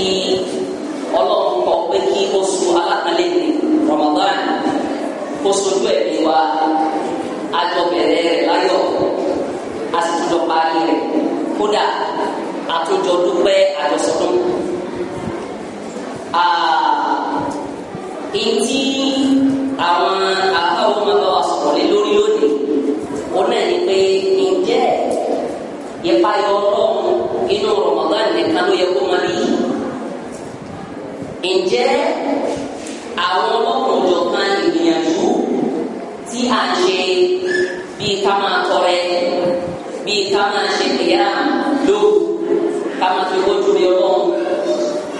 ní ọlọ́run kọ pé kí oṣù alákànlẹ̀ ní Ramadan kó sojú ẹ̀mí wa àjọbẹ̀rẹ̀ rẹ̀ láyọ̀ àsìkò parí rẹ̀ kódà àtúnjọ dúpẹ́ àjọsọdún. Ìtí àwọn àbáwọn máa bá wa sọ̀rọ̀ lé lórí lónìí, òun náà ni pé ǹjẹ́ ìpayọ̀ ọlọ́run inú Ramadan nìkan ló yẹ kó máa rí ǹjẹ́ àwọn ọlọ́kùnrin ọ̀jọ̀kan ìgbìyànjú tí à ń ṣe bíi ká máa tọrẹ bíi ká máa ṣe kìyà lóru ká máa fi kó tóbi ọlọ́run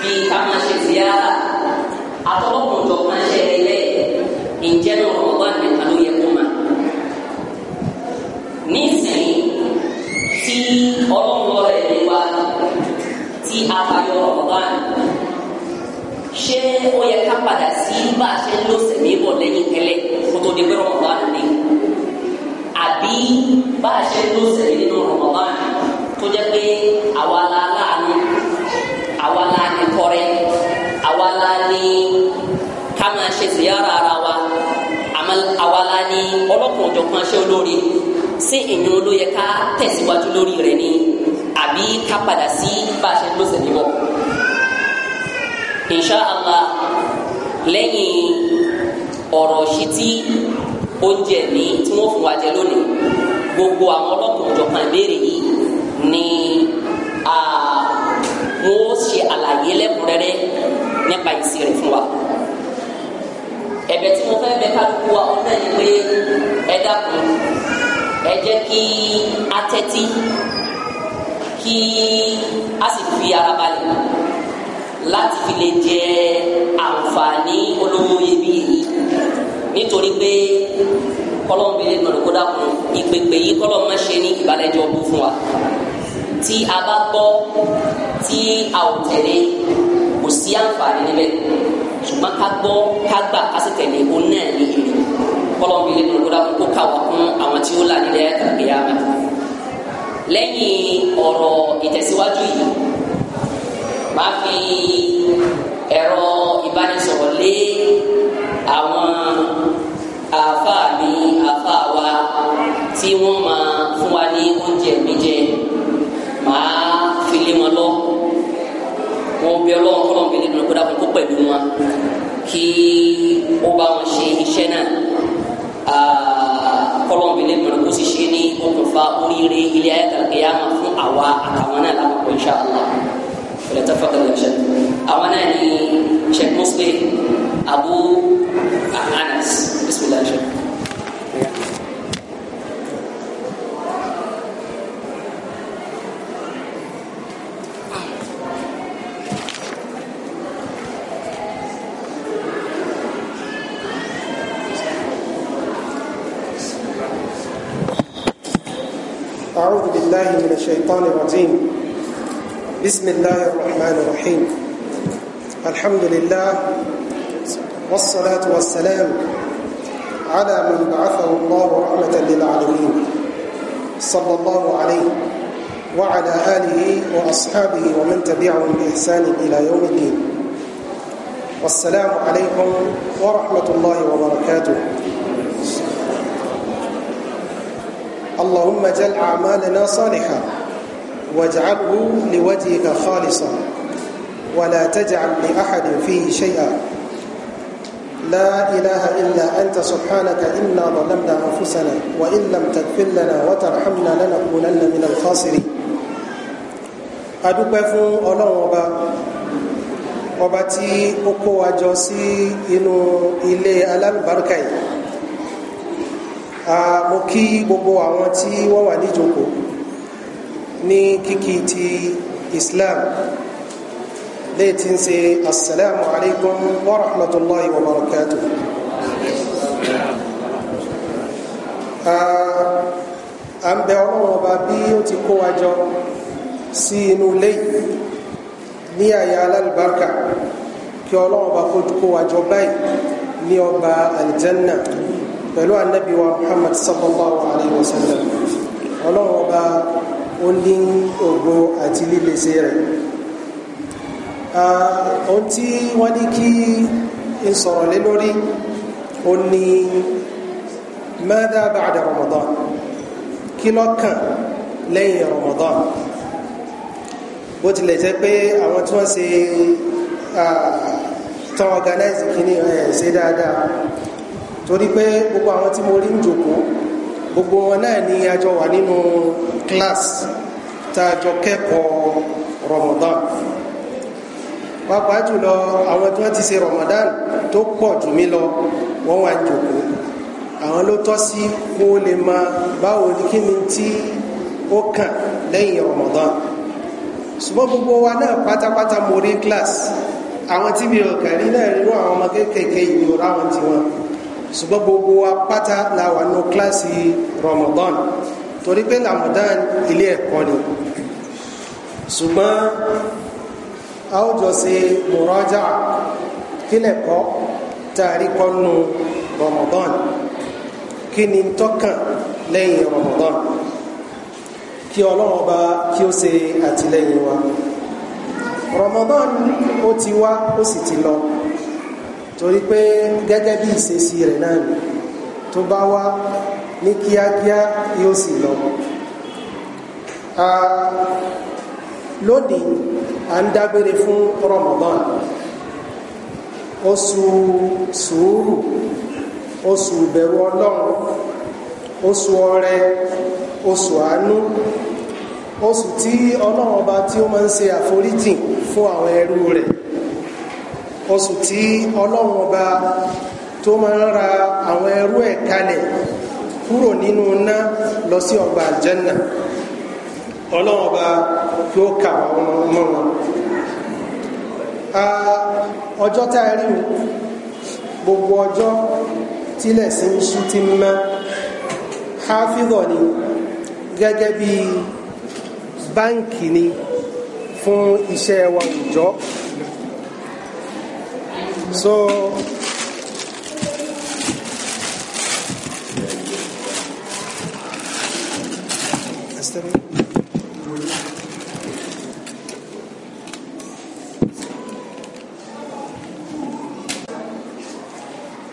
bíi ká máa ṣe ziyara àtọ́lọ́kùnrin ọ̀jọ̀kan ṣẹlẹ̀ lẹ́yìn ǹjẹ́ náà ọ̀rọ̀ wà nìkan ló yẹ kó máa. nísìnyí tí ọlọ́run lọ́rẹ̀ mi wá tí a bá yọ ọ̀rọ̀ ṣé ó yẹ ká padà sí bá a ṣe ń lọ sẹ̀mí bọ̀ lẹ́yìn tẹ́lẹ̀ kó tó di pé Ramadan ni àbí bá a ṣe ń lọ sẹ̀mí nínú Ramadan tó jẹ́ pé àwa la láàánú àwa la ní kọrẹ́ àwa la ní ká máa ṣe ziyara ara wa àwa la ní ọlọ́kùnrin ọjọ́ kan ṣe olórí ṣé èèyàn ló yẹ ká tẹ̀síwájú lórí rẹ̀ ni àbí ká padà sí bá a ṣe ń lọ sẹ̀mí bọ̀ insha allah lẹ́yìn ọ̀rọ̀ sí tí oúnjẹ ní tí wọ́n fún wa jẹ lónìí gbogbo àwọn ọlọ́kùnrin ìjọkan ìbéèrè yìí ni wọ́n ó ṣe àlàyé lẹ́kùnrẹ́rẹ́ nípa ìsìn rẹ̀ fún wa ẹ̀bẹ̀ tí mo fẹ́ bẹ̀ kálukú wa ó náà pé ẹ dákun ẹ jẹ́ kí a tẹ́tí kí a sì fi ara balẹ̀ láti fi lè jẹ àǹfààní olówó iyebíye yìí nítorí pé kọ́lọ́mù bíi lẹ́nu ọ̀dọ́kọ́ dàkún ìpèpè yìí kọ́lọ́mù má ṣe ní ìbálẹ́jọ́ bú fún wa tí a bá gbọ́ tí a ò tẹ̀lé kò sí àǹfààní níbẹ̀ ṣùgbọ́n ká gbọ́ ká gbà ká sì tẹ̀lé òun náà ní èrè kọ́lọ́mù bíi lẹ́nu ọ̀dọ́kọ́ dàkún kó kàwá fún àwọn tí ó là nílẹ̀ kàgbéyàmà lẹ́yìn ọ̀rọ̀ ìtẹ̀síwájú yìí máa fi ẹ̀rọ ìbánisọ̀rọ̀ lé àwọn àáfàá mi àáfàá wa tí wọ́n máa fún wa ní oúnjẹ mi jẹ máa fi lé wọn lọ wọn bí ọlọ́run kọ́lọ́run bí nínú kó dàpọ̀ kó pẹ̀lú wọn kí ó bá wọn ṣe iṣẹ́ náà kọ́lọ́run bí nínú kó sì ṣe ní okùnfà oríire ilé ayé kàlùkìyà máa fún àwa àtàwọn náà lápapọ̀ insha Allah. ولا تفضل يا شيخ أواناني يعني شيخ مصلح أبو أنس بسم الله يا شيخ أعوذ بالله من الشيطان الرجيم بسم الله الرحمن الرحيم الحمد لله والصلاة والسلام على من بعثه الله رحمة للعالمين صلى الله عليه وعلى آله وأصحابه ومن تبعهم بإحسان إلى يوم الدين والسلام عليكم ورحمة الله وبركاته اللهم جل أعمالنا صالحة واجعله لوجهك خالصا ولا تجعل لأحد فيه شيئا لا إله إلا أنت سبحانك إنا ظلمنا أنفسنا وإن لم تغفر لنا وترحمنا لنكونن من الخاسرين adúpẹ́ fún ọlọ́run ọba ọba tí ó kó wa jọ sí inú ilé alábìbárúkà yìí mo kí gbogbo àwọn tí wọ́n wà níjókòó ní kíkí ti islam léè tí ń ṣe assalamu alaikum wa rahmatullahi wa barakatuh a ń bẹ ọlọ́run ọba bí ó ti kó wa jọ sí inú ilé ní àyà alálùbáríkà kí ọlọ́run ọba kó wa jọ báyìí ní ọgbà aljanna pẹ̀lú anabi muhammad sallallahu alaihi wa sallam ọlọ́run ọba ó ní ògo àti lílese rẹ̀ ohun tí wọ́n ní kí n sọ̀rọ̀ lé lórí ó ní mada ba'da Ramadan kí ló kàn lẹ́yìn Ramadan bó tilẹ̀ jẹ́ pé àwọn tí wọ́n ṣe tán organize kìíní ẹ̀ ṣe dáadáa torí pé gbogbo àwọn tí mo rí ń jòkó gbogbo wọn náà ni a jọ wà nínú class tá a jọ Ramadan pàápàá jùlọ àwọn tí wọ́n ti ṣe Ramadan tó pọ̀ jù mí lọ wọ́n wá jòkó àwọn ló tọ́ sí kó lè máa báwo kí ni tí ó kàn lẹ́yìn Ramadan ṣùgbọ́n gbogbo wa náà pátápátá mo rí class àwọn tí mi ò kàn rí náà nínú àwọn ọmọ kéékèèké ìlú ráwọn tiwọn ṣùgbọ́n gbogbo apáta la wà nù kíláàsì Ramadan torí pé Ramadan ilé ẹ̀kọ́ ni ṣùgbọ́n a ó jọ ṣe mọ̀rọ́jà kílẹ̀ tàrí kọ́ Ramadan kí ni tọ́kàn lẹ́yìn Ramadan kí ọlọ́run ọba kí ó ṣe àtìlẹ́yìn wa Ramadan ó ti wá ó sì ti lọ. torí pé gẹ́gẹ́ bí si rẹ̀ náà ni tó bá wá ní kíákíá yóò sì lọ lónìí à ń dágbére fún osu oṣù sùúrù oṣù bẹ̀rù Ọlọ́run oṣù ọrẹ oṣù àánú oṣù tí Ọlọ́run ọba tí ó máa ń ṣe àforíjìn fún àwọn ẹrú rẹ̀ oṣù tí ọlọ́run ọba tó máa ń ra àwọn ẹrú ẹ̀ kalẹ̀ kúrò nínú iná lọ sí ọgbà àjẹ́nà ọlọ́run ọba yóò kà wọ́n mọ́ wọn. ọjọ́ tá a rí o gbogbo ọjọ́ tílẹ̀ sí ń ṣú ti mọ́ háfíhọ̀ ni gẹ́gẹ́ bí báǹkì ni fún iṣẹ́ wa òòjọ́ so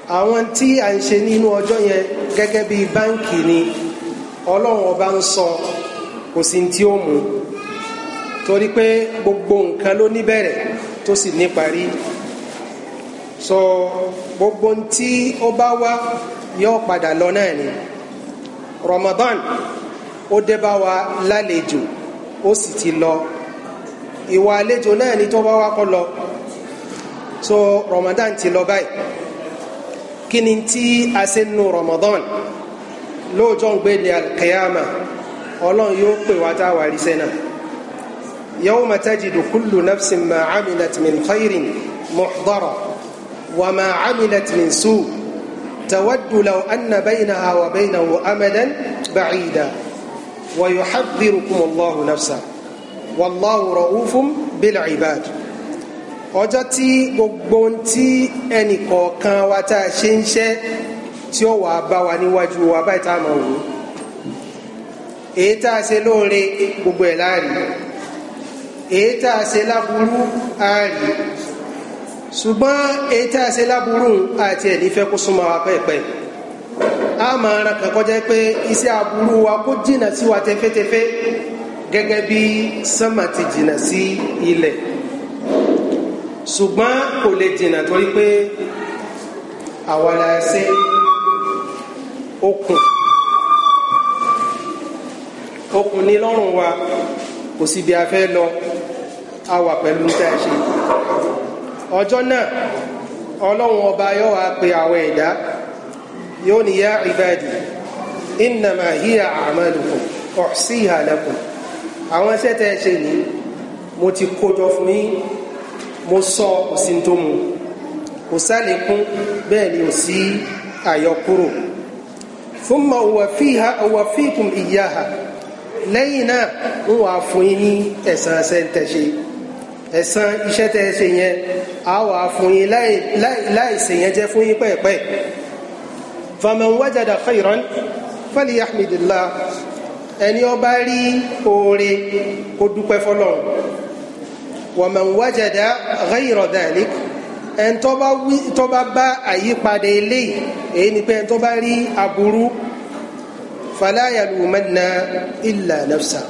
àwọn tí a ń ṣe nínú ọjọ́ yẹn gẹ́gẹ́ bí báńkì ni ọlọ́run ọba ń sọ kò sí tí ó mú torí pé gbogbo nǹkan ló níbẹ̀rẹ̀ tó sì níparí so gbogbo tí ó bá wá yóò padà lọ náà ni Ramadan ó dé bá wa lálejò ó sì ti lọ ìwà àlejò náà ni tó bá wá kó lọ so Ramadan ti lọ báyìí kí ni tí a ṣe nu Ramadan lóòjọ́ ń gbé ní alkiyama ọlọ́run yóò pè wá tá a wà rí sẹ́nà yawma tajidu kullu nafsin ma amilat min khairin muhdara. وما عملت من سوء تود لو أن بينها وبينه أمدا بعيدا ويحذركم الله نفسه والله رؤوف بالعباد ọjọ́ tí gbogbo tí ẹnì kọ̀ọ̀kan wa tá a ṣe ń ṣẹ́ tí ó wàá bá wa níwájú wa báyìí tá a máa wò èyí tá a ṣe lóore gbogbo ẹ̀ láàrí èyí tá a ṣe láburú àárí ṣùgbọ́n èyí tá a ṣe láburú àti ẹ̀ nífẹ̀ẹ́ kó súnmọ́ wa pẹ́ẹ́pẹ́ a máa ran kàn kọjá pé iṣẹ́ aburú wa kó jìnnà sí wa tẹ́fẹ́tẹ́fẹ́ gẹ́gẹ́ bí sánmà ti jìnnà sí ilẹ̀ ṣùgbọ́n kò lè jìnnà torí pé àwa la okùn okùn ní lọ́rùn wa kò sí bí a fẹ́ lọ a wà pẹ̀lú tá a ṣe ọjọ́ náà ọlọ́run ọba yóò wá pe àwọn ẹ̀dá yóò ní yá ibadi innama hiya a'malukum uhsiha lakum àwọn iṣẹ́ tẹ́ ẹ ṣe ní mo ti kójọ fún yín mo sọ òsín tó mu kò sálẹ̀kún bẹ́ẹ̀ ni ò sí àyọkúrò thumma uwaffiha uwaffikum iyyaha lẹ́yìn náà ń wà fún yín ní ẹ̀san ṣẹ́ńtẹ̀ṣe ẹ̀san iṣẹ́ tẹ́ ẹ ṣe yẹn a wà fún yín láìsè yẹn jẹ́ fún yín pẹ́ẹ̀pẹ́ faman wajada khayran falyahmidillah ẹni ó rí oore kó dúpẹ́ fọlọ́run waman wajada ghayra dhalik bá àyípadà eléyìí èyí ni pé ẹni rí aburú fala yalumanna illa nafsa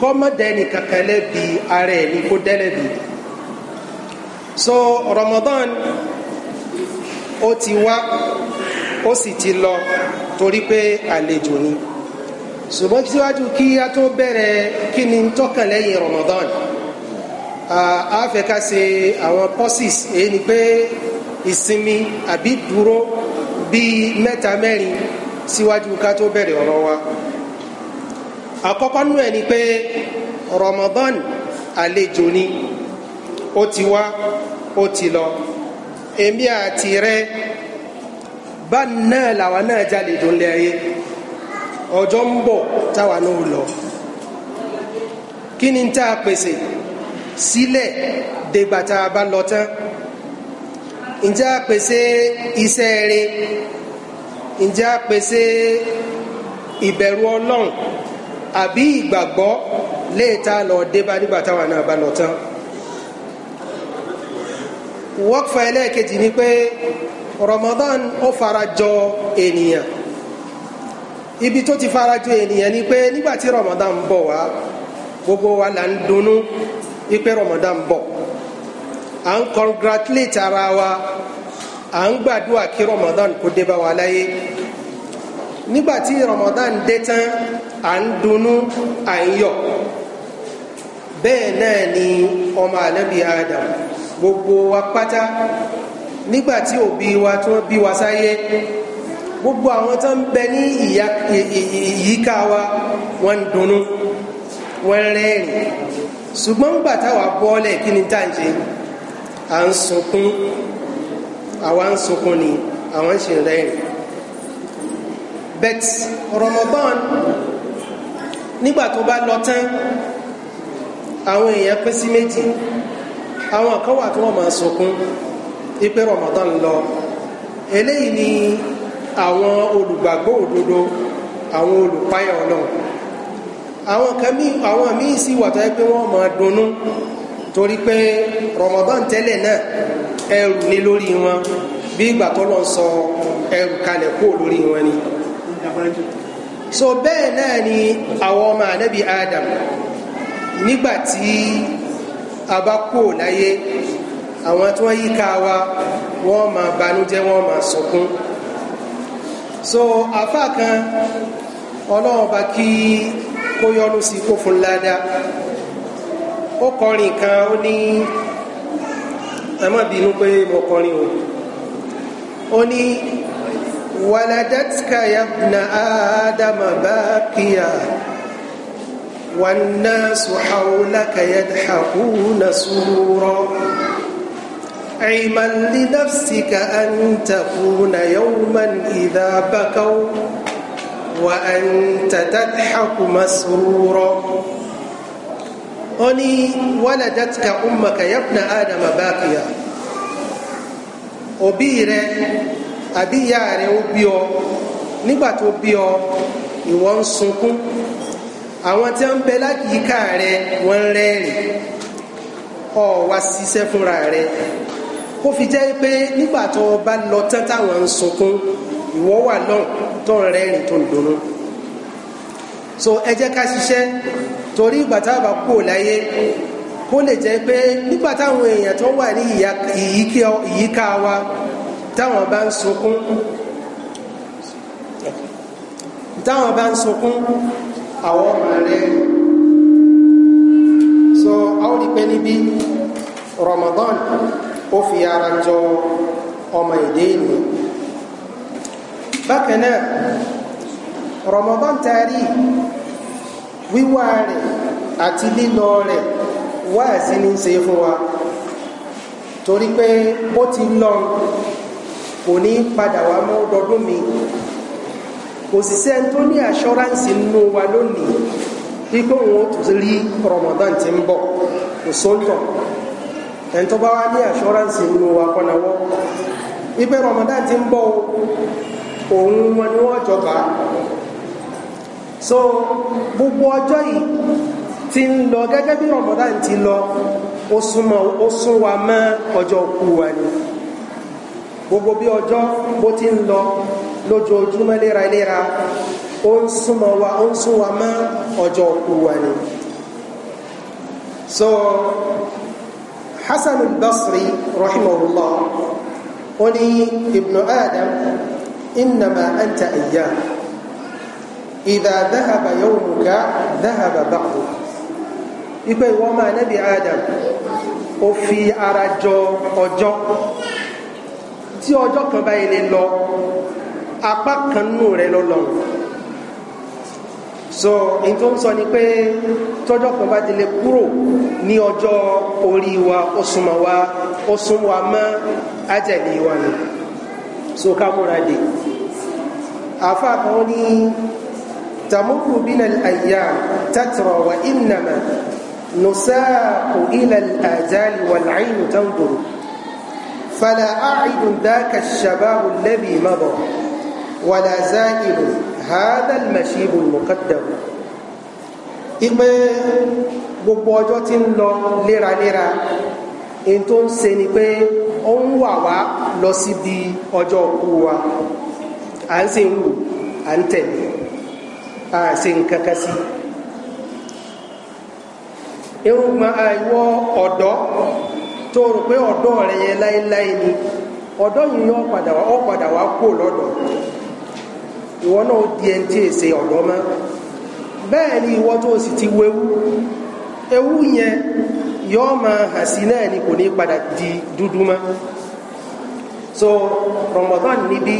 kọ́mọ̀dẹ́ni kankan lẹ́bi ara niko ní kó so Ramadan ó ti wá ó sì ti lọ torí pé àlejò ni ṣùgbọ́n síwájú kí a tó bẹ̀rẹ̀ kí ni tọ́kàn lẹ́yìn Ramadan a fẹ́ ká ṣe àwọn pọ́sìs èyí ni pé ìsinmi àbí dúró bíi mẹ́ta mẹ́rin síwájú ká tó bẹ̀rẹ̀ ọ̀rọ̀ wa àkọ́kọ́ nú ẹ̀ ni pé Ramadan àlejò ni ó ti wá ó ti lọ èmi àti rẹ bá náà làwọn náà jáde dùn lé ayé ọjọ́ ń bọ̀ táwa náà lọ kí ni tá a pèsè sílẹ̀ dègbà tá a bá lọ tán ǹjẹ́ a pèsè iṣẹ́ rere ǹjẹ́ a pèsè ìbẹ̀rù Ọlọ́run àbí ìgbàgbọ́ léèta lọ débá nígbà táwa náà bá lọ tán wọ́kfà ẹlẹ́ẹ̀kejì ni pé Ramadan ó farajọ ènìyàn ibi tó ti farajọ ènìyàn ni pé nígbà tí Ramadan bọ̀ wá gbogbo wa là ń dunnú ipe Ramadan bọ̀ à ń congratulate ara wa à ń gbàdúrà kí Ramadan kó débá wa láyé nígbàtí Ramadan dé tán à ń dunnú à ń yọ̀ bẹ́ẹ̀ náà ni ọmọ ànábì Adam gbogbo wa pátá nígbàtí òbí wa tó bí wa sáyé gbogbo àwọn tó ń bẹ ní ìyíká wa wọ́n ń dunnú wọ́n ń ṣùgbọ́n gbà táwa bọ́ọ̀lẹ̀ kí ni tá à ṣe à ń sunkún àwa ń sunkún ni àwọn ń ṣe rẹ́rìn bet Ramadan nígbà tó bá lọ tán àwọn èèyàn pín sí méjì àwọn kan wà tí wọ́n máa sọkún ipe Ramadan lọ eléyìí ni àwọn olùgbàgbọ́ òdodo àwọn olùpáyà Ọlọ́run àwọn kan mí àwọn míì sì wà tó yẹ pé wọ́n máa dunnú torí pé Ramadan tẹ́lẹ̀ náà ẹrù ní lórí wọn bí ìgbà tó lọ sọ ẹrù kalẹ̀ kó lórí wọn ni so bẹ́ẹ̀ náà ni àwọn ọmọ ànábì Adam nígbà a bá kó láyé àwọn tí wọ́n yíká wa wọ́n máa banújẹ́ wọ́n máa sọkún so àfa kan ọlọ́run bá kí kó yọnu sí kó fún ládàá ó kọrin kan ó ní ẹ má bínú pé mo kọrin o ó ní. ولدتك يا ابن آدم باكيا والناس حولك يضحكون سرورا عيما لنفسك أن تكون يوما إذا بكوا وأنت تضحك مسرورا أني ولدتك أمك يا ابن آدم باكيا أبيرك àbí ìyá rẹ ó bí ọ nígbà tó bí ọ ìwọ ń sunkún àwọn tí wọ́n bẹ lákìíká rẹ wọ́n ń rẹ́rìn ọ wá ṣiṣẹ́ fúnra rẹ kó fi jẹ́ pé nígbà tó bá lọ tán táwọn ń sunkún ìwọ wà lọ́n tó ń rẹ́rìn tó ń dùnnú so ẹ jẹ́ ká ṣiṣẹ́ torí ìgbà táwọn bá kú láyé kó lè jẹ́ pé nígbà táwọn èèyàn tó wà ní ìyíká wa táwọn bá ń sunkún táwọn bá ń sunkún àwọn ọmọ rẹ̀ so a ó rí níbi Ramadan ó fi ara jọ ọmọ èdè ìlú bákan Ramadan taari wíwá rẹ̀ àti lílọ rẹ̀ wáàsí ní ṣe fún wa torí pé bó ti lọ kò ní padà wá mọ́ dọdún mi kò sì sẹ́ni tó ní assurance nínú wa lónìí wípé òun ó tún rí Ramadan ń bọ̀ kò sóńtọ̀ ẹni bá wá ní assurance nínú wa wípé Ramadan ń bọ̀ òun wọn ni wọ́n jọba so gbogbo ọjọ́ yìí ti ń lọ gẹ́gẹ́ bí Ramadan ti lọ ó sún ni. gbogbo bí ọjọ́ bó ti ń lọ lójoojúmọ́ léraléra ó ń súnmọ́ wa ó ń sún wa mọ́ ọjọ́ òkú wa ni so Hasan al-Basri rahimahullah ó ní ibnu Adam innama anta ayyam idha dhahaba yawmuka dhahaba ba'duka ipe ìwọ́n máa nẹ́bi Adam ó fi ara jọ ọjọ́ tí ọjọ́ kan báyìí lè lọ apá kan nù rẹ ló lọ so n tó ń sọ ni pé tọ́jọ́ kan bá ti lè kúrò ní ọjọ́ orí wa ó wa ó wa mọ́ àjẹ̀lé wa ni so ká múra dé àfa kan ní tamuru bina àyà tàtàrà wa ìnàmà nùsáàkù ilà àjálì wà láàyè nù tàǹdùrù. فلا أعد ذاك الشباب الذي مضى ولا زائل هذا المشيب المقدم ìpè gbogbo ọjọ́ tí ń lọ léraléra èyí tó ń ṣe ni pé ó ń wà wá lọ síbi ọjọ́ òkú wa à ń ṣe ń wù à ń tẹ̀lé à ń ṣe nǹkan kan sí. irun gbọ́n àìwọ ọ̀dọ́ tó rò pé ọ̀dọ́ rẹ̀ yẹn láéláé ni ọ̀dọ́ yìí yọ padà wá ọ padà wá kó lọ́dọ̀ ìwọ náà di ẹni tí èsè ọ̀dọ́ mọ́ bẹ́ẹ̀ ni ìwọ tó sì ti wéwú ewu yẹn yọ máa hàn sí náà ni kò ní padà di dúdú mọ́ so Ramadan níbí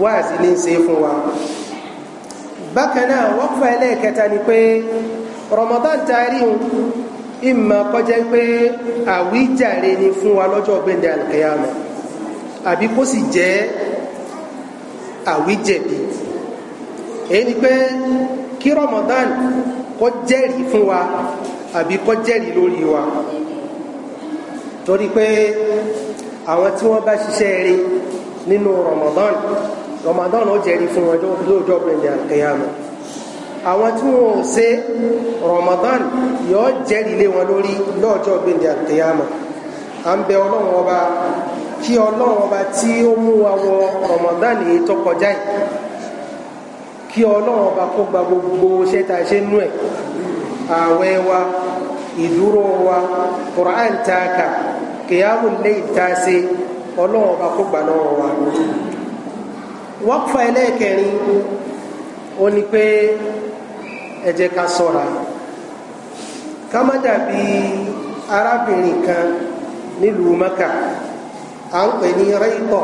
wáàzì ní í ṣe fún wa bákan náà wọ́n fọ ẹlẹ́ẹ̀kẹta ni pé Ramadan taari ìmọ̀ kọjá pé àwíjàre ni fún wa lọ́jọ́ gbẹ̀ndẹ̀ àlùkẹ́yàmọ̀ àbí kó sì jẹ́ àwíjẹ̀bi èyí pé kí Ramadan kó jẹ́rìí fún wa àbí kó jẹ́rìí lórí wa torí pé àwọn tí wọ́n bá ṣiṣẹ́ rí nínú Ramadan Ramadan ó jẹ́rìí fún wọn lọ́jọ́ gbẹ̀ndẹ̀ àlùkẹ́yàmọ̀. àwọn tí wọn ò ṣe Ramadan yóò jẹ́rìí lé wọn lórí lọ́jọ́ gbèndé àtẹ̀yàmọ̀ à ń bẹ ọlọ́run ọba kí tí ó mú wa wọ Ramadan èyí tó kọjá yìí kí ọlọ́run ọba kó gba gbogbo a ṣe nú ẹ wa ìdúró wa Qur'an ṣe wa pé ẹ jẹ́ ká ṣọ́ra ká má dàbí arábìnrin kan nílùú maka à ń pè ní rẹ́ìpọ̀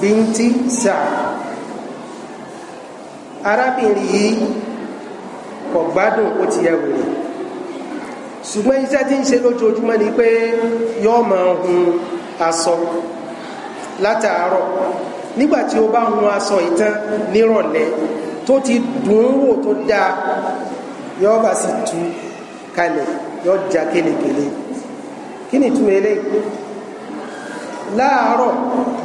bíntì sáà arábìnrin yìí kò gbádùn ó ti yẹ wèrè ṣùgbọ́n iṣẹ́ tí ń ṣe lójoojúmọ́ ni pé yọ́ máa hun aṣọ látàárọ̀ nígbà tí ó bá hun aṣọ ìtàn nírọ̀lẹ́ tó ti dùn ún wò tó dáa yóò bá sì tú kalẹ̀ yóò já kélekèle kí ni tú eléyìí láàárọ̀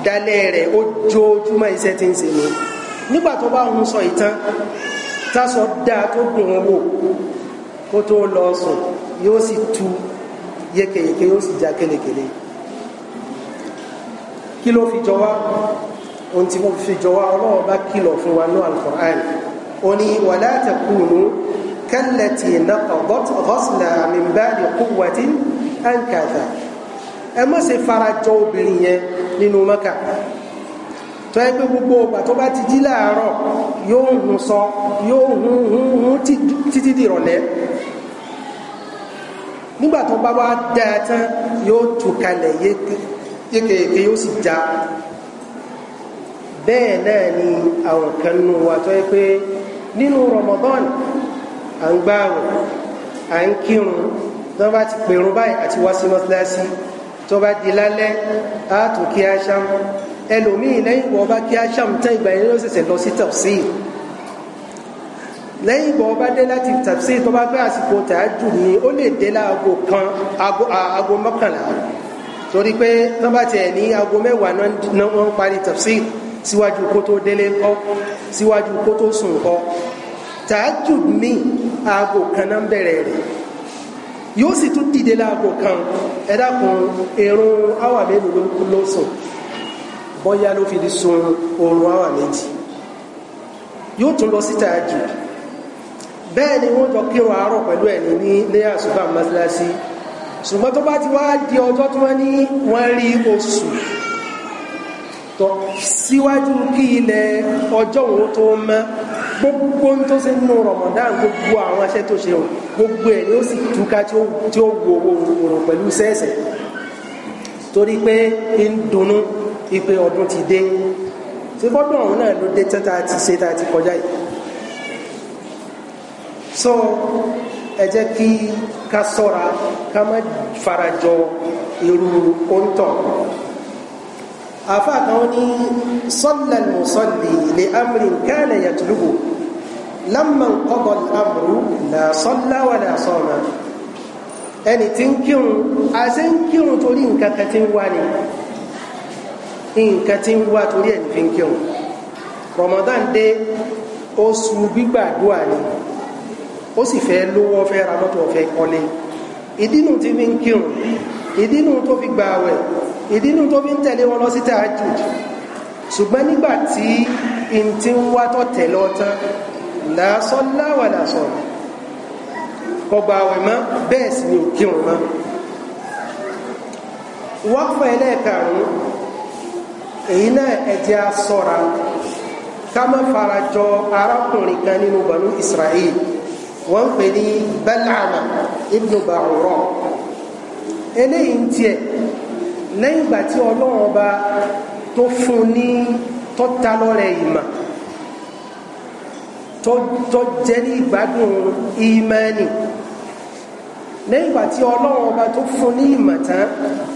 dalẹ́ rẹ̀ ojoojúmọ́ tí ń ṣe ni nígbà tó bá ń sọ ìtàn tásọ dáa tó dùn ún wò kó tó lọ sùn yóò sì tú yékeyéke yóò sì já kélekèle kí ló fi jọ wá ohun tí wọ́n fi jọ ọlọ́wọ́ bá kìlọ̀ fún wa ní alukur'an ó ní wàlá takunu kallati naqadat ghasla min ba'di quwwatin ankatha ẹ má ṣe farajọ obìnrin yẹn nínú mẹ́ka tó ẹ pé gbogbo ọgbà tó bá ti jí láàárọ̀ yóò hun sọ yóò hun hun hun títí di nígbà tó bá wá dáa tán yóò tú kalẹ̀ yékeyéke yóò sì já bẹ́ẹ̀ náà ni àwọn kan nù wà tó ẹ pé nínú Ramadan à ń gbààwẹ̀ à ń kírun tó bá ti pèrún báyìí àti wá sí mọ́síláṣí tó bá di lálẹ́ á tún kí aṣam ẹlòmíì lẹ́yìn ìwọ bá kí aṣam tán ìgbà yẹn ló ṣẹ̀ṣẹ̀ lọ sí tafsir lẹ́yìn ìgbà ọba dé láti tafsir tó bá gbé àsìkò tààjù ni ó lè dé láago kan aago mọ́kànlá torí pé tó bá tiẹ̀ ní aago mẹ́wàá náà wọ́n parí tafsir síwájú kó délé kọ́ síwájú kó sùn kọ́ tààjùd mi aago kan náà bẹ̀rẹ̀ rẹ̀ yóò sì tún dìde láago kan ẹ dákun irun áwà mélòó ló sùn bọ́yá ló fi sun oorun áwà méjì yóò tún lọ sí tààjùd bẹ́ẹ̀ ni wọ́n jọ kírun àárọ̀ pẹ̀lú ẹ̀ní ní ilé àṣùbà mọ́sálásí ṣùgbọ́n tó bá ti wá di ọjọ́ tí wọ́n ní wọ́n rí oṣù tó síwájú kí ilẹ̀ ọjọ́ òun tó mọ́ gbogbo ń tó ṣe nínú Ramadan gbogbo àwọn aṣẹ tó ṣe o gbogbo ẹ ni ó sì túká tí ó wo òòrùn pẹ̀lú sẹ́ẹ̀sẹ̀ torí pé ń dunnú ipe ọdún ti dé ṣé fọ́dún ọ̀hún náà ló dé tán ti ṣe tá a ti kọjá yìí so ẹ jẹ́ kí ká sọ́ra ká má farajọ irú kóńtọ̀ àfáà kan ní sọ́lá mùsọ́lì lè amrin kana yatlubu lamma qada al-amru la salla wa la sama ẹni tí ń kírun àṣẹ ń kírun torí nǹkan kan tí ń wá ni nǹkan tí ń wá torí ẹni fi ń kírun Ramadan dé oṣù ni ó sì fẹ́ lówó fẹ́ ra mọ́tò fẹ́ kọ́lé ìdínú tí fi ń kírun ìdínú tó fi gbààwẹ̀ ìdí inú tó fi ń tẹ̀lé wọn lọ sí tahajjud ṣùgbọ́n nígbà tí n ti ń wá tọ̀ tẹ̀lé ọtán làásán láwà làásán kọgbà àwẹ̀ mọ́ bẹ́ẹ̀ sì ni òkè wọn mọ́ wákùfà ẹlẹ́ẹ̀karùn-ún èyí náà ẹ̀jẹ̀ asọ́ra ká má fara arákùnrin kan nínú banu Israel wọ́n ń pè ní Bal'ama ibnu Ba'ura eléyìí ń tiẹ̀ lẹ́yìn ìgbà tí ọlọ́run ọba tó fún ní tọ́ta lọ́rẹ̀ ìmọ̀ tó jẹ́ ní ìgbádùn ìmánì lẹ́yìn ìgbà tí ọlọ́run ọba tó fún ní ìmọ̀ tán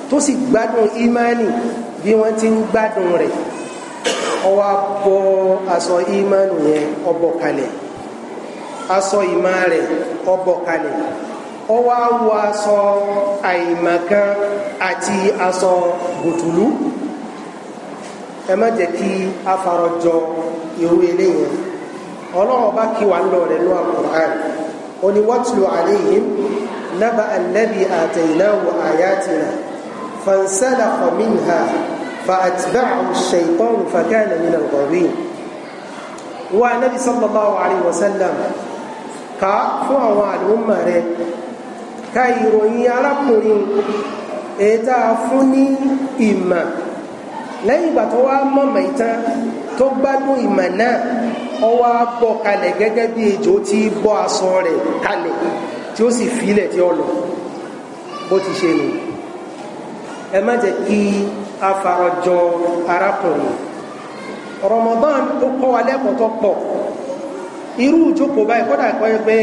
tó sì gbádùn ìmánì bí wọ́n ti ń gbádùn rẹ̀ ọwọ́ bọ aṣọ ìmánì yẹn ọbọ̀ aṣọ ìmọ̀ rẹ̀ ọbọ̀ ọ wá wọ aṣọ àìmọ̀kan àti aṣọ gòtùlú ẹ má jẹ́ kí afarọjọ irú eléyìí ọlọ́run bá kí wà ń lọ rẹ̀ ní àkùrán ó ní watlu alayhim naba alladhi ataynahu ayatina fansalakha minha فأتبعه الشيطان فكان من الغاوين وعن النبي صلى الله عليه وسلم كفوا عن أمره ka ìròyìn arákùnrin èyí tá a fún ní ìmọ̀ lẹ́yìn ìgbà tó wá mọ̀mọ̀ ìtàn tó gbádùn ìmọ̀ náà ó wá bọ́ kalẹ̀ gẹ́gẹ́ bí ejò tí bọ́ aṣọ rẹ̀ kalẹ̀ tí ó sì filẹ̀ tí ó lọ bó ti ṣe nù ẹ má jẹ́ kí afarajọ arákùnrin Ramadan ó kọ́ wa lẹ́kọ̀ọ́ tó pọ̀ irú ìjókòó báyìí kódà pé pé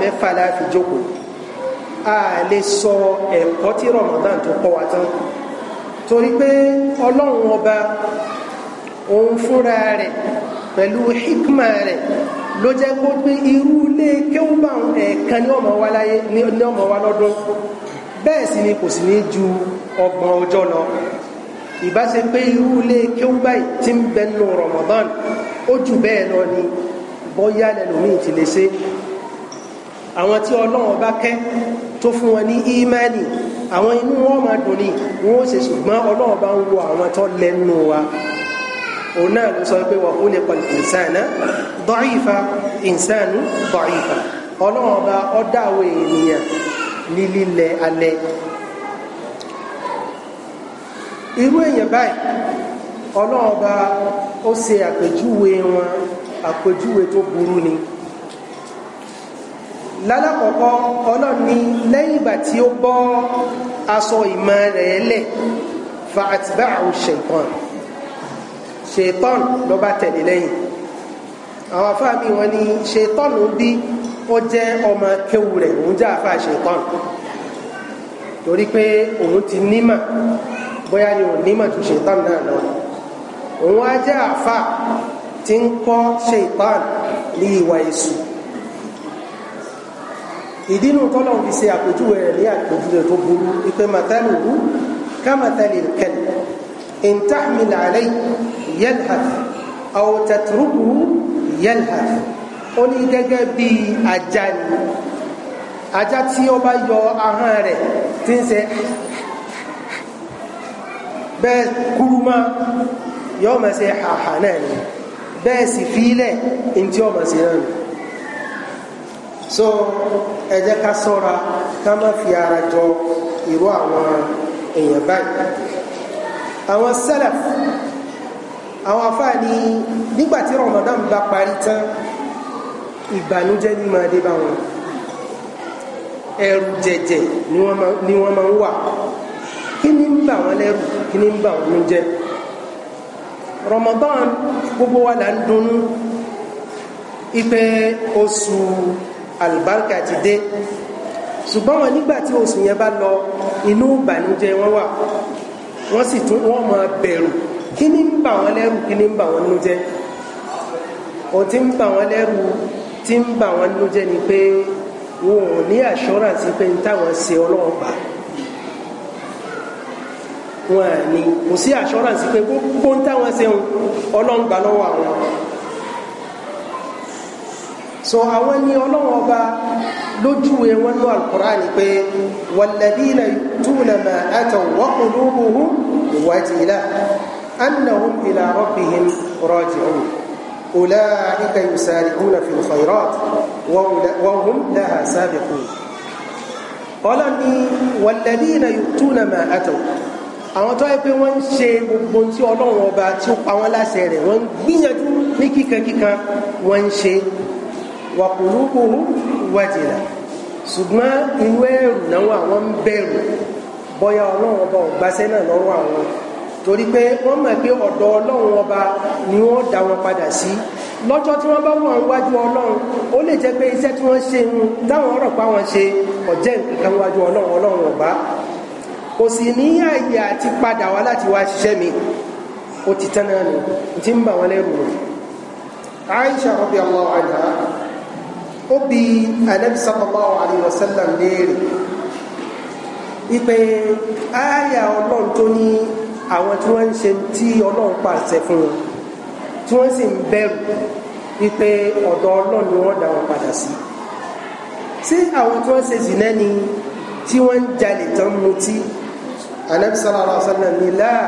mẹ́fà la fi jókòó a lè sọ ẹ̀kọ́ tí Ramadan tó kọ́ wa tán torí pé ọlọ́run ọba òun fúnra rẹ̀ pẹ̀lú hikma rẹ̀ ló jẹ́ kó pé irú ilé kéwùbà ẹ̀ẹ̀kan ní ọmọ wa láyé ní ọmọ wa lọ́dún bẹ́ẹ̀ sì ni kò sì ní ju ọgbọ̀n ọjọ́ lọ ìbá ṣe pé irú ilé kéwùbà tí ń bẹ nù Ramadan ó jù bẹ́ẹ̀ lọ ni bóyá lẹ́lòmíì ti lè àwọn tí ọlọ́run bá kẹ́ tó fún wọn ní ímánì àwọn inú wọn máa dùn ní wọn ó ṣe ṣùgbọ́n ọlọ́run bá ń wo àwọn tó lẹ́nu wa òun náà ló sọ pé wa khuliqa al-insana da'ifa insanu da'ifa ọlọ́run ọba ọ̀dà àwọn ènìyàn ní lílẹ̀ alẹ́ irú èèyàn báyìí ọlọ́run ọba ó ṣe àpèjúwe wọn àpèjúwe tó burú ni lálàkọ̀ọ́kọ́ ọlọ́run ni lẹ́yìn ìgbà tí ó bọ́ aṣọ ìmọ̀ rẹ̀ lẹ̀ fa atba'ahu shaytan shaytan ló bá tẹ̀lé lẹ́yìn àwọn afáàbí wọn ni shaytan ń bí ó jẹ́ ọmọ kéwù rẹ̀ òun jẹ́ àfa shaytan torí pé òun ti nímà bóyá ni òun nímà tó shaytan náà lọ òun á jẹ́ àfa tí ń kọ́ shaytan ní ìwà èṣù ìdínú tọ́lọ̀ fi ṣe àpèjúwe rẹ̀ ní àpèjúwe tó burú ipe màtálù wú ká màtálì kẹlẹ̀ in tahmil alayhi yalhath aw tatruku yalhath ó ní gẹ́gẹ́ bí ajá ni ajá tí ó bá yọ ahọ́n rẹ̀ tí ń ṣe bẹ́ẹ̀ kúrúmá yọ́ mọ̀ ṣe àhà náà ni bẹ́ẹ̀ sì fílẹ̀ in tí ṣe náà ni so ẹ jẹ́ ká sọ́ra ká má fi ara jọ irú àwọn èèyàn báyìí àwọn salaf àwọn afáàní nígbàtí Ramadan bá parí tán ìbànújẹ́ ní máa dé bá wọn ẹ̀rù jẹ̀jẹ̀ ni wọ́n máa ń wà kí ni ń bà wọ́n lẹ́rù kí ni ń bà wọ́n jẹ́ Ramadan gbogbo wa là ń dunnú ipe oṣù alibarika ti dé ṣùgbọ́n wọn nígbà tí oṣù yẹn bá lọ inú ìbànújẹ́ wọn wà wọ́n sì tún wọ́n máa bẹ̀rù kí ni ń bà wọ́n lẹ́rù kí ni ń bà wọ́n nínú jẹ́ o ti ń bà wọ́n lẹ́rù ti ń bà wọ́n nínú ni pé wọn ò ní assurance pé ní táwọn ṣe ọlọ́wọ́ gbà wọn à kò sí assurance pé gbogbo ní táwọn ṣe ọlọ́ngbà lọ́wọ́ àwọn so àwọn ni ọlọ́wọ́ ọba lójúwe wọn ní alukurani pé walladhina yu'tuna ma ataw wa qulubuhum wajila annahum ila rabbihim raji'un ulaika yusari'una fil khayrat wa hum laha sabiqun ọlọ́ ni walladhina yu'tuna ma ataw àwọn tó yẹ pé wọ́n ń ṣe gbogbo tí ọlọ́run ọba tí ó pa wọ́n láṣẹ rẹ̀ wọ́n ń gbìyànjú ní kíkankíkan wọ́n ń ṣe wa qulubuhum wajila ṣùgbọ́n inú ẹ̀rù náà àwọn ń bẹ̀rù bọ́yá ọlọ́run ọba ògbásẹ́ náà lọ́rùn àwọn torí pé wọ́n mọ̀ pé ọ̀dọ̀ ọlọ́run ọba ni wọ́n dá wọn padà sí lọ́jọ́ tí wọ́n bá wọ̀ ń wájú ọlọ́run ó lè jẹ́ pé iṣẹ́ tí wọ́n ṣe ń táwọn ọ̀rọ̀ pa wọn ṣe ọ̀jẹ́ nǹkan wájú ọlọ́run ọlọ́run ọba kò sì ní àyè àti padà wá láti wá ṣiṣẹ́ mi ó ti tán náà nù tí ń bà wọn lẹ́rù Aisha radiyallahu anha ó bi anabi sallallahu alayhi wa sallam léèrè wípé àyà ọlọ́run tó ní àwọn tí wọ́n ń ṣe tí ọlọ́run pàṣẹ fún wọn tí wọ́n sì ń bẹ̀rù wípé ọ̀dọ̀ ọlọ́run ni wọ́n dá wọn padà sí sí àwọn tí wọ́n ṣe zìnà ni tí wọ́n ń jalè tán mutí anabi sallallahu alayhi ní láà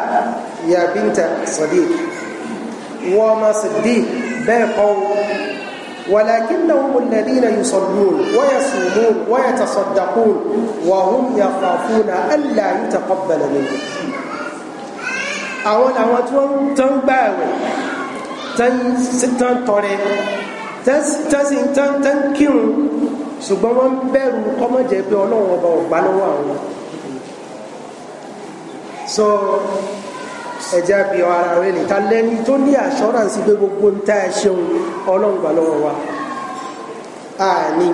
ya bínta sadiq wọ́n ma sadiq bẹ́ẹ̀ kọ́ ولكنهم الذين يصلون ويصومون ويتصدقون وهم يخافون ألا يتقبل منهم àwọn làwọn tí wọn tán gbààwẹ̀ tán tọrẹ tán sì tán kírun ṣùgbọ́n wọn bẹ̀rù kọmọjẹ pé Ọlọ́run ọba ọgbà lọ́wọ́ àwọn so ẹjẹ́ àbí ara rẹ̀ nìta lẹ́ni tó ní assurance pé gbogbo ń tá ẹ ṣeun ọlọ́ngbà lọ́wọ́ wa àní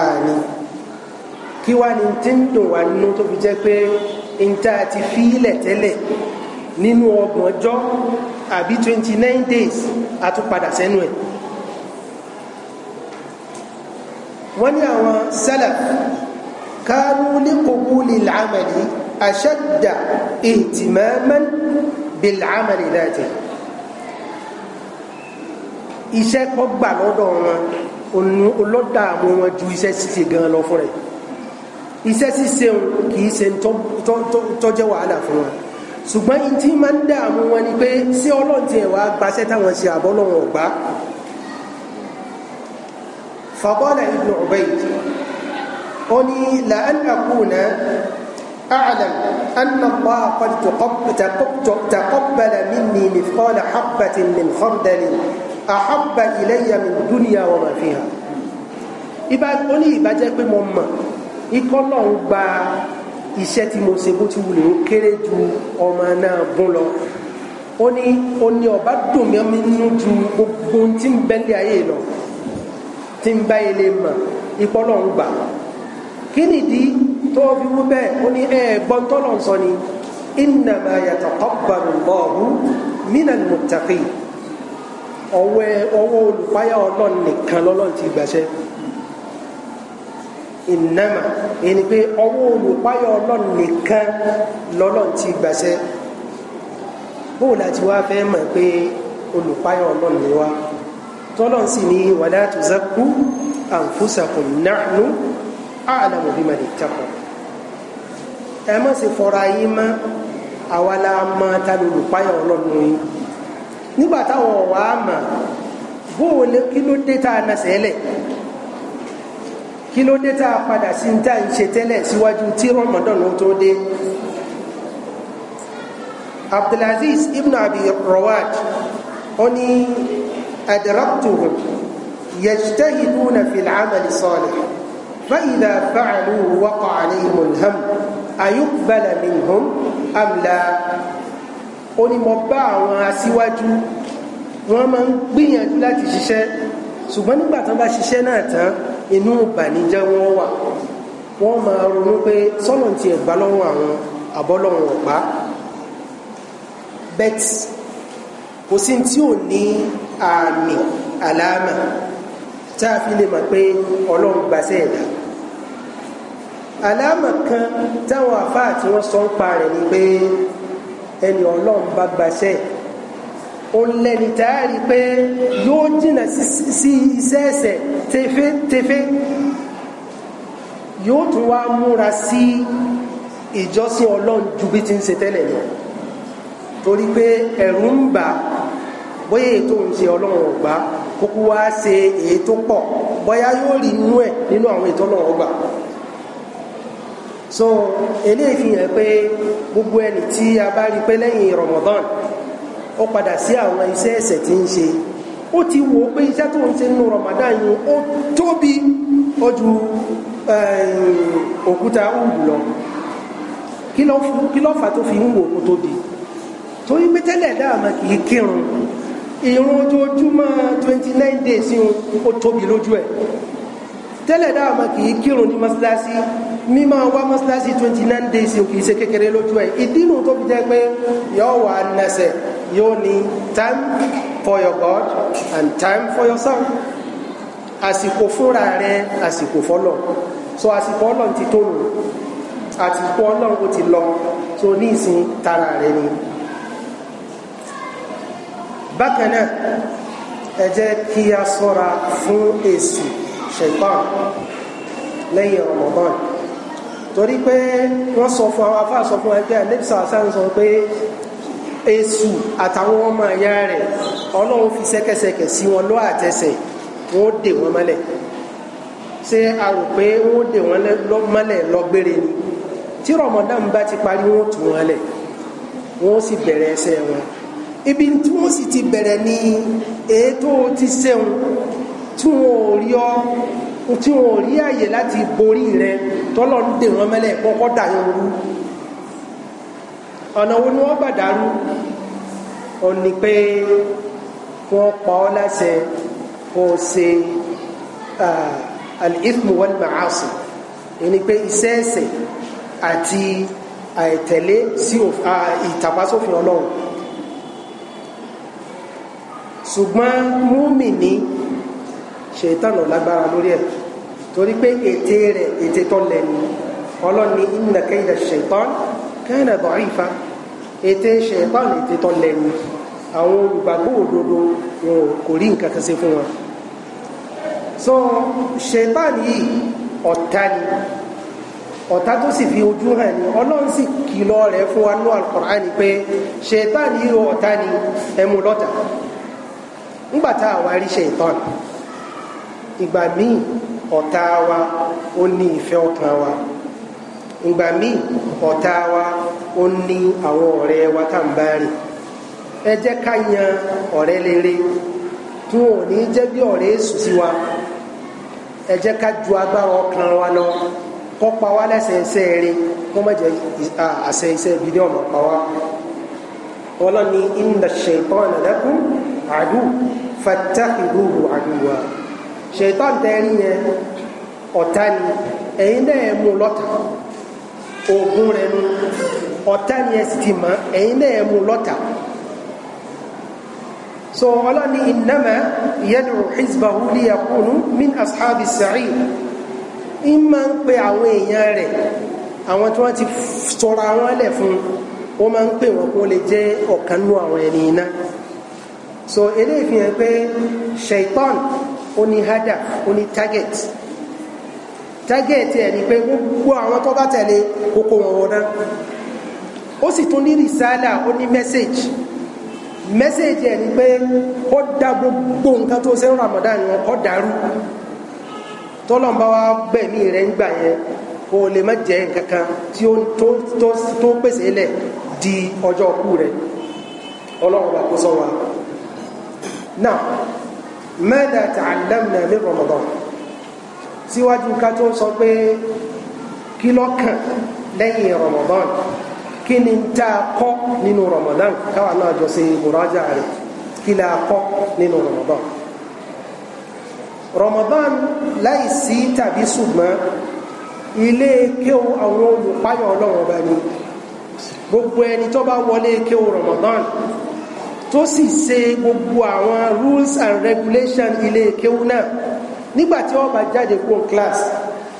àní kí wá ni tí ń dùn wá nínú tó fi jẹ́ pé ń tá a ti fi ilẹ̀ tẹ́lẹ̀ nínú ọgbọ̀n ọjọ́ àbí twenty nine days a tún padà sẹ́nu ẹ̀ wọ́n ní àwọn salaf kanu li qubuli al-amali. أشد اهتماما بالعمل ذاته iṣẹ́ kọ́ gbà lọ́dọ̀ wọn olódààmú wọn ju iṣẹ́ ṣíṣe gan lọ fún rẹ̀ iṣẹ́ ṣíṣe kì í ṣe tọ́jẹ́ wàhálà fún wọn ṣùgbọ́n in tí máa ń dààmú wọn ni pé ṣé ọlọ́run ẹ̀wà gbaṣẹ́ táwọn ṣe àbọ́ lọ́wọ́ ọ̀gbá faqala ibn Ubayd ó ní la'an akuna أعلم أن الله قد تقبل مني مثقال حبة من خردل أحب إلي من الدنيا وما فيها ìbá ó ní ìbàjẹ́ pé mo mọ̀ ikọ́ lọ́hún gba iṣẹ́ tí mo ṣe bó ti wulẹ̀ ó kéré ju ọmọ náà gún lọ ó ní ó ní ọba dùn mí nínú ju gbogbo tí ń bẹ́lẹ̀ ayé lọ tí ń bá ilé mọ̀ ikọ́ lọ́hún gbà wọ́n kí nìdí tó fi wú bẹ́ẹ̀ ó ní ẹ gbọ́n tọ́lọ̀ ń sọ ni innama yataqabbalu Allahu minal muttaqin ọwọ́ ọwọ́ olùpáyà ọlọ́run nìkan lọ́lọ́run ti gbàṣẹ́ innama ẹni pé ọwọ́ olùpáyà ọlọ́run nìkan lọ́lọ́run ti gbàṣẹ́ bóò láti wá fẹ́ mọ̀ pé olùpáyà ọlọ́run ni wá tọ́lọ́run sì ní wala tuzakku anfusakum nahnu àlàmù bí mà ní takọ ẹ má ṣe fọra yín mọ́ àwa la mọ ta lolùpáyọ ọlọ́run yín nígbà táwọn ọ̀wá mà bó o lè kí ló dé tá a na sẹ́lẹ̀ kí ló dé tá a padà sí ní tá à ń ṣe tẹ́lẹ̀ síwájú tí rọmọdán tó dé abdulaziz ibn abi rawad ó ní adraktuhum yajtahiduna fil amali salih. فإذا فعلوا وقع عليهم الهم أيقبل منهم أم لا ó ní mo bá àwọn aṣíwájú wọ́n máa ń gbìyànjú láti ṣiṣẹ́ ṣùgbọ́n nígbà tán bá ṣiṣẹ́ náà tán inú ìbànújẹ́ wọn wà wọ́n máa ronú pé sọ́nà ti ẹ̀gbá lọ́wọ́ àwọn àbọ́lọ́wọ́ ọ̀pá bet kò sí tí ò ní àmì àlàámà tá a fi lè mọ̀ pé ọlọ́run gbàṣẹ́ ẹ̀dá àlámà kan táwọn àfáà tí wọ́n sọ ń pa rẹ̀ ni pé ẹni ọlọ́run bá gbàṣẹ́ ó lẹ́ni táàrí pé yóò jìnà sí iṣẹ́ ẹ̀ṣẹ̀ tefétefé yóò tún wá múra sí ìjọsìn ọlọ́run ju bí ti ń ṣe tẹ́lẹ̀ lọ torí pé ẹ̀rù ń bà bóyá ètò òun ṣe ọlọ́run ọ̀gbá kúkú wá ṣe èyí tó pọ̀ bóyá yóò rí inú ẹ̀ nínú àwọn ètò náà ọgbà so eléyìí fi hàn pé gbogbo ẹni tí a bá rí pé lẹ́yìn Ramadan ó padà sí àwọn iṣẹ́ ẹ̀ṣẹ̀ tí ń ṣe ó ti wò ó pé iṣẹ́ tó ń ṣe nínú Ramadan yìí ó tóbi ó ju eh, òkúta òògùn lọ kí ló fà tó fi ń wò ó tóbi torí pé tẹ́lẹ̀ dáàmà kì í kírun ìrún ojoojúmọ́ twenty nine days ń ó tóbi lójú ẹ̀ tẹ́lẹ̀ dáàmà kì í kírun ní mọ́sálásí mímọ́ wá mọ́sálásí twenty nine days kì í ṣe kékeré lójú ẹ̀ ìdínú tó fi jẹ́ pé yóò wà nẹsẹ̀ yóò ní time for your God and time for yourself àsìkò fúnra rẹ àsìkò fọlọ so àsìkò Ọlọ́run ti tó lò àsìkò Ọlọ́run ó ti lọ so ní ìsìn tara rẹ ni bákan náà ẹ jẹ́ kí a sọ́ra fún èsì ṣẹ̀tàn lẹ́yìn Ramadan torí pé wọ́n sọ fún àwọn afá sọ fún ẹgbẹ́ anẹ́bísà sáà ń sọ pé èsù àtàwọn ọmọ ẹ̀yà rẹ̀ ọlọ́run fi sẹ́kẹsẹkẹ sí wọn lọ́ àtẹsẹ̀ wọ́n dè wọ́n mọ́lẹ̀ ṣé a rò pé wọ́n dè wọ́n mọ́lẹ̀ lọ́gbére ni tí Ramadan bá ti parí wọ́n tù wọ́n lẹ̀ wọ́n sì bẹ̀rẹ̀ ẹsẹ̀ wọn ibi tí wọ́n sì ti bẹ̀rẹ̀ ní ètò ti sẹ́wọ̀n tí wọ́n ò rí ọ tí wọ́n ò rí àyè láti borí rẹ tọ́lọ́ ń dè wọ́n mẹ́lẹ̀ kọ́kọ́ dà yẹn rú ọ̀nà wo ni wọ́n gbà dàrú ó ní pé wọ́n pa ọ́ láṣẹ kó o ṣe al-ithmu wal ma'asi ẹni pé iṣẹ́ ẹ̀ṣẹ̀ àti àìtẹ̀lé sí ìtàpá sófin ọlọ́run ṣùgbọ́n múmi ní ṣètàn lágbára lórí ẹ̀ torí pé ète rẹ̀ ète tó lẹ́nu ọlọ́ni inna kayda ṣètàn kana da'ifa ète ṣètàn ète tó lẹ́nu àwọn olùgbàgbọ́ òdodo wọn kò rí nǹkan kan ṣe fún wọn so ṣètàn yìí ọ̀tá ni ọ̀tá tó sì fi ojú hàn ní ọlọ́run sì kìlọ̀ rẹ̀ fún wa ní Al-Qur'ani pé ṣètàn yìí ọ̀tá ni ẹmu lọ́tà nígbà tá a wá rí ṣètọ́n ìgbà míì ọ̀tá wa ó ní ìfẹ́ ọkàn wa ìgbà míì ọ̀tá wa ó ní àwọn ọ̀rẹ́ wa tá à ń bá rìn ẹ jẹ́ ká yan ọ̀rẹ́ rere tí wọn ò ní jẹ́ bí ọ̀rẹ́ èsù sí wa ẹ jẹ́ ká ju agbára ọkàn wa lọ kọ́ pa wá lẹ́sẹ̀ iṣẹ́ rere kó àṣẹ iṣẹ́ ibi ní pa wá ọlọ́ni inna shaytana lakum adu fattahiduhu aduwa shaytan tẹ́rí yẹn ọ̀tá ni ẹ̀yin náà mú lọ́tà ogun rẹ̀ nu ọ̀tá ni ẹ sì ti mọ̀ ẹ̀yin náà mú lọ́tà so ọlọ́ni innama yad'u hizbahu liyakunu min ashabi sa'ir ń ń pe àwọn èèyàn rẹ̀ àwọn tí wọ́n ti sọ̀rọ̀ àwọn ẹlẹ̀ wọ́n máa ń pè wọ́n kó lè jẹ́ ọ̀kan àwọn ẹni so eléyìí fi pé shaitan ó ní hada ó ní target target ẹ̀ ni pé gbogbo àwọn tó bá tẹ̀lé kókó wọn wọ́n náà ó sì tún ní ó ní ẹ̀ ni pé ó dá gbogbo nǹkan tó ṣe ń Ramadan wọn kọ́ dàrú tọ́lọ́mbá gbẹ̀mí rẹ̀ ń kó o lè má jẹ nǹkan kan tí ó tó tó tó pèsè lẹ̀ di ọjọ́ kú rẹ̀ ọlọ́run bá kó sọ wa. now mada ta'allamna min Ramadan síwájú ká tó sọ pé kí lọ́kàn lẹ́yìn Ramadan kí ni tá a kọ́ nínú Ramadan káwa náà jọ ṣe mùrájà rẹ̀ kí la kọ́ nínú Ramadan Ramadan láì sí tàbí ṣùgbọ́n ilé kéwù àwọn olùpáyọ̀ ọlọ́run ọba ni gbogbo ẹni tó bá wọlé kéwù Ramadan tó sì ṣe gbogbo àwọn rules and regulations ilé kéwù náà nígbà tí ó bá jáde kó class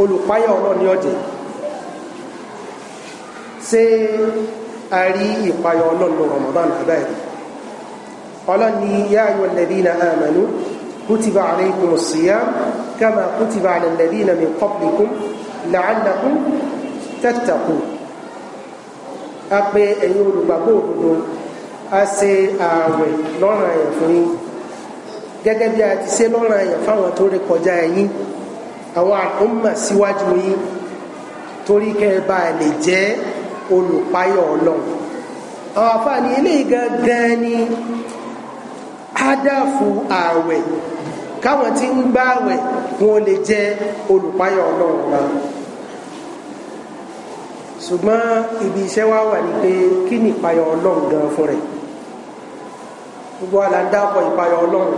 olùpáyọ̀ ọlọ́run ni ó jẹ́ ṣé a rí ìpáyọ̀ ọlọ́run Ramadan àbáyé ọlọ́ni yá ayọ̀ lẹ́dínà àmàlú kútìbà àlẹ́kùn síyá kama kútìbà àlẹ́lẹ́dínà mi kọ́pìlìkùn la'allakum tattaqun a pé ẹ̀yin olùgbàgbọ́ òdodo a ṣe ààwẹ̀ lọ́ràn àyàn fún yín gẹ́gẹ́ bí a ti ṣe lọ́ràn àyàn fáwọn tó ré kọjá ẹ̀yin àwọn àkómà síwájú yín torí kẹ́ ẹ lè jẹ́ olùpáyọ̀ ọlọ́run àwọn àfààní eléyìí gangan ni hádàfù ààwẹ̀ káwọn tí ń gbààwẹ̀ wọn lè jẹ́ olùpáyọ̀ ọlọ́run náà ṣùgbọ́n ibi iṣẹ́ wa wà ní pé kí ni ìpayọ̀ ọlọ́run gan fún rẹ̀ gbogbo àlà ń dápọ̀ ìpayọ̀ ọlọ́run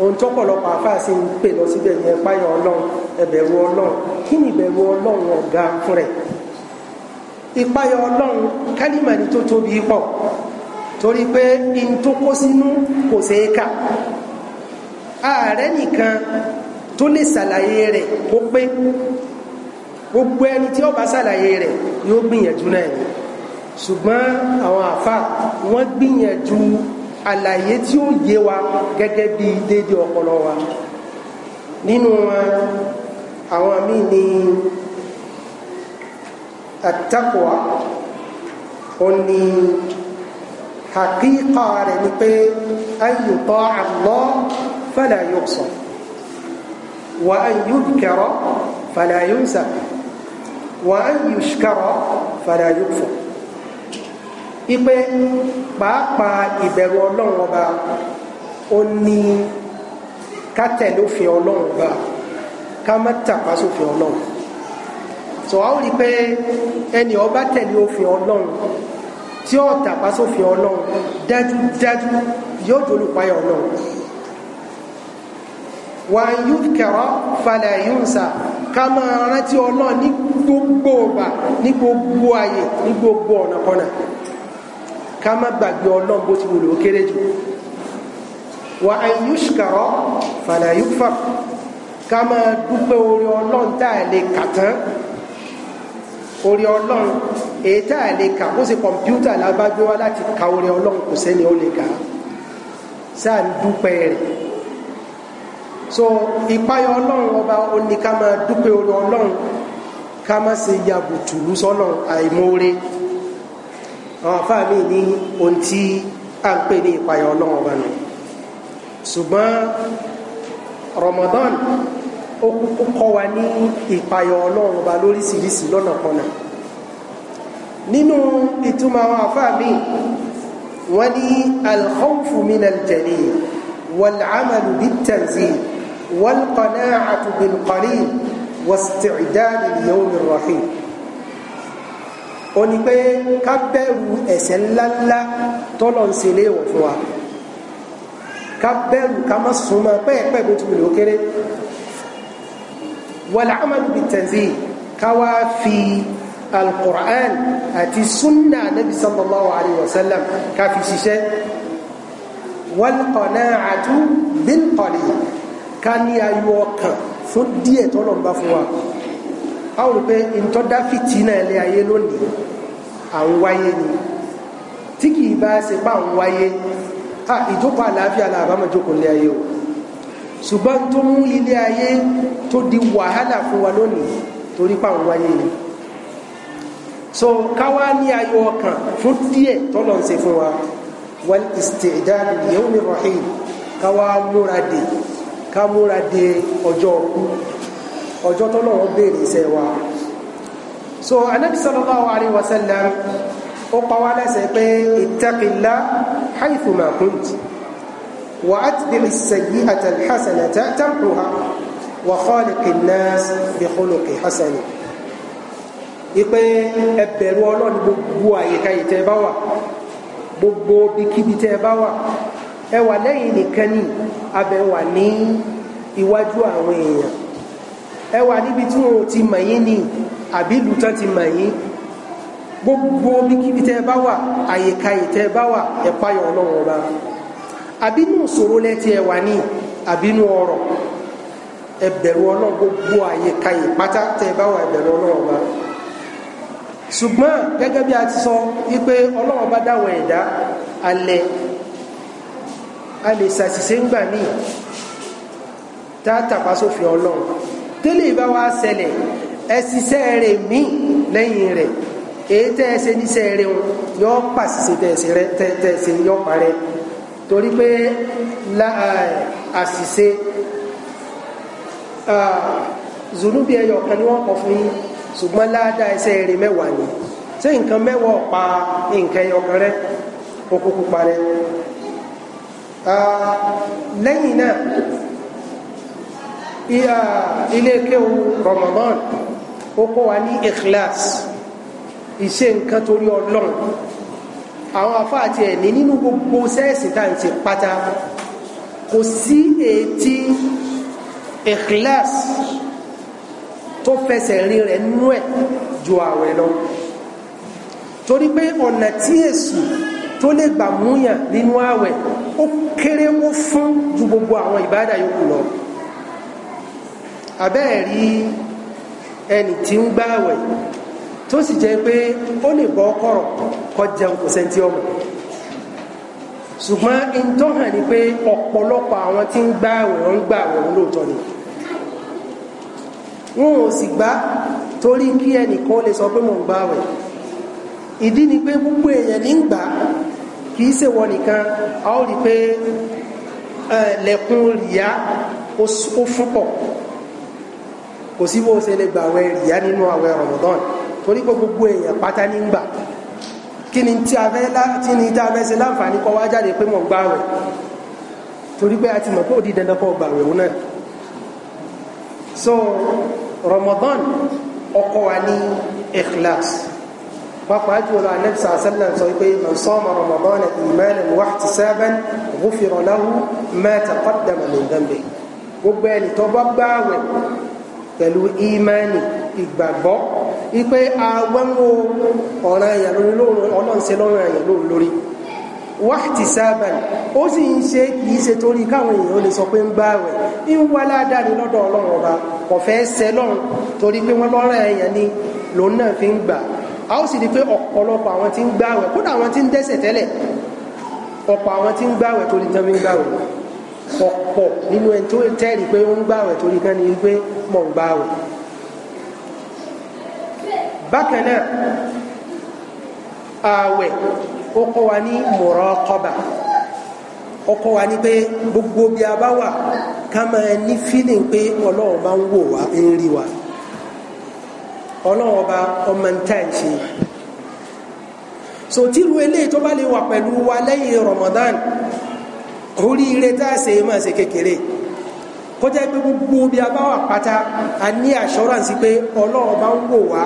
ohun tó pọ̀lọpọ̀ àfáà sí ń pè lọ síbẹ̀ ní ẹ̀páyọ̀ ọlọ́run ẹ̀bẹ̀rù ọlọ́run kí ni ìbẹ̀rù ọlọ́run ọ̀gá fún rẹ̀ ìpayọ̀ ọlọ́run kálímà ni tó tóbi pọ̀ torí pé in tó kó sínú kò ṣeé kà ààrẹ nìkan tó lè ṣàlàyé rẹ̀ kó pé gbogbo ẹni tí ó bá ṣàlàyé rẹ̀ yóò gbìyànjú náà ni ṣùgbọ́n àwọn àfa wọ́n gbìyànjú àlàyé tí ó yé wa gẹ́gẹ́ bí déédé ọpọlọ wa nínú wọn àwọn míì ní àtàkùwà ó ní hakíkà rẹ̀ ni pé ayùtọ́ Allah فلا يقصر وأن يذكر فلا ينسى وأن يشكر فلا يكفر ipe pàápàá ìbẹ̀rù ọlọ́run ọba ó ní ká tẹ̀lé òfin ọlọ́run ọba ká má tàpá sófin ọlọ́run sọ wá ó rí pé ẹni ọba tẹ̀lé ọlọ́run tí ó tàpá ọlọ́run dájúdájú yóò dolùpáyà ọlọ́run wà á yún kẹrọ falẹ̀ yún sà ká máa rántí ọlọ́run ní gbogbo ọgbà ní gbogbo ààyè ní gbogbo ọ̀nàkọ́nà ká má gbàgbé ọlọ́run bó ti wù lò ó kéré jù wà á dúpẹ́ orí ọlọ́run tá a orí ọlọ́run èyí tá kà kó sì kọ̀mpútà lábágbé láti ka orí ọlọ́run kò sẹ́ni ó lè kà sáà ń dúpẹ́ rẹ̀ so ìpayọ ọlọ́run ọba ó ní ká máa dúpẹ́ orí ọlọ́run ká má ṣe yàgò tùlú sọ́nà àìmoore àwọn afáàmì ní ohun tí à ń pè ní ìpayọ ọlọ́run ọba nù ṣùgbọ́n Ramadan ó kúkú kọ́ wa ní ìpayọ ọlọ́run ọba lóríṣiríṣi lọ́nà kan nínú ìtumọ̀ àwọn afáàmì wọ́n ní alkhawfu min aljani wal amalu bit والقناعة بالقليل واستعداد اليوم الرحيم ó ní pé ká bẹ̀rù ẹ̀ṣẹ̀ ńláńlá tọ́lọ̀ ń ṣe léèwọ̀ fún wa ká bẹ̀rù ká má súnmọ́ pẹ́ẹ̀pẹ́ bó ti wù ló kéré wal amal bitanzih ká wá fi alqur'an àti sunna nabi sallallahu alayhi wa sallam fi ṣiṣẹ́ wal qana'atu bil qalil ká ní ayọ̀ ọkàn fún díẹ̀ tọ́lọ́run bá fún wa a rò pé ntọ́dá fìtínà ilẹ̀ ayé lónìí à ń wáyé ni tí kì í bá ṣe pa à wáyé a ìjókòó àlàáfíà là bá máa jókòó ilé ayé o ṣùgbọ́n tó mú ilé ayé tó di wàhálà fún wa lónìí torí pa à wáyé ni so káwá ní ayọ̀ ọkàn fún díẹ̀ tọ́lọ̀ ń ṣe fún wa wal istidad liyawmi rahim káwá múra dé ká múra de ọjọ́ ọkú ọjọ́ tọ́lọ́run béèrè iṣẹ́ wa so anabi sallallahu alayhi wa sallam ó pa wá lẹ́sẹ̀ pé ittaqilla haythuma kunt wa atbi'i as-sayyi'ata al-hasanata tamhuha wa khaliqi an-nas bi khuluqi hasanin ipe ẹ wà gbogbo ẹ wà lẹ́yìn nìkan ni abẹ wà ní iwájú àwọn èèyàn ẹ wà níbi tí wọn ti mọ̀ yín ni àbí ìlú ti mọ̀ gbogbo ibikíbi tẹ́ ẹ bá wà àyèkáyè ọba àbí inú ìṣòro lẹ́tí ẹ wà ní àbí inú gbogbo pátá bá ọba ṣùgbọ́n gẹ́gẹ́ bí sọ wípé ọlọ́run ọba dáwọn ẹ̀dá a lè ṣàṣìṣe ń gbà míì tá a tàpá sófin ọlọ́run tẹ́lẹ̀ bá wá ṣẹlẹ̀ ẹ̀ṣiṣẹ́ rẹ̀ míì lẹ́yìn rẹ̀ èyí tẹ́ ẹ ṣe níṣẹ́ rẹ̀ wọn yọ pàṣìṣe tẹ́ ẹ ṣe rẹ tẹ́ ẹ ṣe yọ parẹ́ torí pé àṣìṣe zunubi ẹyọ kan ni wọ́n kọ fún yín ṣùgbọ́n ládàá ẹ̀ṣẹ̀ rẹ̀ mẹ́wàá ni ṣé nǹkan mẹ́wàá pa nǹkan ẹyọ kan rẹ okùnkùn parẹ́ Ah, lẹ́yìn náà ilé kéwù Ramadan ó kọ́ wa ní ikhlas ìṣe nǹkan torí ọlọ́run àwọn afáàtì ẹ̀ní nínú gbogbo sẹ́ẹ̀sì tá à ń ṣe pátá kò sí ètí ikhlas tó fẹsẹ̀ rí rẹ̀ nú ẹ̀ ju àwẹ̀ lọ torí pé ọ̀nà tí èsù tó lè gbà múyàn nínú àwẹ̀ ó kéré ó fún ju gbogbo àwọn ìbádà yòókù lọ àbẹ́ẹ̀ rí ẹni tí ń gbààwẹ̀ tó sì jẹ́ pé ó lè bọ́ kọ̀rọ̀ kó jẹun kò sẹ́ńtì ọmọ ṣùgbọ́n ìtọ́hàn ni pé ọ̀pọ̀lọpọ̀ àwọn tí ń gbààwẹ̀ ń gbààwẹ̀ ń lóòótọ́ ni wọn ò sì gbà torí kí ẹnìkan lè sọ pé mò ń gbààwẹ̀ ìdí ni pé gbogbo èèyàn ní ń gbà kì í ṣe wọ nìkan a ó rí i pé lẹ́kùn rìá ó fún pọ̀ kò sí bó ṣe lè gbà àwẹ̀ rìá nínú àwẹ̀ Ramadan torí pé gbogbo èèyàn pátá ní gbà kí ni tí a fẹ́ tí ni tí a fẹ́ ṣe láǹfààní kọ́ wá jáde pé mò gbà àwẹ̀ torí pé a ti mọ̀ pé ó di dandan kọ́ gbà àwẹ̀ òun náà so Ramadan ọkọ wa ní ikhlas pàápàá jùlọ anabi sàlá sàlám sọ pé man sama Ramadana imanan wa ihtisaban ghufira lahu ma taqaddama min dhanbi gbogbo ẹni tó bá gbààwẹ̀ pẹ̀lú ìmánì ìgbàgbọ́ wípé awẹ́wò ọ̀ràn èèyàn lórí lóòrùn ọlọ́run ṣe lọ́rùn èèyàn lóòrùn lórí wáhìtì sábà ó sì ń ṣe kì í ṣe torí káwọn èèyàn lè sọ pé ń gbààwẹ̀ ń wá ládàá lọ́dọ̀ ọlọ́run ọba kò fẹ́ ṣẹ lọ́run torí pé wọ́n lọ́rùn èèyàn a ó sì rí i pé ọ̀pọ̀lọpọ̀ àwọn tí ń gbààwẹ̀ kódà àwọn tí ń dẹ́ṣẹ̀ tẹ́lẹ̀ ọ̀pọ̀ àwọn tí ń gbààwẹ̀ torí tán fi ń gbààwẹ̀ ọ̀pọ̀ nínú ẹni tó tẹ́rì pé ó ń gbààwẹ̀ torí kan ní pé mọ̀ ń gbààwẹ̀ bákan náà ààwẹ̀ ó kọ́ wa ní muraqaba ó kọ́ wa ní pé gbogbo bí a bá wà ká máa ní feeling pé ọlọ́run bá ń wò wá ń rí wa ọlọ́run ọba ọmọ ntá ń ṣe so tíru eléyìí tó bá lè wà pẹ̀lú wa lẹ́yìn Ramadan oríire tá a ṣe é máa ṣe kékeré kọjá pé gbogbo bí a bá wà pátá a ní assurance pé ọlọ́run ọba ń wò wá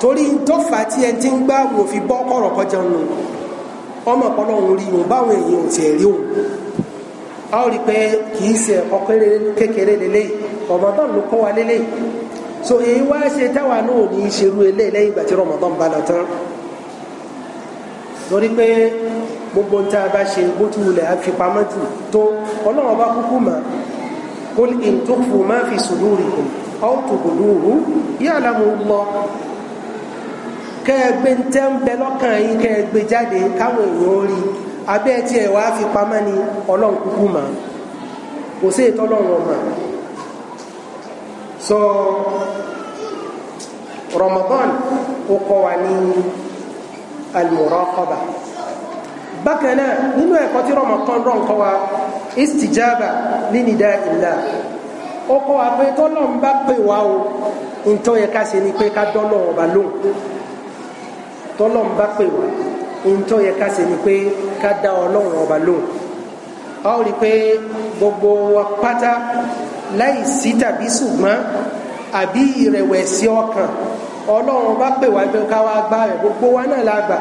torí tọ́fà tí ẹ ti ń gbá wò fi bọ́ kọ̀rọ̀ kọjá nù ọmọ ọlọ́run rí òun báwọn èèyàn ò tiẹ̀ rí òun a ó rí i pé kì í ṣe ọkọ kékeré lélẹ́yìí Ramadan ló kọ́ wa lélẹ́yìí. so èyí wá ṣe táwa náà ní í ṣerú eléyìí lẹ́yìn ìgbà tí Ramadan bá lọ tán pé gbogbo nta bá ṣe bójú wulẹ̀ àfipamọ́ jù tó ọlọ́run bá kúkú ma fi sudurikum aw tubduhu ya'lamu Allah kẹ́ẹ̀gbé ntẹ́ ń bẹ lọ́kàn yín kẹ́ẹ̀gbé jáde káwọn èèyàn ó rí wá fipamọ́ ni ọlọ́run kúkú so Ramadan ó kọ́ wa ní almuraqaba bákan náà nínú ẹ̀kọ́ tí Ramadan rọ̀ ń kọ́ wa istijaba li nida illah ó kọ́ wa pé tọ́lọ́ ń bá pè wá o ntọ́ yẹ ká ṣe ni pé ká dọ́lọ́ ọba lóhùn tọ́lọ́ ń bá pè wá ntọ́ yẹ ká ṣe ni pé ká dá ọlọ́run ọba lóhùn a ó rí i pé gbogbo wa pátá láì sí tàbí ṣùgbọ́n àbí ìrẹ̀wẹ̀sì ọkàn ọlọ́run bá pè wá pé ká wá gbá rẹ̀ gbogbo wa náà la gbà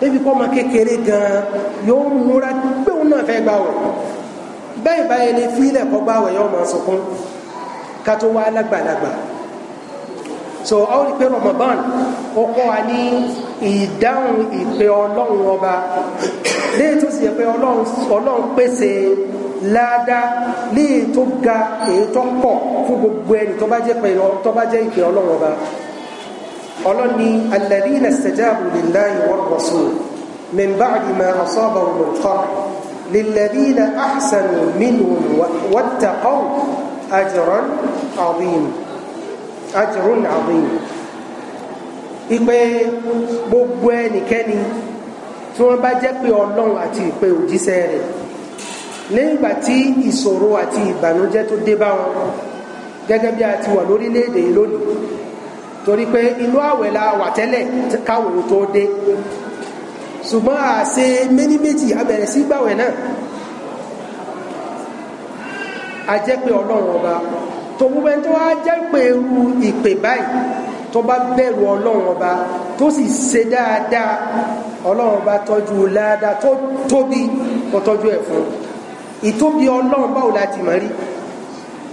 débi kọ́ ọmọ kékeré gan-an yóò múra pé òun náà fẹ́ gbà wẹ̀ bẹ́ẹ̀ báyìí ni fílẹ̀ kọ́ gbà wẹ̀ yóò máa sunkún ká tó wá lágbàlagbà so àwọn ìpè Ramadan ó kọ́ wa ní ìdáhùn ìpè ọlọ́run ọba léyìí sì yẹ pé ọlọ́run pèsè láadáa ní èyí tó ga èyí tó pọ̀ fún gbogbo ẹni tó bá jẹ́ pẹ̀lú tó bá jẹ́ ìpè ọlọ́run ọba ọlọ́run ni alladhina istajabu lillahi war rasul min ba'di ma asabahum al-qarh lilladhina ahsanu minhum wattaqaw ajran ìpè gbogbo ẹnikẹ́ni tí wọ́n bá jẹ́ pé ọlọ́run àti ìpè òjíṣẹ́ rẹ̀ lẹ́yìn ìgbà tí ìṣòro àti ìbànújẹ́ tó dé bá wọn gẹ́gẹ́ bí a ti wà lórílẹ̀‐èdè yìí lónìí torí pé inú àwẹ̀ la wà tẹ́lẹ̀ káwòrò tó dé ṣùgbọ́n àṣe méní méjì abẹ̀rẹ̀ sí gbàwẹ̀ náà a jẹ́ pé ọlọ́run ọba tó gbogbo ẹni tó wá jẹ́ pé irú ìpè báyìí tó bá bẹ̀rù ọlọ́run ọba tó sì ṣe dáadáa ọlọ́run ọba tọ́jú ládàá tó tóbi kó tọ́jú ẹ̀ fún un ìtóbi ọlọ́run báwo la ti mọ̀ rí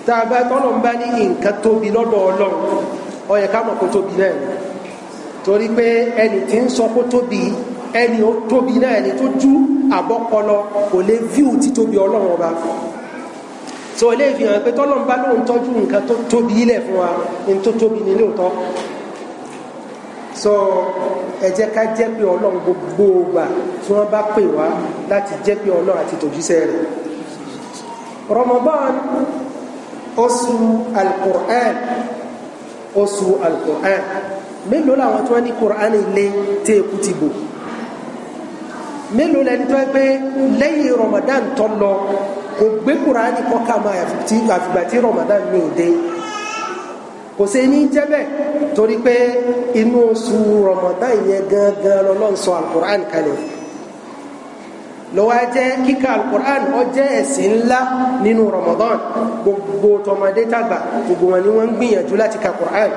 tá tọ́lọ̀ ń bá ní nǹkan tóbi lọ́dọ̀ ọlọ́run ó ká mọ̀ kó tóbi náà ni torí pé ẹni tí ń sọ kó tóbi ẹni ó tóbi náà ẹni tó jú àbọ́kọlọ kò lè fíù títóbi ọlọ́run ọba so ilé ìfihàn pé tọ́lọ̀ ń bá lóun tọ́jú nǹkan tó tóbi ilẹ̀ fún wa ní tó tóbi ní lóòótọ́ so ẹ jẹ́ ká jẹ́ pé ọlọ́run gbogbo ògbà tí wọ́n bá pè wá láti jẹ́ pé ọlọ́run àti tòjíṣẹ́ rẹ̀ Ramadan oṣù al-Qur'an oṣù al-Qur'an mélòó làwọn tí wọ́n ní Qur'an ilé tí èkú ti bò mélòó lẹni tó ẹ pé lẹ́yìn Ramadan tó lọ kò gbé Qur'an kọ́ ká máa àfìgbà tí Ramadan mi ò dé kò sí ní jẹ́bẹ̀ torí pé inú oṣù Ramadan yẹn gangan lọ́lọ́ sọ al-Qur'an kalẹ̀ lọ́wọ́ jẹ́ kíkà alukur'an ó jẹ́ ẹ̀sìn ńlá nínú ramadan gbogbo tọmọdé tàgbà gbogbo wọn ni wọ́n ń gbìyànjú láti ka kur'an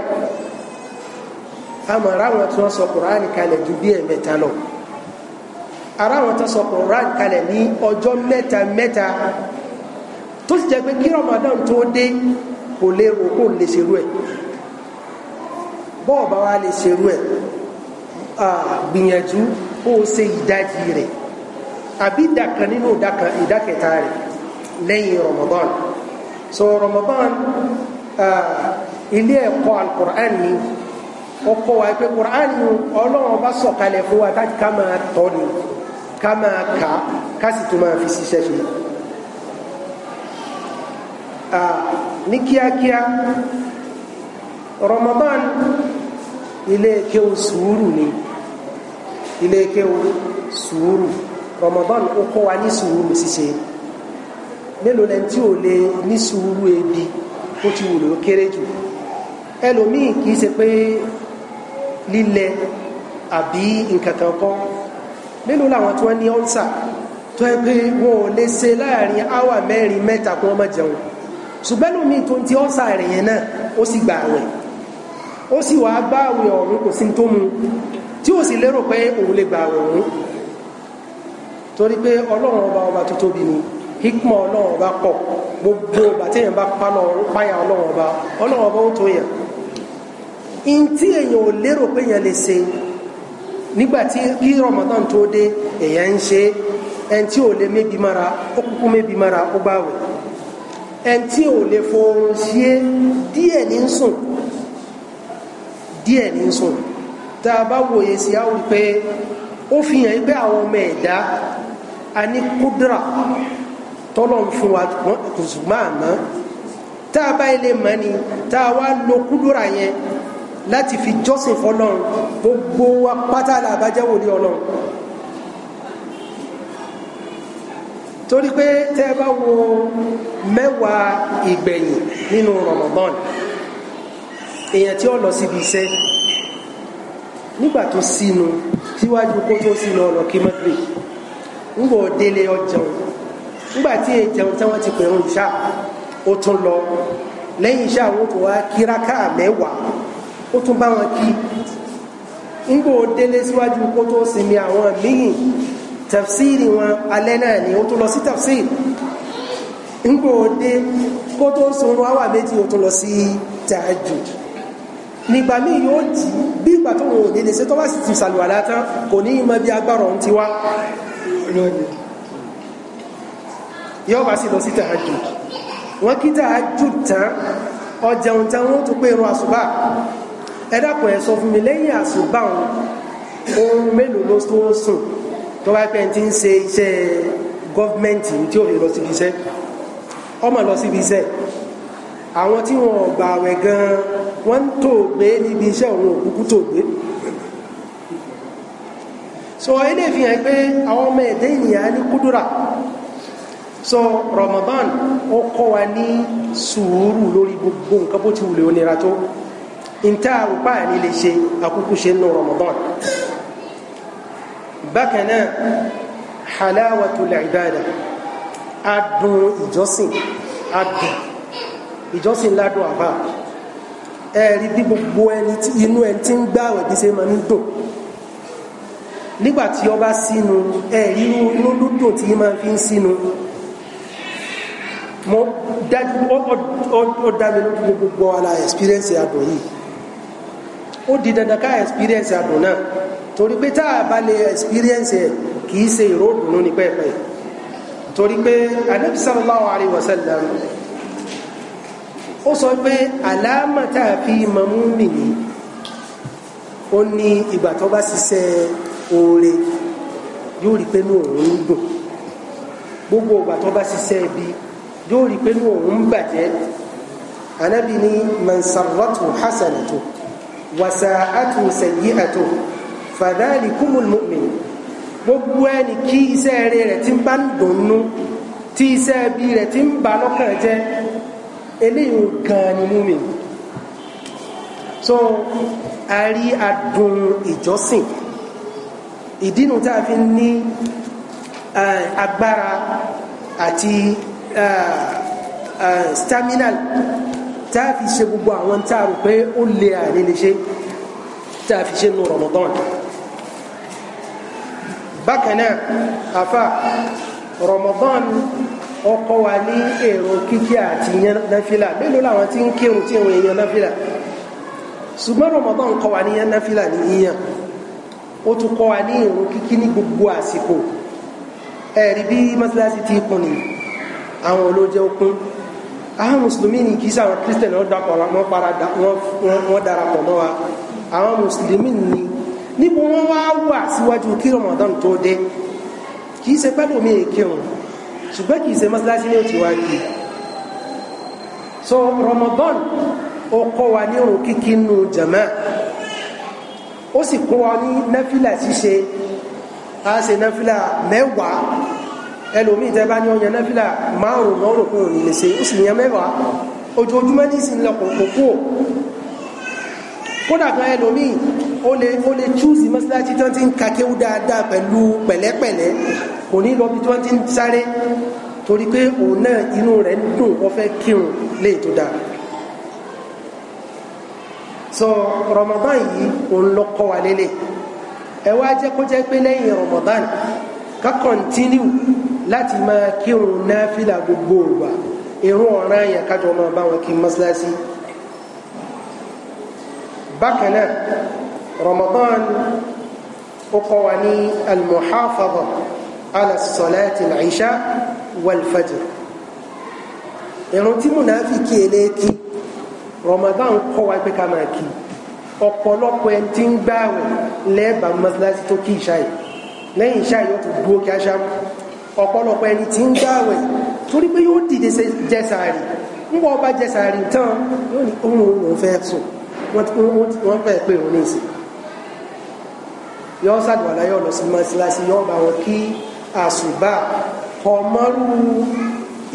àmọ́ ara wọn tí wọ́n sọ kur'an kalẹ̀ ju bí ẹ̀mẹ́ta lọ ara wọn tí wọ́n sọ kur'an kalẹ̀ ní ọjọ́ mẹ́ta mẹ́ta tó sì jẹ́ pé kí ramadan tó dé kò lè rò kó lè ṣerú ẹ̀ bọ́ọ̀ bá wa lè ṣerú ẹ̀ gbìyànjú kó o ṣe ìdajì rẹ̀ àbí ìdàkan nínú ìdákẹta rẹ̀ lẹ́yìn Ramadan so Ramadan ilé ẹ̀kọ́ alukur'an ni ó kọ́ wa pé kur'an ni Ọlọ́run bá sọ̀kalẹ̀ fún wa ká máa tọ́ ni ká máa kà á ká sì tún máa fi ṣiṣẹ́ ṣe ní kíákíá Ramadan ilé kéwù sùúrù ni ilé kéwù sùúrù. Ramadan ó kọ́ wa ní sùúrù ṣíṣe mélòó lẹ́ni tí ò lè ní sùúrù ebi ó ti wù ló kéré jù ẹlòmíì kì í ṣe pé lílẹ̀ àbí nǹkan kan kọ́ mélòó làwọn tí wọ́n ní ọ́nsà tó ẹ pé wọn ò lè ṣe láàrin áwà mẹ́rin mẹ́ta kí wọ́n má jẹun ṣùgbọ́n lómi tó ti ọ́nsà rẹ̀ yẹn náà ó sì gbà àwẹ̀ ó sì wàá gbà àwẹ̀ ọ̀run kò sí tó mu tí ó sì lérò pé òun lè gbà àwẹ̀ ọ̀run torí pé ọlọ́run ọba ọba tó tóbi ni hikma ọlọ́run ọba pọ̀ gbogbo ọba tí èèyàn bá páyà ọlọ́run ọba ọlọ́run ọba ó tó yàn in tí èèyàn ò lérò pé èèyàn lè ṣe nígbà tí kí Ramadan tó dé èèyàn ń ṣe ẹni tí ò lè mébi mara ó kúkú mébi mara ó gbààwẹ̀ ẹni tí ò lè foorun ṣe díẹ̀ ní sùn díẹ̀ ní sùn tá a bá wòye sí i pé ó fi hàn pé àwọn ọmọ ẹ̀dá ani ní kúdúrà tọ́lọ̀ ń fún wa kò sì máa ná tá a bá ilé lo kúdúrà yẹn láti fi jọ́sìn fọlọ́run gbogbo wa pátá la bàjẹ́ wòlé ọlọ́run torí pé tẹ́ wo mẹ́wàá ìgbẹ̀yìn nínú Ramadan èèyàn tí ó lọ síbi iṣẹ́ nígbà tó sínú síwájú kó tó sínú ọ̀nà kí mọ́tò ńgbò délé ọjẹun ńgbà tí èjẹun tí wọ́n ti pè ń ìṣá ó tún lọ lẹ́yìn ìṣá àwọn tó wá kíráká mẹ́wàá ó tún bá wọn kí ńgbò délé síwájú kó tó sinmi àwọn míì tafsiri wọn alẹ́ náà ni ó tún lọ sí tafsiri ńgbò dé kó tó sunrun àwa méjì ó tún lọ sí tahajjud nígbà míì yóò dì bí ìgbà tó wọn ò délé ṣe tó bá sì ti sàlùwàlá tán kò ní í bí agbára òun ti wá náà ni yóò bá sì lọ sí tàájú wọ́n kí tàájú tán ọjà ohun tán wọ́n tó pé irun àṣùbà ẹ dákun ẹ sọ fún mi lẹ́yìn àṣùbà ohun mélòó ló tó sùn tó bá pẹ́ ti ń ṣe iṣẹ́ gọ́ọ̀mẹ́ǹtì tí ò lè lọ síbi iṣẹ́ ọmọ lọ síbi iṣẹ́ àwọn tí wọn ò gan wọ́n ń tòògbé níbi iṣẹ́ òun òkúkú tòògbé so ilé fi hàn pé àwọn ọmọ ẹ̀dẹ́ ènìyàn ní kúdúrà so Ramadan ó kọ́ wa ní sùúrù lórí gbogbo nǹkan bó ti wùlé onira tó níta àrùpá ní lè ṣe àkókò ṣe nù Ramadan bákan náà halawatul ibada adùn ìjọsìn adùn ìjọsìn ládùn àbá ẹ̀rí bí gbogbo ẹni inú ẹ ti ń gbààwẹ̀ bí ṣe máa ń dùn nígbà tí ọba sínú ẹ irú inú dúdò tí máa fi ń sínú mo dájú ó dá mi lójú gbogbo ara experience adùn yìí ó di dandan ká experience adùn náà torí pé tá a bá lè experience ẹ kì í ṣe ìró dùnú ní pẹ́ẹ́pẹ́ torí pé anabi sallallahu alayhi wa sallam ó sọ pé àlámà tá a fi mọ̀ mú mi ní ó ní ìgbà tó bá ṣiṣẹ́ oore yóò rí pé inú òun ń dùn gbogbo ìgbà tó bá ṣiṣẹ́ ibi yóò rí pé inú òun ń bàjẹ́ anabi ni mansarratu hasanatu wasaatu sayyiatu fadhalikumul mu'min gbogbo ẹni kí iṣẹ́ rere tí ń bá ń dùnnú tí iṣẹ́ ibi rẹ̀ tí ń bà lọ́kàn jẹ́ eléyìí gan ni múmi so a rí adùn ìjọsìn ìdínú tá a fi ní agbára àti stamina tá a fi ṣe gbogbo àwọn tá a rò pé ó lè àlelèṣe tá a fi ṣe nu Ramadan bákan náà àfa Ramadan ọkọ wa ní èrò kíkí àti yan náfìlà mélòó làwọn tí ń kírun tí wọn yan náfìlà ṣùgbọ́n Ramadan kọ́ wa ní yan náfìlà ní yíyan ó tún kọ́ wa ní ìrun kíkí ní gbogbo àsìkò ẹ̀rí bí mọ́sálásí ti kún ni àwọn olóúnjẹ okun àwọn mùsùlùmí ni kì sáwọn kírísítẹ̀nì wọ́n darapọ̀ wọ́n darapọ̀ mọ́ wa àwọn mùsùlùmí ni níbo wọ́n wá wà síwájú kí Ramadan tó dé kì í ṣe pẹ́lú mi èkéhùn ṣùgbọ́n kì ṣe mọ́sálásí ní òtí wa kì í so Ramadan ó kọ́ wa ní òun kíkí nù jàmáà ó sì kó wa ní náfìlà ṣíṣe a ṣe náfìlà mẹ́wàá ẹlòmíì tẹ́ bá ní ọyàn náfìlà márùn náà rò pé òní lè ṣe ó sì yàn mẹ́wàá ojoojúmọ́ ní ìsìn lọ kò kú ò kódà kan ẹlòmíì ó lè ó lè chúùsì mọ́sálásí tó ti ń ka kéwú dáadáa pẹ̀lú pẹ̀lẹ́pẹ̀lẹ́ kò ní lọ bí tó ti ń sáré torí pé òun náà inú rẹ̀ ń dùn ó fẹ́ kírun léè dáa so Ramadan yìí òun lọ kọ́ wa lélẹ̀ ẹ wá jẹ́ kó jẹ́ pé lẹ́yìn Ramadan ká kọ́ntínú láti máa kírun náfìlà gbogbo ògbà irun ọ̀ràn yẹn kájọ máa bá wọn kí mọ́sálásí bákan náà Ramadan ó kọ́ wa ní al ala salati al wal-fajr irun tí munafiki eléyìí Ramadan kọ́ wa pé ká máa kí ọ̀pọ̀lọpọ̀ ẹni tí ń gbààwẹ̀ lẹ́ẹ̀bà mọ́sálásí tó kí ìṣáì lẹ́yìn ìṣáì yóò tún dúró kí á ṣá ọ̀pọ̀lọpọ̀ ẹni tí ń gbààwẹ̀ torí pé yóò dìde jẹsàárì ń bọ́ ọba jẹsàárì tán yóò ní òun òun fẹ́ sùn wọ́n fẹ́ pé òun ní ìsìn yọ sàdùwàlá yọ lọ sí mọ́sálásí yọ bá wọn kí àsùbà ọmọrú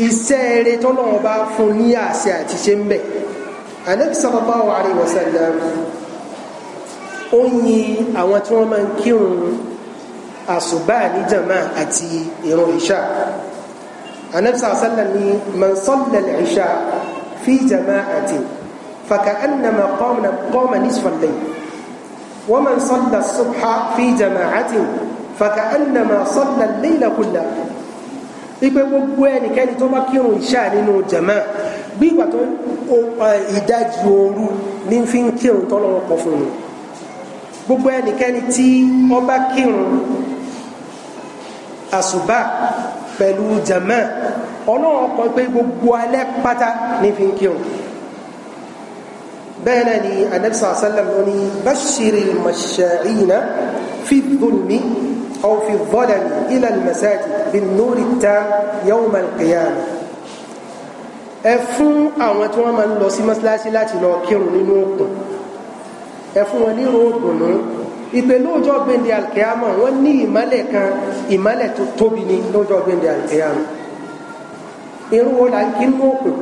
iṣẹ́ eré tọ́lọ́wọ́n bá fún ní àṣẹ àti ń bẹ̀ anabi sallallahu alayhi wa sallam ó yin àwọn tí wọ́n máa ń kírun àsùbá ní jama àti ìrun ìṣá anabi sallallahu alayhi wa sallam ni man salla al-isha fi jama'atin فكأنما قام قام نصف الليل ومن صلى الصبح في جماعة فكأنما صلى الليل كله ipe gbogbo ẹnikẹ́ni tó bá kírun ìṣá nínú jama bí ìgbà tó ìdajì òru ní fi ń kírun tọ́lọ́wọ́ pọ̀ fún un gbogbo ẹnikẹ́ni tí wọ́n bá kírun àsùbà pẹ̀lú jama ọlọ́run kan pé gbogbo alẹ́ pátá ní fi ń kírun bẹ́ẹ̀ náà ni anabi sàlá sàlám ó ní bashiri mashaina fi fi dhalami ila al masajid bin nuri tam yawm al qiyamah ẹ fún àwọn tí wọ́n máa ń lọ sí mọ́sálásí láti lọ kírun nínú òkun ẹ fún wọn nírò òdùnnú ìpè lóòjọ́ gbèndé alkeama wọ́n ní ìmọ́lẹ̀ kan ìmọ́lẹ̀ tó tóbi ní lóòjọ́ gbèndé alkeama irun wo la kí nínú òkun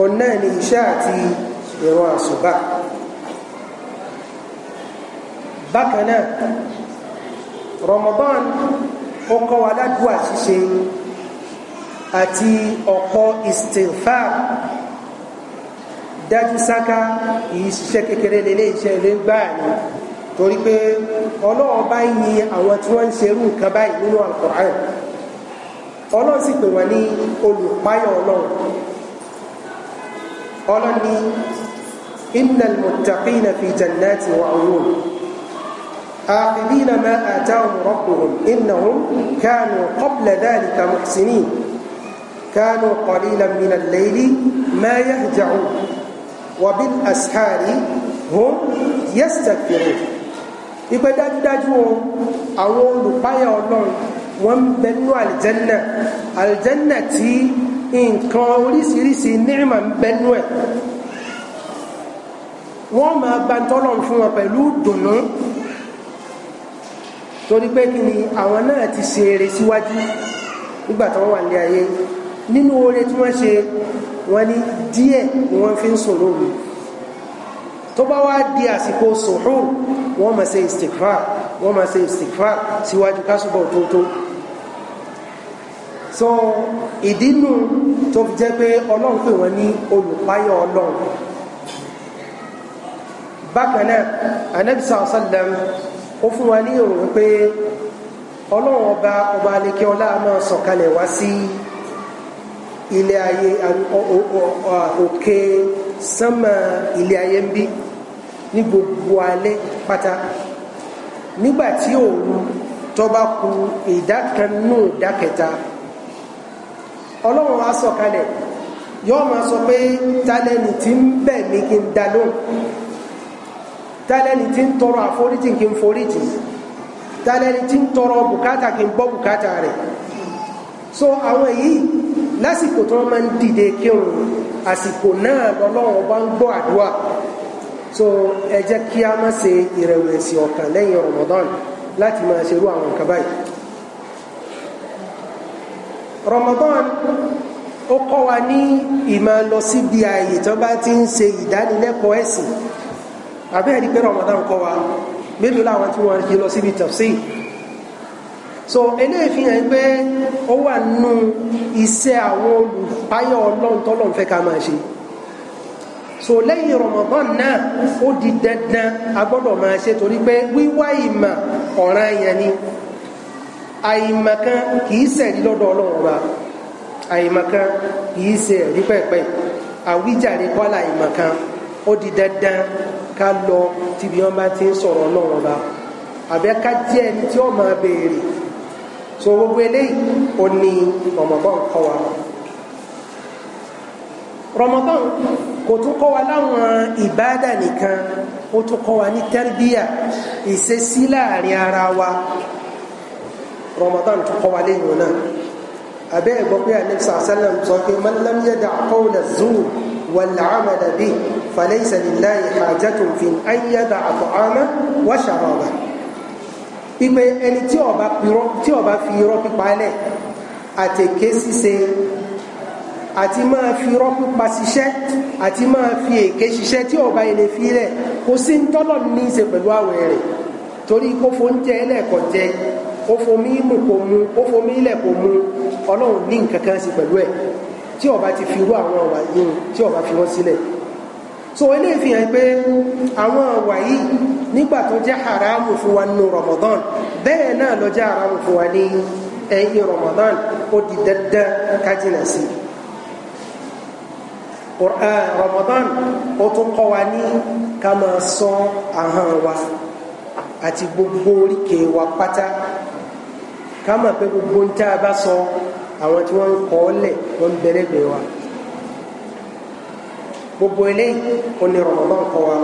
òun náà ni iṣẹ́ àti ìrun àsùbà bákan náà Ramadan ó kọ́ wa ládùúgbò àṣìṣe àti ọ̀pọ̀ istighfar dájú sáká yìí ṣiṣẹ́ kékeré lélé iṣẹ́ ilé gbáà ni torí pé ọlọ́run bá yin àwọn tí wọ́n ń ṣerú nǹkan báyìí nínú Al-Qur'an ọlọ́run sì pè wọ́n ní olùpáyọ̀ ọlọ́run ọlọ́run ní innal muttaqina fi jannati wa uyun akhidina ma atahum rabbuhum innahum kanu qabla dhalika كانوا قليلا من الليل ما يهجعون وبالأسحار هم يستكبرون ìpè dájúdájú o àwọn olùpáyà Ọlọ́run wọn ń bẹ nínú àlìjẹnà àlìjẹnà tí nǹkan oríṣiríṣi nírìmà ń bẹ nínú ẹ wọn máa gba tọlọ́run fún wọn pẹ̀lú dùnú torí pé kí ni àwọn náà ti ṣe eré síwájú nígbà tí wọn wà ní ayé yìí nínú oore tí wọ́n ṣe wọ́n ní díẹ̀ ni wọ́n fi ń sùn lóru tó bá wá di àsìkò sùhùn wọ́n máa ṣe istighfar wọ́n máa ṣe istighfar síwájú kásùbọ̀ tótó so ìdínú tó fi jẹ́ pé ọlọ́run pè wọ́n ní olùpáyọ̀ ọlọ́run bákan náà anabi sallam ó fún wa ní ìròyìn pé ọlọ́run ọba ọba aleke ọlá máa sọ̀kalẹ̀ wá sí. Si, ilé ayé òkè sánmà ilé ayé ń bí ní gbogbo alẹ́ pátá nígbàtí òun tó bá ku ìdá kan nù ìdá kẹta ọlọ́run á sọ̀kalẹ̀ yóò máa sọ pé tálẹ́nì tí ń bẹ̀ mí kí n dá lóhùn ti tí ń tọrọ àforíjì kí n foríjì tálẹ́nì ti ń tọrọ bùkátà kí n gbọ́ bùkátà rẹ̀ so àwọn èyí lásìkò tí wọ́n máa ń dìde kírun àsìkò náà lọ́lọ́run bá ń gbọ́ àdúrà so ẹ jẹ́ kí a má ṣe ìrẹ̀wẹ̀sì ọkàn lẹ́yìn Ramadan láti máa ṣerú àwọn nǹkan báyìí Ramadan ó kọ́ wa ní ìmọ̀ lọ síbi ààyè tí wọ́n bá ti ń ṣe ìdánilẹ́kọ̀ọ́ ẹ̀sìn àbẹ́ẹ̀rí pé Ramadan kọ́ wa mélòó láwọn tí wọ́n ti lọ síbi tafsir so eléyìí fi hàn pé ó wà nù iṣẹ́ àwọn olùpáyọ̀ ọlọ́run tọ́lọ́run fẹ́ ká máa ṣe so lẹ́yìn Ramadan náà ó di dandan a gbọ́dọ̀ máa ṣe torí pé wíwá ìmọ̀ ọ̀ràn yẹn ni àìmọ̀kan kìí ṣẹ̀rí lọ́dọ̀ ọlọ́run ọba àìmọ̀kan kìí ṣe ẹ̀rí pẹ̀pẹ̀ àwíjàre kọ́lá àìmọ̀kan ó di dandan ká lọ tíbi wọn bá ti ń sọ̀rọ̀ ọlọ́run ọba àbẹ́ká díẹ̀ ni tí ó máa béèrè so gbogbo eléyìí ó ní Ramadan kọ́ wa Ramadan kò tún kọ́ wa láwọn ìbáàdà nìkan ó tún kọ́ wa ní tẹ́rbíyà ìṣesí láàrin ara wa Ramadan tún kọ́ wa léyìn náà abẹ́ ẹ̀gbọ́ pé anibisa sallam sọ pé man yada' qawla az-zur wal 'amala bihi falaysa lillahi hajatun fi an yada'a ta'amahu wa sharabahu ìgbẹ́ ẹni tí ọba fi irọ́ pípa lẹ̀ àtẹ̀ké ṣíṣe àti máa fi irọ́ pípa ṣiṣẹ́ àti máa fi èké ṣiṣẹ́ tí ọba ilé fi lẹ̀ kò sí ń tọ́lọ̀ ní í ṣe pẹ̀lú àwẹ̀ rẹ̀ torí kó fóúnjẹ ẹlẹ́ẹ̀kọ́ jẹ ó fomi mú kò mu ó fomi ilẹ̀ kò mu ọlọ́run ní nǹkan kan sí pẹ̀lú ẹ̀ tí ọba ti fi irú àwọn ọ̀wà yìí tí ọba fi wọ́n sílẹ̀ so eléyìí fi hàn pé àwọn àwà yìí nígbà tó jẹ́ haramu fún wa nínú Ramadan bẹ́ẹ̀ náà ló jẹ́ haramu fún wa ní ẹ̀yìn Ramadan ó di dandan kájínà sí i ramadan ó tún kọ́ wa ní ká máa ṣọ́ ahọ́n wa àti gbogbo oríkèé wa pátá ká mọ̀ pé gbogbo ń tá a bá sọ àwọn tí wọ́n ń kọ́ ọ́ lẹ̀ wọ́n ń bẹ̀rẹ̀ gbé wa. gbogbo eléyìí ó ní Ramadan kọ́ wa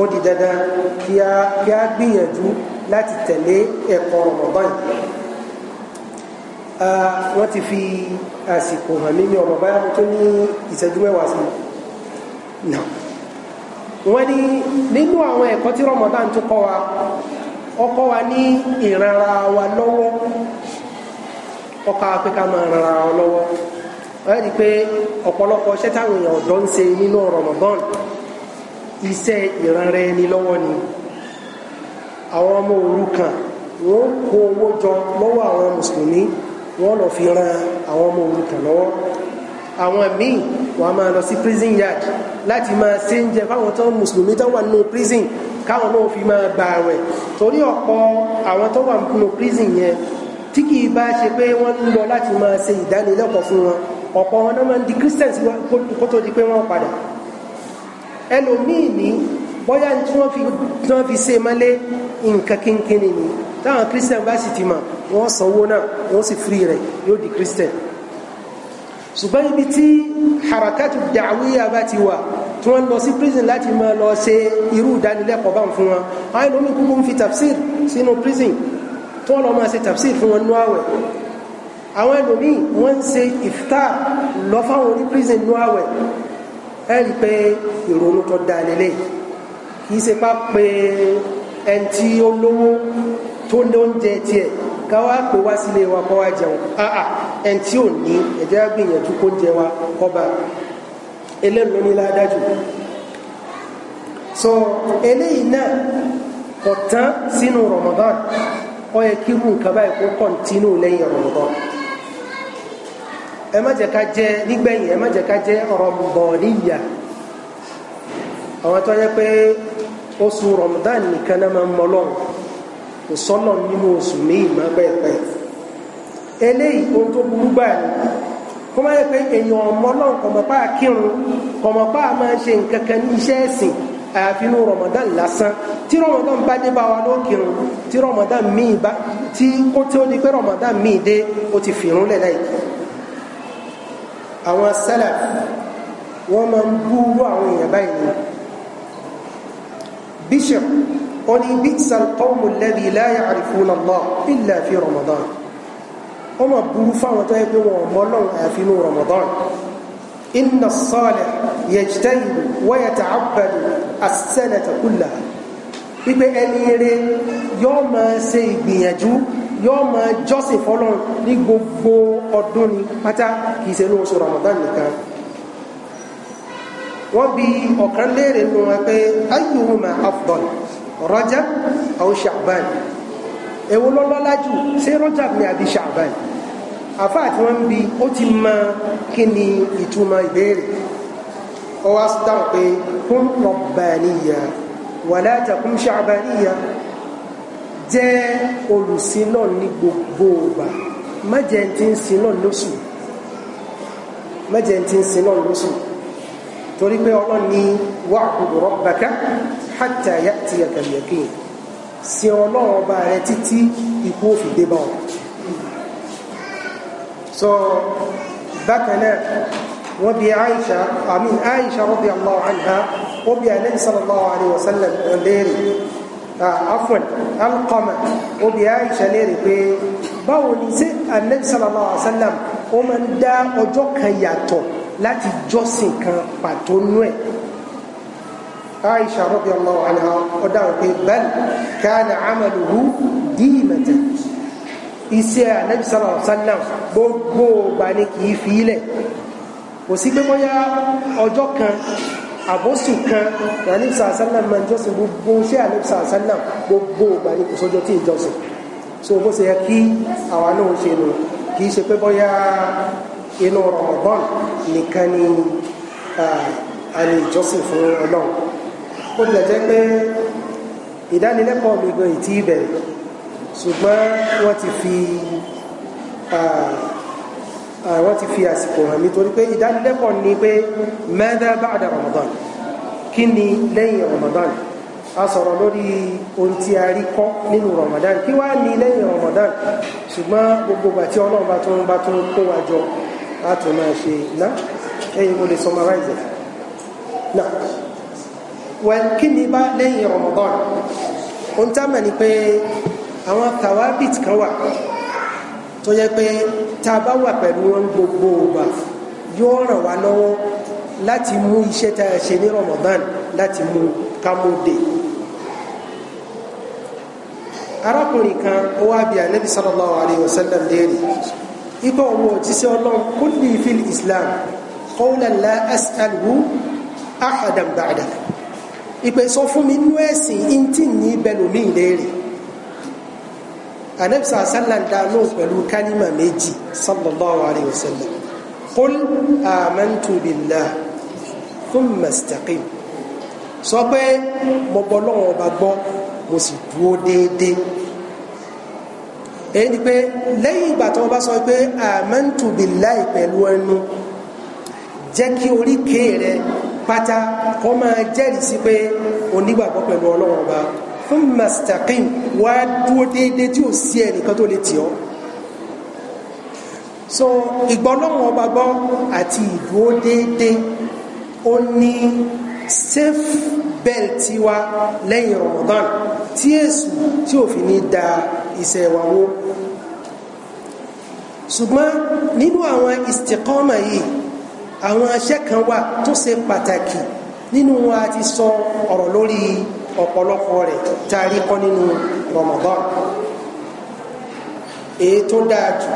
ó di dandan kí a kí a gbìyànjú láti tẹ̀lé ẹ̀kọ́ Ramadan yìí ah, wọ́n ti fi àsìkò hàn mí ní ọmọ tó ní ìṣẹ́jú mẹ́wàá sí nà wọ́n ní nínú àwọn ẹ̀kọ́ tí wa wa ní wọ́n rí i pé ọ̀pọ̀lọpọ̀ iṣẹ́ táwọn èèyàn ọ̀dọ́ ń ṣe nínú Ramadan iṣẹ́ ìranra ẹni lọ́wọ́ ni àwọn ọmọ òrukàn wọ́n kó owó jọ lọ́wọ́ àwọn mùsùlùmí wọ́n lọ fi ran àwọn ọmọ òrukàn lọ́wọ́ àwọn míì wọ́n a máa lọ sí prison yard láti máa ṣe ń jẹ fáwọn tó mùsùlùmí tó wà nínú prison káwọn náà fi máa gba àwẹ̀ torí ọ̀pọ̀ àwọn tó wà nínú prison yẹn tí kì í bá ṣe pé wọ́n ń lọ láti máa ṣe ìdánilẹ́kọ̀ọ́ fún wọn ọ̀pọ̀ wọn náà máa ń di christians kó tó di pé wọ́n padà ẹlòmíì ní bóyá tí wọ́n fi ṣe mọ́lé nǹkan kínkínni ni táwọn christian bá sì ti mọ̀ wọ́n sanwó náà wọ́n sì free rẹ̀ yóò di christian ṣùgbọ́n ibi tí harakatu da'wiyya bá ti wà tí wọ́n lọ sí prison láti máa lọ ṣe irú ìdánilẹ́kọ̀ọ́ bá ń fún wọn àwọn ẹlòmíì kúkú ń fi tafsir sínú prison tí wọ́n lọ máa ṣe tafsir fún wọn nú àwẹ̀ àwọn ẹlòmí wọ́n ń ṣe iftar lọ fáwọn orí prison ní àwẹ̀ ẹ rí pé ìrònú tó da lélẹ̀ kì í ṣe pa pé ẹni tí ó lówó tó ní oúnjẹ tiẹ̀ ká wá pè wá sílé wa kọ́ wá jẹun àà ẹni tí ò ní ẹ̀jẹ̀ gbìyànjú kó jẹ wa kọ́ba eléyìí ní ládájú so eléyìí náà kò tán sínú Ramadan ó yẹ kí irú nǹkan báyìí kó kọ́ntínú lẹ́yìn Ramadan. ẹ má jẹ ká jẹ́ nígbẹ̀yìn ẹ má jẹ́ ká àwọn tó yẹ pé oṣù Ramadan nìkan náà máa ń mọ lọ́wọ́ kò sọ́nà nínú oṣù míì má pẹ́ẹ́pẹ́ eléyìí ohun tó burú kó má yẹ pé èèyàn ọmọ náà kọ̀mọ̀pá kírun kọ̀mọ̀pá máa ṣe nǹkan kan ní iṣẹ́ ẹ̀sìn àyàfi inú lásán tí bá dé àwọn sálàf wọ́n máa ń búrú àwọn èèyàn báyìí ni bishop ó ní bi'sa al-qawmu alladhi la ya'rifuna Allah illa fi Ramadan ó máa burú fáwọn tó yẹ pé wọn mọ Ọlọ́run Ramadan inna as-salih yajtahidu wa yata'abbadu as-sanata kullaha wípé ẹni eré yóò máa ṣe ìgbìyànjú yóò máa jọ́sìn fọlọ́run ní gbogbo ọdún ni pátá kìí ṣe ní oṣù Ramadan nìkan wọ́n bi ọ̀kan léèrè nù wọn pé ayyuhuma afdal Rajab aw Sha'ban èwo ló lọ́lá jù ṣé Rajab ni àbí Sha'ban àfa àti wọ́n bi ó ti mọ kí ni ìtumọ̀ ìbéèrè ó wá dáhùn pé kun rabbaniyya wala takun sha'baniyya jẹ́ olùsìn náà ní gbogbo ìgbà má jẹ́ tí ń sin náà lóṣù má jẹ́ tí ń sin náà lóṣù torí pé ọlọ́run ní wa'budu rabbaka hatta ya'tiyaka al-yaqin sin ọlọ́run ọba rẹ títí ikú ó dé bá ọ so bákan náà wọ́n bi Aisha àmì Aisha radiyallahu anha ó bi Ànábì sallallahu alayhi wa sallam léèrè Ah, afwan alqama obi aisha léèrè pé báwo ni ṣé anabi sallallahu alayhi wa sallam ó máa ń dá ọjọ́ kan yàtọ̀ láti jọ́sìn kan pàtó nú ẹ̀ aisha radiyallahu anha ó dáhùn pé bal kana amaluhu díìmẹ̀tẹ̀ iṣẹ́ anabi sallallahu alayhi wa sallam gbogbo ọgbà kì í fi ilẹ̀ kò sí pé bóyá ọjọ́ kan àbọ̀sùn kan àníbsà sálà máa ń jọ́sìn gbogbo ṣé àníbsà sálà gbogbo ìgbà ní kò tí ìjọsìn so bó ṣe yẹ kí àwa náà ṣe nù kì í ṣe pé bóyá inú Ramadan nìkan ni àní ìjọsìn fún Ọlọ́run ó lè jẹ́ pé ìdánilẹ́kọ̀ọ́ mi gan ìtì ìbẹ̀rẹ̀ ṣùgbọ́n wọ́n ti fi àwọn ah, ti fi àsìkò hàn mí torí pé ìdánilẹ́kọ̀ọ́ ni pé mẹ́dá báàdà Ramadan kí ni lẹ́yìn Ramadan a sọ̀rọ̀ lórí ohun tí a rí kọ́ nínú Ramadan kí wá ní lẹ́yìn Ramadan ṣùgbọ́n gbogbo ìgbà tí Ọlọ́run bá tún bá tún kó wa jọ a tún máa ṣe ná ẹ̀yin mo lè summarize náà wẹ́n kí ni bá lẹ́yìn Ramadan ohun tá a mọ̀ ni pé àwọn tawabit kan wà tó yẹ pé tá a bá wà pẹ̀lú wọn gbogbo ògbà yóò ràn wá lọ́wọ́ láti mú iṣẹ́ tá a ṣe ní Ramadan láti mú kámúdé arákùnrin kan ó wá bí anabi sallallahu alayhi wa sallam léèrè ikọ̀ òun òjíṣẹ́ ọlọ́run kulli fil islam qawlan la as'aluhu ahadan fún mi nú ẹ̀sìn intí ní bẹlòmíì léèrè anabisa asalan dano pẹ̀lú kánìmà méjì sallallahu alayhi wa sallam qul amantu billah thumma istaqim sọ pé mo gbọ́ lọ́wọ́ ọba gbọ́ mo sì dúró déédéé èyí ni pé lẹ́yìn ìgbà tí wọ́n bá sọ pé amantu billahi pẹ̀lú ẹnu jẹ́ kí oríkèé rẹ pátá kó máa jẹ́rìí fún mustaqim wá dúró déédéé tí ò sí ẹnìkan tó lè tì ọ́ so ìgbọ́lọ́wọ́n ọba gbọ́ àti ìdúró déédéé ó ní safe belt wa lẹ́yìn Ramadan tí èsù tí ò fi ní da iṣẹ́ wa wó ṣùgbọ́n nínú àwọn istiqama yìí àwọn iṣẹ́ kan wà tó ṣe pàtàkì nínú wọn ti sọ ọ̀rọ̀ lórí ọ̀pọ̀lọpọ̀ rẹ̀ taari kọ́ nínú Ramadan èyí tó dáa jù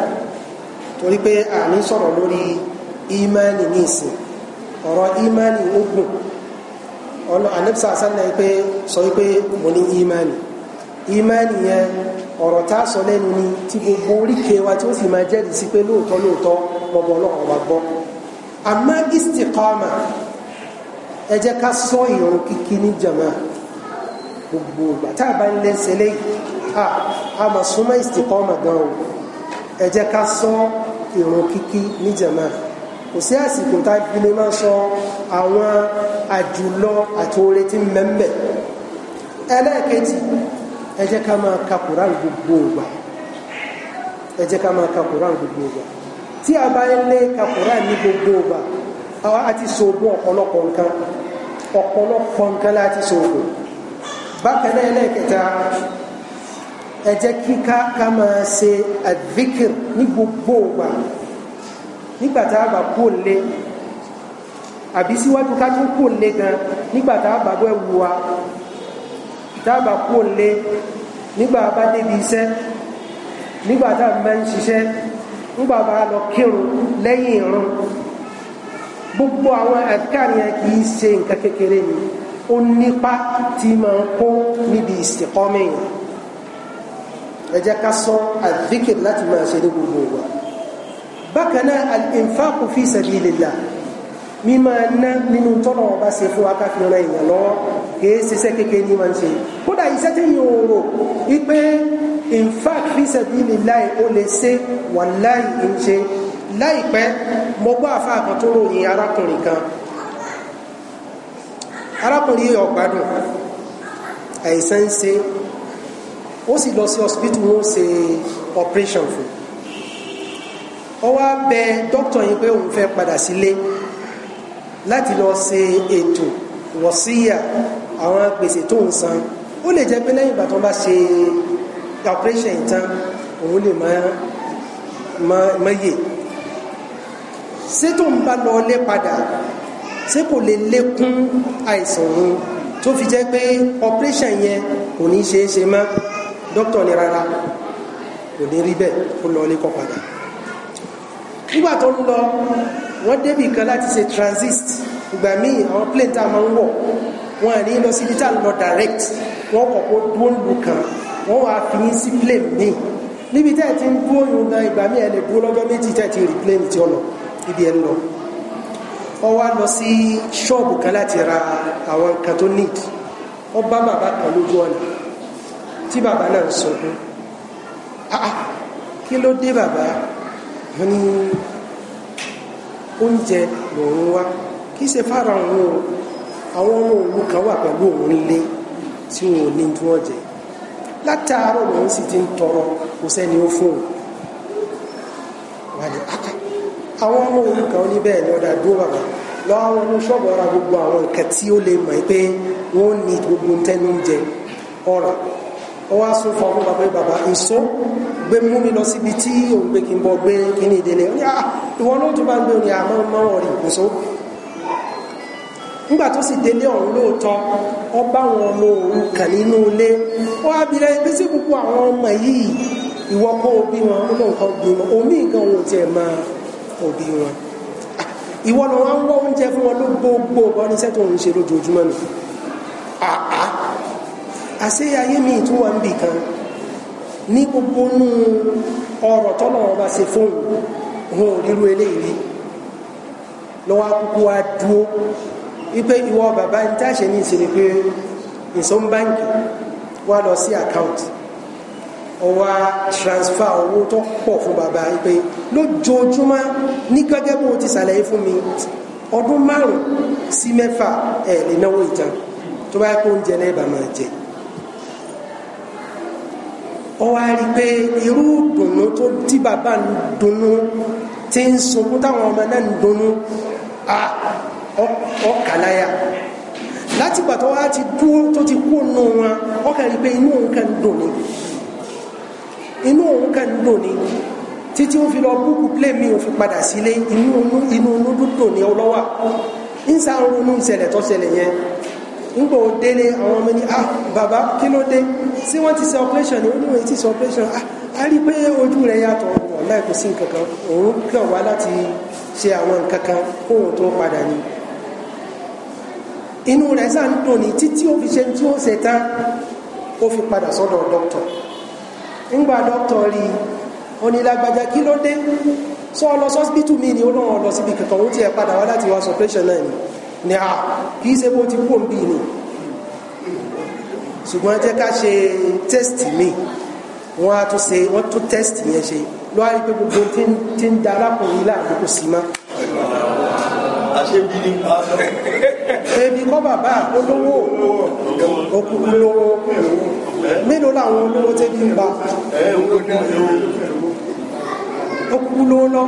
torí pé àní sọ̀rọ̀ lórí ìmánì ní ìsìn ọ̀rọ̀ ìmánì ó gùn ọ̀nà àníbísà sálẹ̀ pé sọ wípé mo ní ìmánì ìmánì yẹn ọ̀rọ̀ tá a sọ lẹ́nu ni tí gbogbo oríkèé wa tí ó sì máa jẹ́rìí sí pé lóòótọ́ lóòótọ́ gbogbo ọlọ́run wa gbọ́ àmọ́ ẹ jẹ́ ká sọ ìrun kíkí ní jama gbogbo ìgbà tá a bá ń lẹ́sẹ̀ lẹ́yìn a mọ̀ súnmọ́ ìsìnkọ́mà gan o ẹ jẹ́ ká sọ ìrun kíkí níjàmá kò sí àsìkò tá a fi lè máa sọ àwọn àjùlọ àti oore tí ń mẹ́mbẹ̀ ẹlẹ́ẹ̀kejì ẹ jẹ́ ká máa ka Kùránì gbogbo ìgbà ẹ jẹ́ ká máa ka Kùránì gbogbo ìgbà tí a bá ń lé ka Kùránì ní gbogbo ìgbà a ti sọ ogún ọ̀pọ̀lọpọ̀ nǹkan ọ̀pọ̀lọpọ̀ nǹkan láti sọ ogún. bákan náà ẹlẹ́ẹ̀kẹta ẹ jẹ́ kí ká máa ṣe àdìkìr ní gbogbo ògbà nígbà tá a bá kú òlé àbí síwájú ká kú òlé gan nígbà tá bọ́ ẹ̀wù wa tá a kú òlé nígbà bá débi iṣẹ́ ń ṣiṣẹ́ nígbà bá lọ kírun lẹ́yìn gbogbo àwọn yẹn kì í ṣe nǹkan kékeré ni. ó nípa tí máa ń kó níbi ìsìnkọ́mọ̀ èèyàn ẹ jẹ́ ká sọ àdìkìrì láti máa ṣe ní gbogbo wa bákan náà al-infaq fi sabilillah mímọ ná nínú tọ́nà ọba ṣe fún akáfihàn èèyàn lọ́wọ́ kìí ṣiṣẹ́ kékeré ní máa ń ṣe kódà iṣẹ́ tí yìí ò rò wípé infaq fi sabilillah ó lè ṣe wallahi ń ṣe láìpẹ́ mo gbọ́ àfa àkàtúrò yìí arákùnrin kan arákùnrin yìí ọ̀gbádùn àìsàn ń ṣe ó sì lọ sí hospital wọn ṣe operation fún ọ wá bẹ dókítà yìí pé òun fẹ́ padà sílé láti lọ ṣe ètò wọ̀síyà àwọn gbèsè tó ń san ó lè jẹ́ pé lẹ́yìn ìgbà tó bá ṣe operation yìí tán òun lè máa mọ yè ṣé tó ń bá lọ lé padà ṣé kò lè lékún àìsàn òun tó fi jẹ́ pé operation yẹn kò ní ṣeé ṣe mọ́ dókítà ní rárá kò ní rí bẹ́ẹ̀ kó lọ ilé kọ́ padà nígbà tó ń lọ wọ́n débì kan láti ṣe transist ìgbà míì àwọn plane tá a máa ń wọ̀ wọ́n à ní lọ síbi tá a lọ direct wọ́n kọ̀ kó dúró lù kan wọ́n wàá fi yín sí plane míì níbi tẹ́ ẹ ti ń dúró yun gan ìgbà míì ẹ lè dúró lọ́jọ́ méjì tẹ́ ẹ ti rí plane tí ó lọ ibi ẹ ń lọ ó wá lọ sí ṣọ́ọ̀bù kan láti ra àwọn nǹkan tó need ó bá bàbá kan lójú ọ̀nà tí bàbá náà ń sọdún ah, ah kí ló dé bàbá wọn ni oúnjẹ lòun wá kì ṣe fara òun o àwọn ọmọ òun kan wà pẹ̀lú òun lé tí wọn ò ní tí wọ́n jẹ látàárọ̀ lòun sì ti ń tọrọ kò sẹ́ni ó fún òun wà ní ákà ah, ah, àwọn ọmọ òun kan ní bẹ́ẹ̀ ni ọ̀dà dúró bàbá lọ́wọ́ àwọn ọmọ ṣọ́ọ̀bù ọ̀rà gbogbo àwọn nǹkan tí ó lè mọ̀ pé wọ́n ní gbogbo tẹnu ń jẹ ọ̀rà ó wá sún fún ọmọ bàbá bàbá èso gbé mú mi lọ síbi tí òun gbé kí n bọ gbé kíní ìdílé ó ní à ah, ìwọ ló tún bá ah, ń gbé òun ní àmọ́ mọ́wọ́ rí ìkóso nígbà tó sì délé ọ̀hún lóòótọ́ ọ bá àwọn ọmọ òun kàn nínú ilé ó wá bi lẹ́yìn pé sí gbogbo àwọn ọmọ yìí ìwọ kó o bí wọn ó lóun kan bí wọn omi nǹkan òun tiẹ̀ máa òbí wọn ìwọ lọ wọn wọ oúnjẹ fún wọn ló gbogbo wọn ní sẹtọ òun ṣe lójoojúmọ́ nù àá àṣé ayé mi tún wà ń bì kan ní gbogbo nù ọ̀rọ̀ tọnà ọba ṣe fóun òun ò ríru eléyìí lọ́wọ́ akúkú wa dúó wípé ìwọ bàbá ń táṣe ní ìṣẹ̀lẹ̀ pé ìsọmbanki wà lọ sí àkáǹtì ọwá transfer owó tó pọ̀ fún bàbá pé lójoojúmọ́ ní gẹ́gẹ́ bó ti ṣàlàyé fún mi ọdún márùn sí mẹ́fà ẹ̀ lè náwó ìtàn tó bá yẹ kó oúnjẹ náà bà máa jẹ ó wá rí i pé irú dùnnú tó tí bàbá ń dunnú tí ń sunkún táwọn ọmọ náà ń dunnú ọkàláyà láti tó wá ti dúró tó ti kó nù wọn ọkàn pé inú nǹkan dùn ni inú òun kàn ń dùn ni títí ó fi lọ búkú plé mi ò fi padà sílé inú inú inú dúdùn ni ọlọ́wà ń sá ronú ìṣẹ̀lẹ̀ tó ṣẹlẹ̀ yẹn ńgbò délé àwọn ọmọ ní ah baba kí ló dé sí wọ́n ti ṣe operation ni ó ní wọ́n ti ṣe operation ah a rí i pé ojú rẹ̀ yàtọ̀ ọ̀pọ̀ láì kò sí nǹkan kan òun kàn wá láti ṣe àwọn nǹkan kan kóhun tó padà ni inú rẹ̀ sáà ń dùn ní títí ó fi ṣe tí ó ṣe tán ó fi padà sọ́dọ̀ dókítà ńgbà dọ́kítọ̀ rí onílágbájá kí ló dé sọ ọlọ sọ́sibítù mi ni ó lọ́wọ́ lọ síbi kankan ó ti ẹ̀ padà wá láti wá sọpẹ́ṣẹ̀ náà ni ni a kì í ṣe bó ti kú òǹbí ni ṣùgbọ́n ẹ jẹ́ ká ṣe tẹ́sítì mi wọ́n á tún ṣe wọ́n tún tẹ́sítì yẹn ṣe lọ́wọ́ rí pé gbogbo tí ń da arákùnrin láàbò kò sí mọ́ àṣebí ni ebi kọ́ bàbá olówó òkú lówó mélòó làwọn olówó tẹ́ ní ìbá ó kú lówó lọ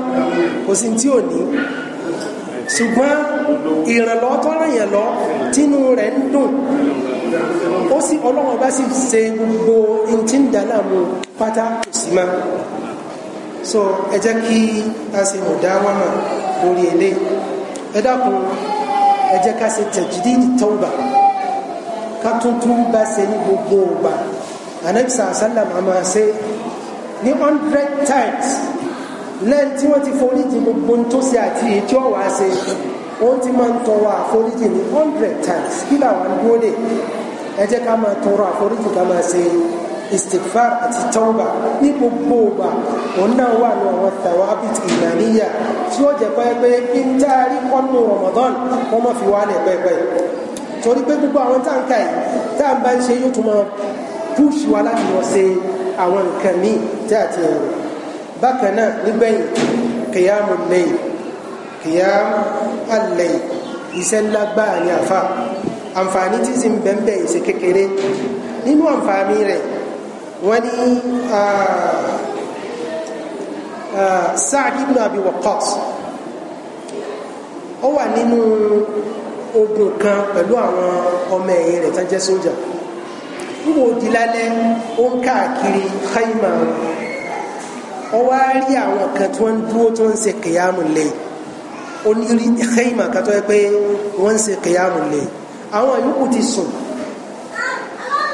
kò sí tí ò ní ṣùgbọ́n ìrànlọ́ tọ́rọ̀yàn lọ tínú rẹ̀ ń dùn ó sì ọlọ́run bá sì ṣe gbogbo ntí ń dáná mu pátá kò sí má so ẹ jẹ́ kí a ṣe mọ̀dá wà mà lórí eléyìí ẹ dákun ẹ jẹ́ ká ṣe tẹ̀jídìí tọ́wọ́ bàbá ká bá ṣe ní gbogbo ògbà anabi sàlám àmà ṣe ní hundred times lẹ́yìn tí wọ́n ti foríjì gbogbo tó ṣe àti èyí tí ó wà á ṣe ó ti máa ń tọrọ àforíjì ní hundred times kí làwọn dúró lè ẹ jẹ́ ká máa tọrọ àforíjì ká máa ṣe istighfar àti tawba ní gbogbo ọgbà òun náà wà ní àwọn thawabit ìlànìyà tí ó jẹ́ pẹ́ẹ́pẹ́ kí n tá a rí kọ́nù Ramadan kọ́ mọ́ fi wálẹ̀ pẹ́ẹ́pẹ́ torí pé gbogbo àwọn tá à ń ka yìí tá à ń bá ń ṣe yóò tún máa púùsì wa láti lọ ṣe àwọn nǹkan míì tí a ti rìn bákan náà nígbẹ̀yìn kìyàmù lẹ́yìn kìyàmù àlẹ́yìn iṣẹ́ ńlá gbáà ní àfa àǹfààní tí sì ń bẹ́ńbẹ́ ìṣe kékeré nínú àǹfààní rẹ̀ wọ́n ní Sa'd ibn Abi Waqqas ó wà nínú ogun kan pẹ̀lú àwọn ọmọ ẹ̀yìn rẹ̀ tán jẹ́ sójà níbo di lálẹ́ ó ń káàkiri haima ó wá rí àwọn kan tí wọ́n ń dúró tí wọ́n ń ṣe kìyàmù lẹ̀ ó ní kan tó yẹ pé wọ́n ń ṣe kìyàmù lẹ̀ àwọn yòókù ti sùn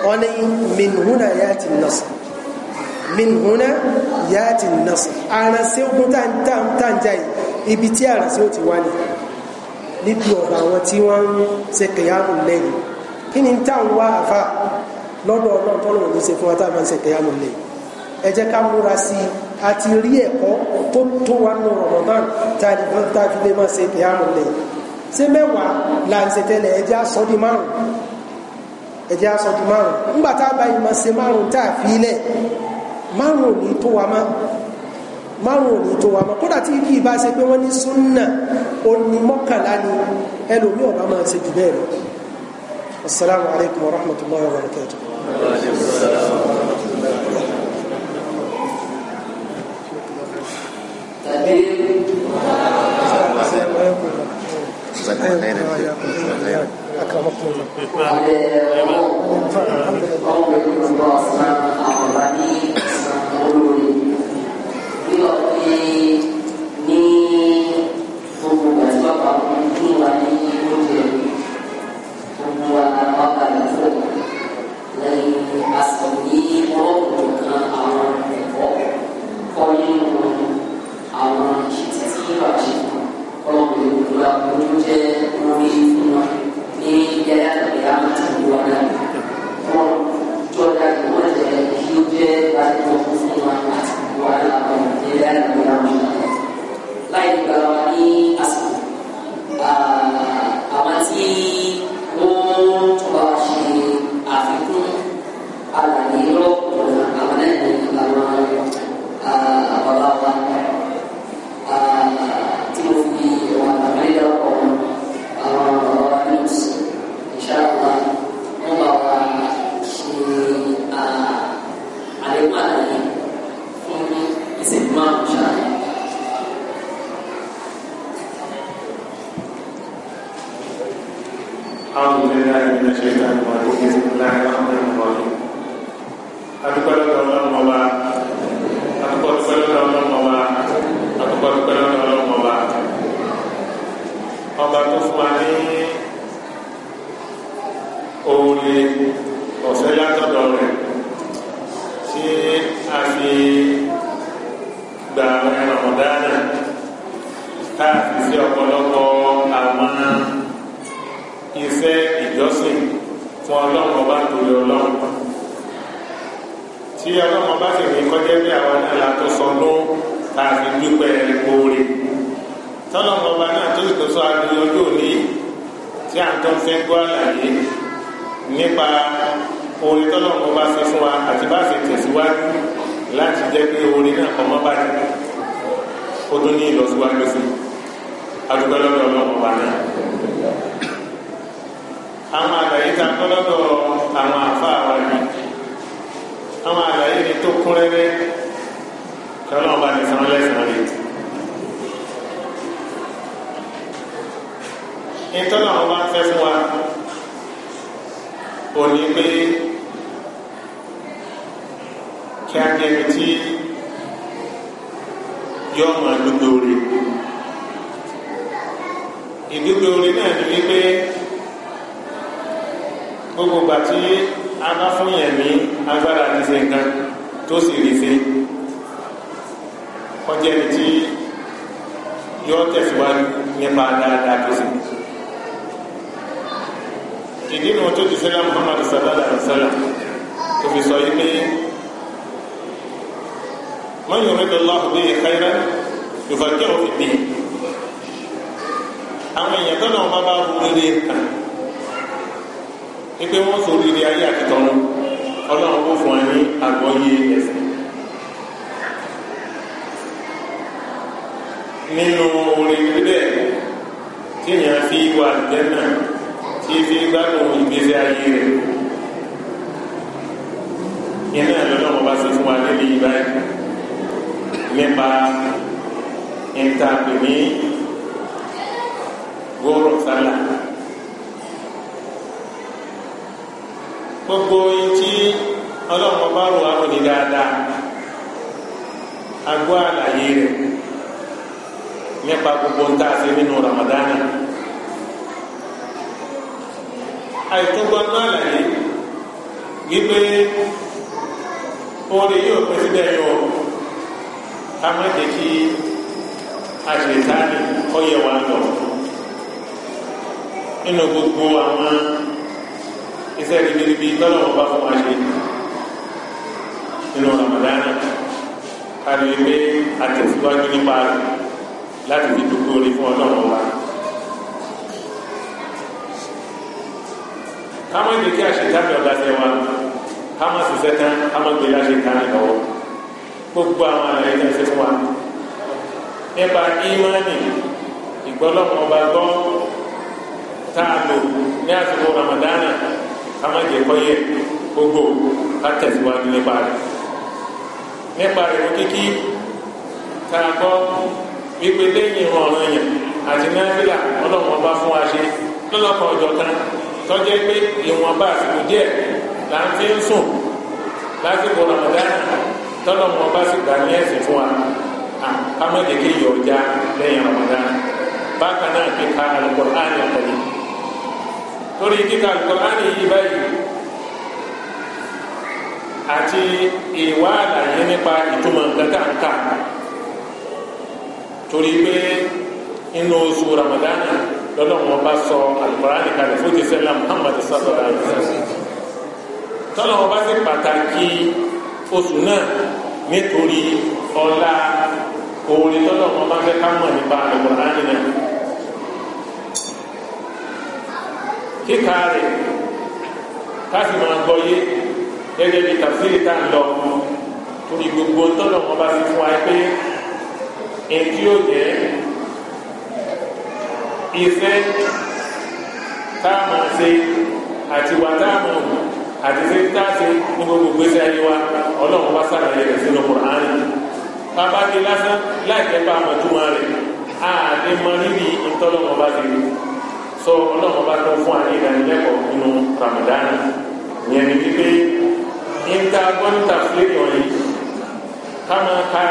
wọ́n ní minhuna yati nasr minhuna yati nasr àrànṣe ogun tá à ń jà yìí ibi tí àrànṣe ó ti wá nìyí níbi ọ̀rọ̀ àwọn tí wọ́n ń ṣe kẹyàmù lẹ́yìn kí ni tá à ń wá àfà lọ́dọ̀ ọlọ́run tọ́lọ̀ òní ṣe fún wa tá à máa ń ṣe kẹyàmù lẹ́yìn ẹ jẹ́ ká múra sí i a ti rí ẹ̀kọ́ tó tó wà nù Ramadan tá a lè tá a fi lè máa ṣe kẹyàmù lẹ́yìn ṣé mẹ́wàá là ń ṣe tẹ́lẹ̀ ẹ jẹ́ aṣọ márùn ẹ jẹ́ aṣọ márùn ńgbà tá a bá yìí máa ṣe márùn tá a fi lẹ̀ márùn ò ní tó wa máa márùn òní tó wà mọ́ kódà tí kì í bá ṣe pé wọ́n ní súnà òní mọ́kànlá ni ẹlòmí ọba máa ṣe jù bẹ́ẹ̀ lọ assalamu alaikum wa rahmatullahi wa barakatuh. أكرمكم الله. àsìkò ní ọlọ́kùnrin kan àwọn ẹ̀kọ́ kọ́ nínú àwọn ìṣètì tí ìbàjẹ́ ọlọ́kùnrin òkúra ojú jẹ́ orí fún wọn ní yàrá ìyá àti ìwà náà wọn jọ̀dá ìwọ̀n jẹ́ kí ó jẹ́ gbajúmọ̀ fún wọn àti ìwà náà wọn Menschlichkeit, mal gucken, wie sie lange machen. yẹn ni wípé níta gbọ́nta fúlẹ́tọ̀ yìí ká máa ka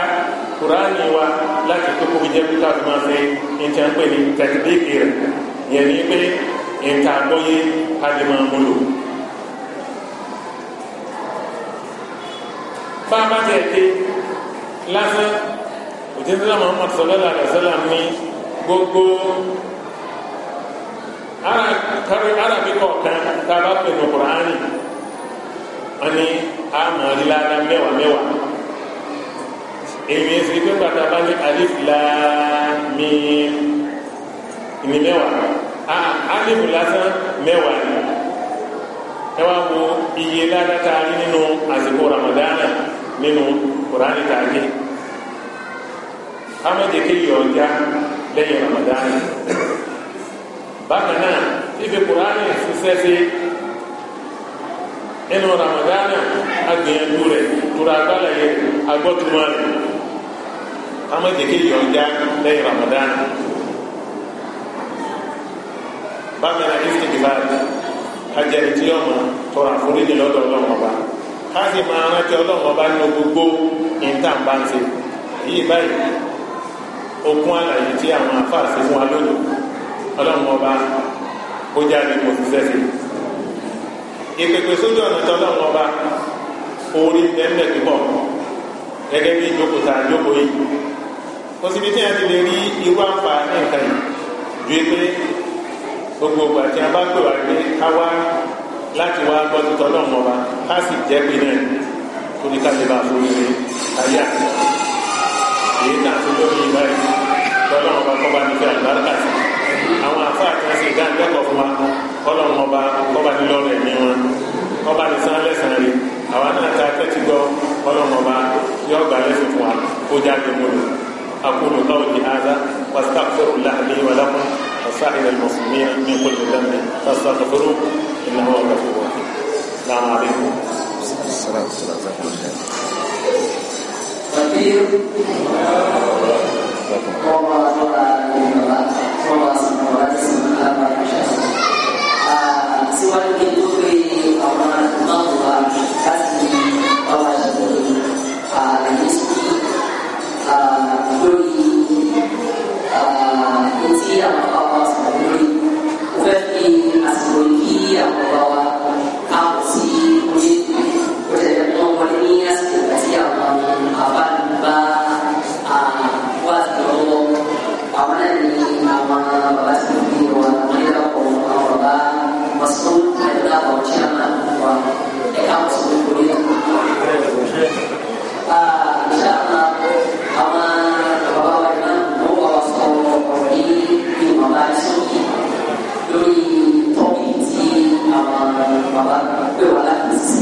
kuraani wa láti kókó bí jẹ́ kúta tó máa ṣe níta pé ní tẹ̀sídéèkì rẹ̀ yẹn ni wípé níta gbọ́ yé ká lè máa múlò. bàbá tẹ̀ dé lásán òjijì náà Muhammad sallallahu alaihi wasallam ní gbogbo. Ara arabi kọ̀ọ̀kan tá a bá pè ní kùránì wọn ni a mọ̀ ọ́ níláàdá mẹ́wàá mẹ́wàá èyí ẹsẹ̀ pé bá ní alif a alif lásán mẹ́wàá ni iye ládàá tá a rí nínú ramadana nínú a rí amẹ́jẹ̀kẹ́ yọ̀ lẹ́yìn ramadana. bákan náà fífi kùránì ṣiṣẹ́ sí inú ramadana agbìyànjú rẹ̀ tura agbára yẹ agbọ́tuma rẹ̀ amadede yọ̀ọ̀dá lẹ́yìn ramadana bákan náà ìsìn ìgbà ajẹ́rì tí ọmọ tọrọ àforíjì lọ́dọ̀ ọlọ́run ọba ká sì máa rántí ọlọ́run ọba nínú gbogbo ìntàǹbáǹsì yìí báyìí okun àlàyé tí àwọn afáàsì fún wa lónìí. ọlọ́run ọba ó jáde kó fi sẹ́sẹ̀ ìpèpè sójú ọ̀nà tó ọlọ́run ọba orí bẹ́ẹ̀ pípọ̀ gẹ́gẹ́ bí ìjókòó ta ìjókòó yìí ó sì bí tí a ti lè rí irú àǹfààní nǹkan yìí ju pé gbogbogbò àti abágbèwà gbé ká wá láti wá gbọ́ tuntun ọlọ́run ọba ká sì jẹ́ pé náà torí ká lè bá a fún mi ayé àtijọ́ èyí náà tó lórí ìbáyìí tọ́lọ́run ọba kọ́ bá mi fẹ́ àwọn àfa àtẹ̀sí ìdánilẹ́kọ̀ọ́ fún wa ọlọ́run ọba kọ́ba nílò rẹ̀ ní wọn kọ́ba ní sàn lẹ́sàn rí àwa náà ta akẹ́tì gbọ́ ọlọ́run ọba yọ ọgbà lẹ́sìn fún wa kó jáde mọ́lò akúlù káwọ́dì áza wàsíkàfọ́rù láàbí wàlákùn وسائر المسلمين من كل ذنب فاستغفروه انه هو الغفور الرحيم السلام عليكم السلام عليكم جزاكم الله خير كثير Uh, Mwenyezi dàpọ̀ chairman wa ẹ̀ka tó ń gbòòrò yìí. ṣáàmà àwọn bàbá wa náà ló wà wá sọ ọ̀rọ̀ ní ní bàbá sókè lórí tọ́kì tí àwọn bàbá pè wá láti sí.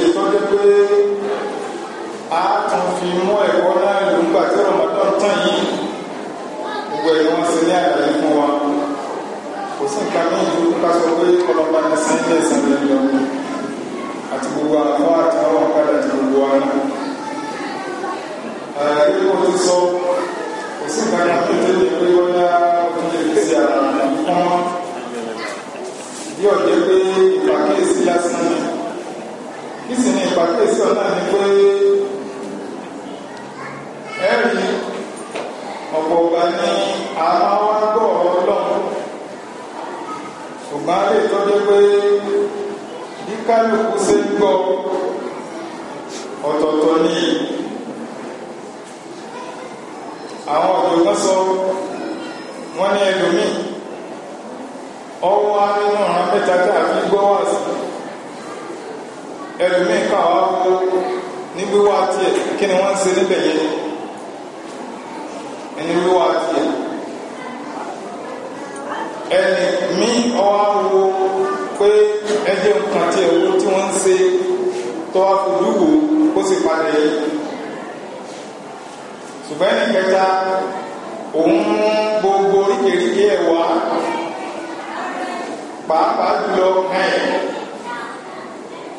ètò dé pé a tún fi mú ẹ̀kọ́ náà lò nígbà tí Ramadan tán yìí gbogbo ẹ̀ wọ́n ṣe ní àgbáyé fún wa kò sí nǹkan ní ìlú ká sọ pé ọlọ́ba ní sílẹ̀ ìsàlẹ̀ lọ àti gbogbo àwọn àti àwọn ọ̀kadà àti gbogbo wa náà. ẹ̀ẹ́dẹ́gbẹ́ mo ti sọ kò sí nǹkan ní akéde ní pé wọ́n ọdún lè fi ṣe àrà àmì kán bí ọ̀jẹ́ pé ìpàkíyèsí lásán ní nísìnyí ìpàkíyèsí ọ̀nà ni pé ẹ̀rí ọ̀pọ̀ ọ̀gbà ni a máa wá gbọ́ ọ̀rọ̀ ọlọ́run ṣùgbọ́n lè tọ́jú pé bí kálukú ṣe ń gbọ́ ọ̀tọ̀ọ̀tọ̀ ni àwọn ọ̀dọ́ sọ wọ́n ní ẹlòmíì ọwọ́ nínú ọ̀ràn mẹ́ta fi gbọ́ ẹlòmíì kan àwọn arúgbó ní wíwá tiẹ̀ kí ni wọ́n ń ṣe níbẹ̀ yẹn ẹni wíwá tiẹ̀ ẹni ọwọ́ pé ẹjẹ́ nǹkan tí wọ́n ń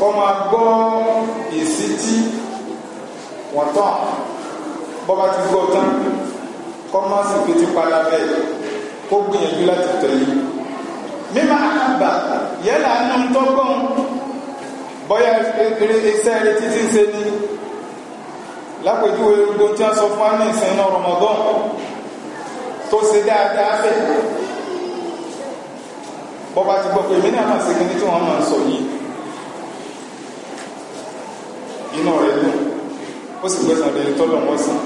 kọ́ máa gbọ́ èsì tí wọ́n tán bọ́ba ti gbọ́ tán kọ́ máa sì fi ti padà bẹ́ẹ̀ kó gbìyànjú láti tẹ̀lé mímọ àgbà yẹ́là ní tọ́gbọ́n bọ́yá iṣẹ́ rẹ títí ṣe ni lápèjúwe gbogbo tí a sọ fún wa ní ìsìn náà Ramadan tó ṣe dáadáa bẹ́ẹ̀ bọ́ba ti gbọ́ pé mí náà máa ṣe kí ni tí wọ́n máa sọ yìí inú rẹ̀ dùn ó sì gbẹ̀sán lè tọ́lọ̀ wọ́n sàn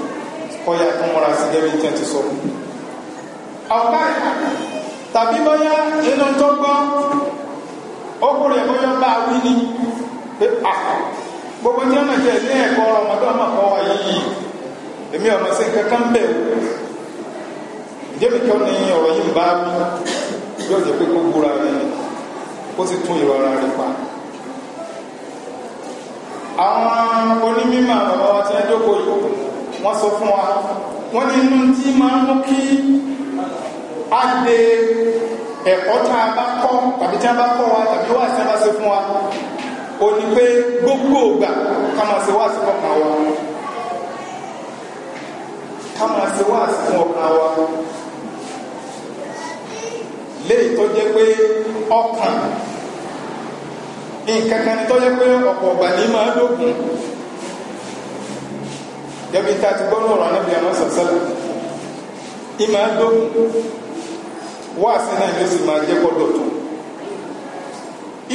kọ́yà tó múra sí gẹ́gẹ́ tí a ti sọ ọ̀pá tàbí bóyá inú tó gbọ́ bóyá bá a wí ni pé à gbogbo tí wọ́n jẹ́ ilé ẹ̀kọ́ ọmọdé ọmọ kan wà yìí èmi sí kankan bẹ̀ o ọ̀rọ̀ yìí yóò jẹ́ pé kó gbúra tún ìrora pa. àwọn onímọ̀ bàbá wa tí ń yìí wọ́n sọ fún wa wọ́n ní inú tí máa ń mú kí á ẹ̀kọ́ tá a bá kọ́ tàbí tí a bá kọ́ wa tàbí fún wa ní pé gbogbo ògbà ká máa ṣe wá sí ọkàn wa ká nǹkan kan ni tọ́jẹ́ pé ọ̀pọ̀ ọ̀gbà ní máa dógùn gẹ́bí tá a ti gbọ́nà ọ̀rọ̀ anábìyà máa sọ̀sẹ́lẹ̀ ní máa dógùn wáàsí náà yóò sì máa jẹ́ gbọ́dọ̀ tó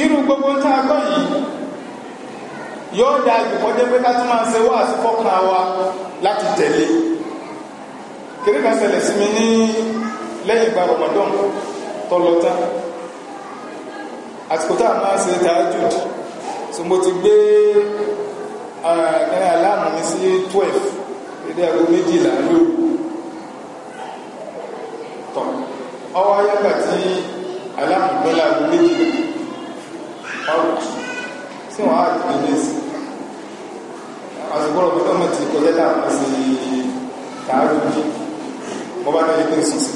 irú gbogbo tá a gbọ́ yìí yóò da ìkọ́jẹ́ pé ká tún wa láti tẹ̀lé ṣẹlẹ̀ sí mi ní lẹ́yìn àsìkò tá a máa ṣe tààjù so mo ti gbé ẹ̀rìn aláàmù mi sí 12 ilé ẹ̀rọ méjìlá lóru tọ̀ ọwọ́ ayẹ́gbà tí aláàmù gbọ́lá ẹ̀rọ méjìlá ọ̀rọ̀ tí wọ́n á dìde lẹ́sì àsìkò ọ̀pọ̀ tọ́mọ̀ ti kọjá láàmù sí tààjù mo bá náà yẹ pé sùn sí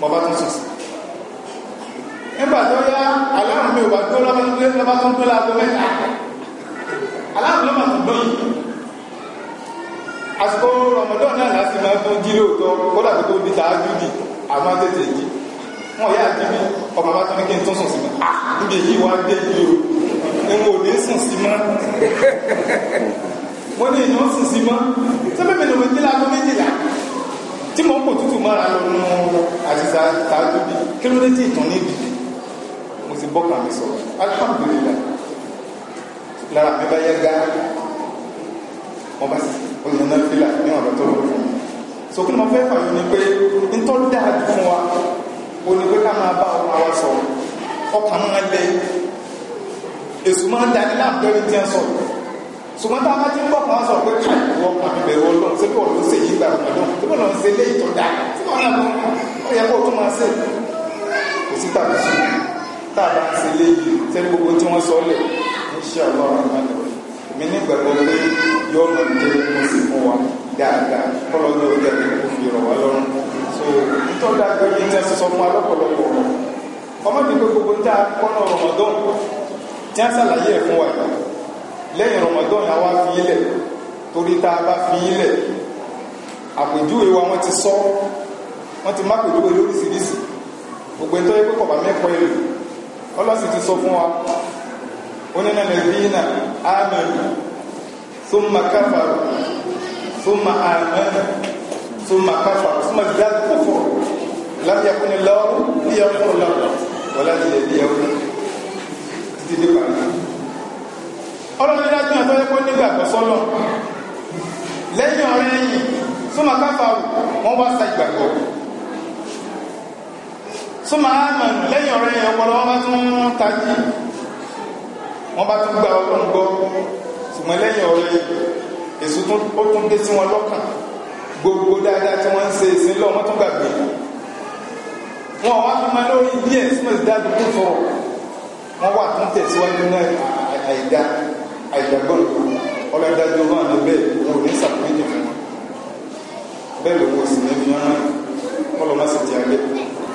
mo bá tún nígbà tó yá aláàrùn mi ò bá tó lọ́mọ tó lọ́mọ tó ń tó láago mẹ́ta aláàrùn lọ́mọ tó gbọ́n àsìkò rọmọdọ́ náà láti máa fún jí lóòótọ́ kódà tó tó di tààjú bì àmọ́ tètè jí wọn yà jí mi ọmọ bá tó ní kí n tún sùn sí mi ah níbi èyí wá dé yìí o n ò ní sùn sí mọ́ wọ́n ní èyí ó sùn sí mọ́ sẹ́fẹ́ mi lòun kílá tó méjìlá tí mo ń pò tútù mọ́ra lọ́nu àti tààjú bì kí ló dé tí ìtàn ti bọ́kàn mi sọ̀rọ̀ alhamdulilah lára mi bá yá gá wọn bá sì oyè náà fílà ní ọ̀nà tó lọ fún mi sókè mo fẹ́ fàyọ ni pé ntọ́lú dáa dùn fún wa o ní pé ká máa bá ọkàn wa sọ̀rọ̀ ọkàn máa lẹ èso máa da ní láàbù lórí tí sọ̀rọ̀ ṣùgbọ́n tá a bá ti ń bọ̀ kàn sọ̀rọ̀ pé káà ah, ìwọ ọkàn mi bẹ̀rù ọlọ́run ṣé kí wọ́n ń ṣe yí gbà ọ̀dọ́ tí wọ́n lọ ń ṣe ilé ìtọ́jà tí wọ́n náà kọ́ ọ yẹ kó o tún máa ṣe kò sí tàbí sùn tá a bá ń ṣe léyìí sẹ́ni gbogbo tí wọ́n sọ lẹ̀ insha Allah rahman rahim èmi nígbàgbọ́ pé yóò mọ̀ jẹ́ mo sì fún wa dáadáa kọ́lọ́ ní ojú ẹ̀mí kò fi rọ̀ wá lọ́rùn so nítorí àgbẹ̀ yìí ní ẹ̀sùn sọ fún wa lọ́pọ̀lọpọ̀ ọ̀rọ̀ ọmọdé pé gbogbo tá a kọ́nà Ramadan tí a ṣàlàyé ẹ̀ fún wa lẹ́yìn Ramadan yà wá fi ilẹ̀ torí tá a bá fi ilẹ̀ àpèjúwe wa wọ́n ti sọ wọ́n ti má pèjúwe lóríṣiríṣi gbogbo ẹ̀tọ́ yẹ pé kọ̀ọ̀bà mẹ́kọ̀ọ́ ẹ̀rù ọlọ́sìn ti sọ fún wa onínà lẹ́bíínà ámẹ́rù súnmà káfàrù súnmà ámẹ́rù súnmà káfàrù súnmà dákòfò lábíyàkúnni lọ́rù níyàkúnni lọ́rù wọlá ti lẹ́bí ẹ̀wọ̀n títí dé pàdé ọlọ́run dájú àtọ́ ẹ̀kọ́ nígbà àgbọ̀sọ́lọ̀ lẹ́yìn ọ̀rẹ́ yìí súnmà káfàrù wọ́n wá sa ìgbàgbọ́ súnmọ́ àmà lẹ́yìn ọ̀rẹ́ yẹn ọpọlọ wọn bá tún tají wọn bá tún gba ọlọ́run gbọ́ ṣùgbọ́n lẹ́yìn ọ̀rẹ́ èso ó tún dé sí wọn lọ́kàn gbogbo dáadáa tí wọ́n ń ṣe ìsìn lọ wọ́n tún gbàgbé wọn wá fi máa lórí díẹ̀ símọ̀ sí dáàbò tó fọ̀ wọ́n wà tún tẹ̀síwájú náà àìdá àìdàgbọ́n ọlọ́dájọ́ náà ní bẹ́ẹ̀ wọn ò ní sàkóyè fún wọn bẹ́ẹ̀ ló wọ́n sì ní fi hàn kọ́lọ́mọ́sì ti àgbẹ̀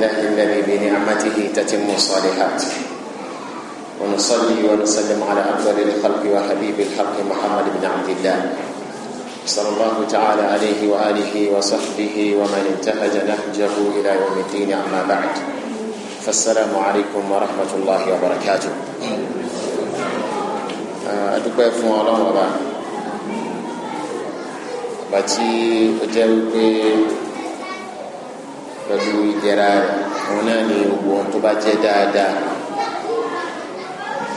الله الذي بنعمته تتم الصالحات ونصلي ونسلم على أفضل الخلق وحبيب الحق محمد بن عبد الله صلى الله تعالى عليه وآله وصحبه ومن انتهج نهجه إلى يوم الدين أما بعد فالسلام عليكم ورحمة الله وبركاته آه، أدوكي فون الله وبركاته باتي أجل pẹ̀lú ìdẹ̀ra rẹ̀ òun náà ni òwò ohun tó bá jẹ́ dáadáa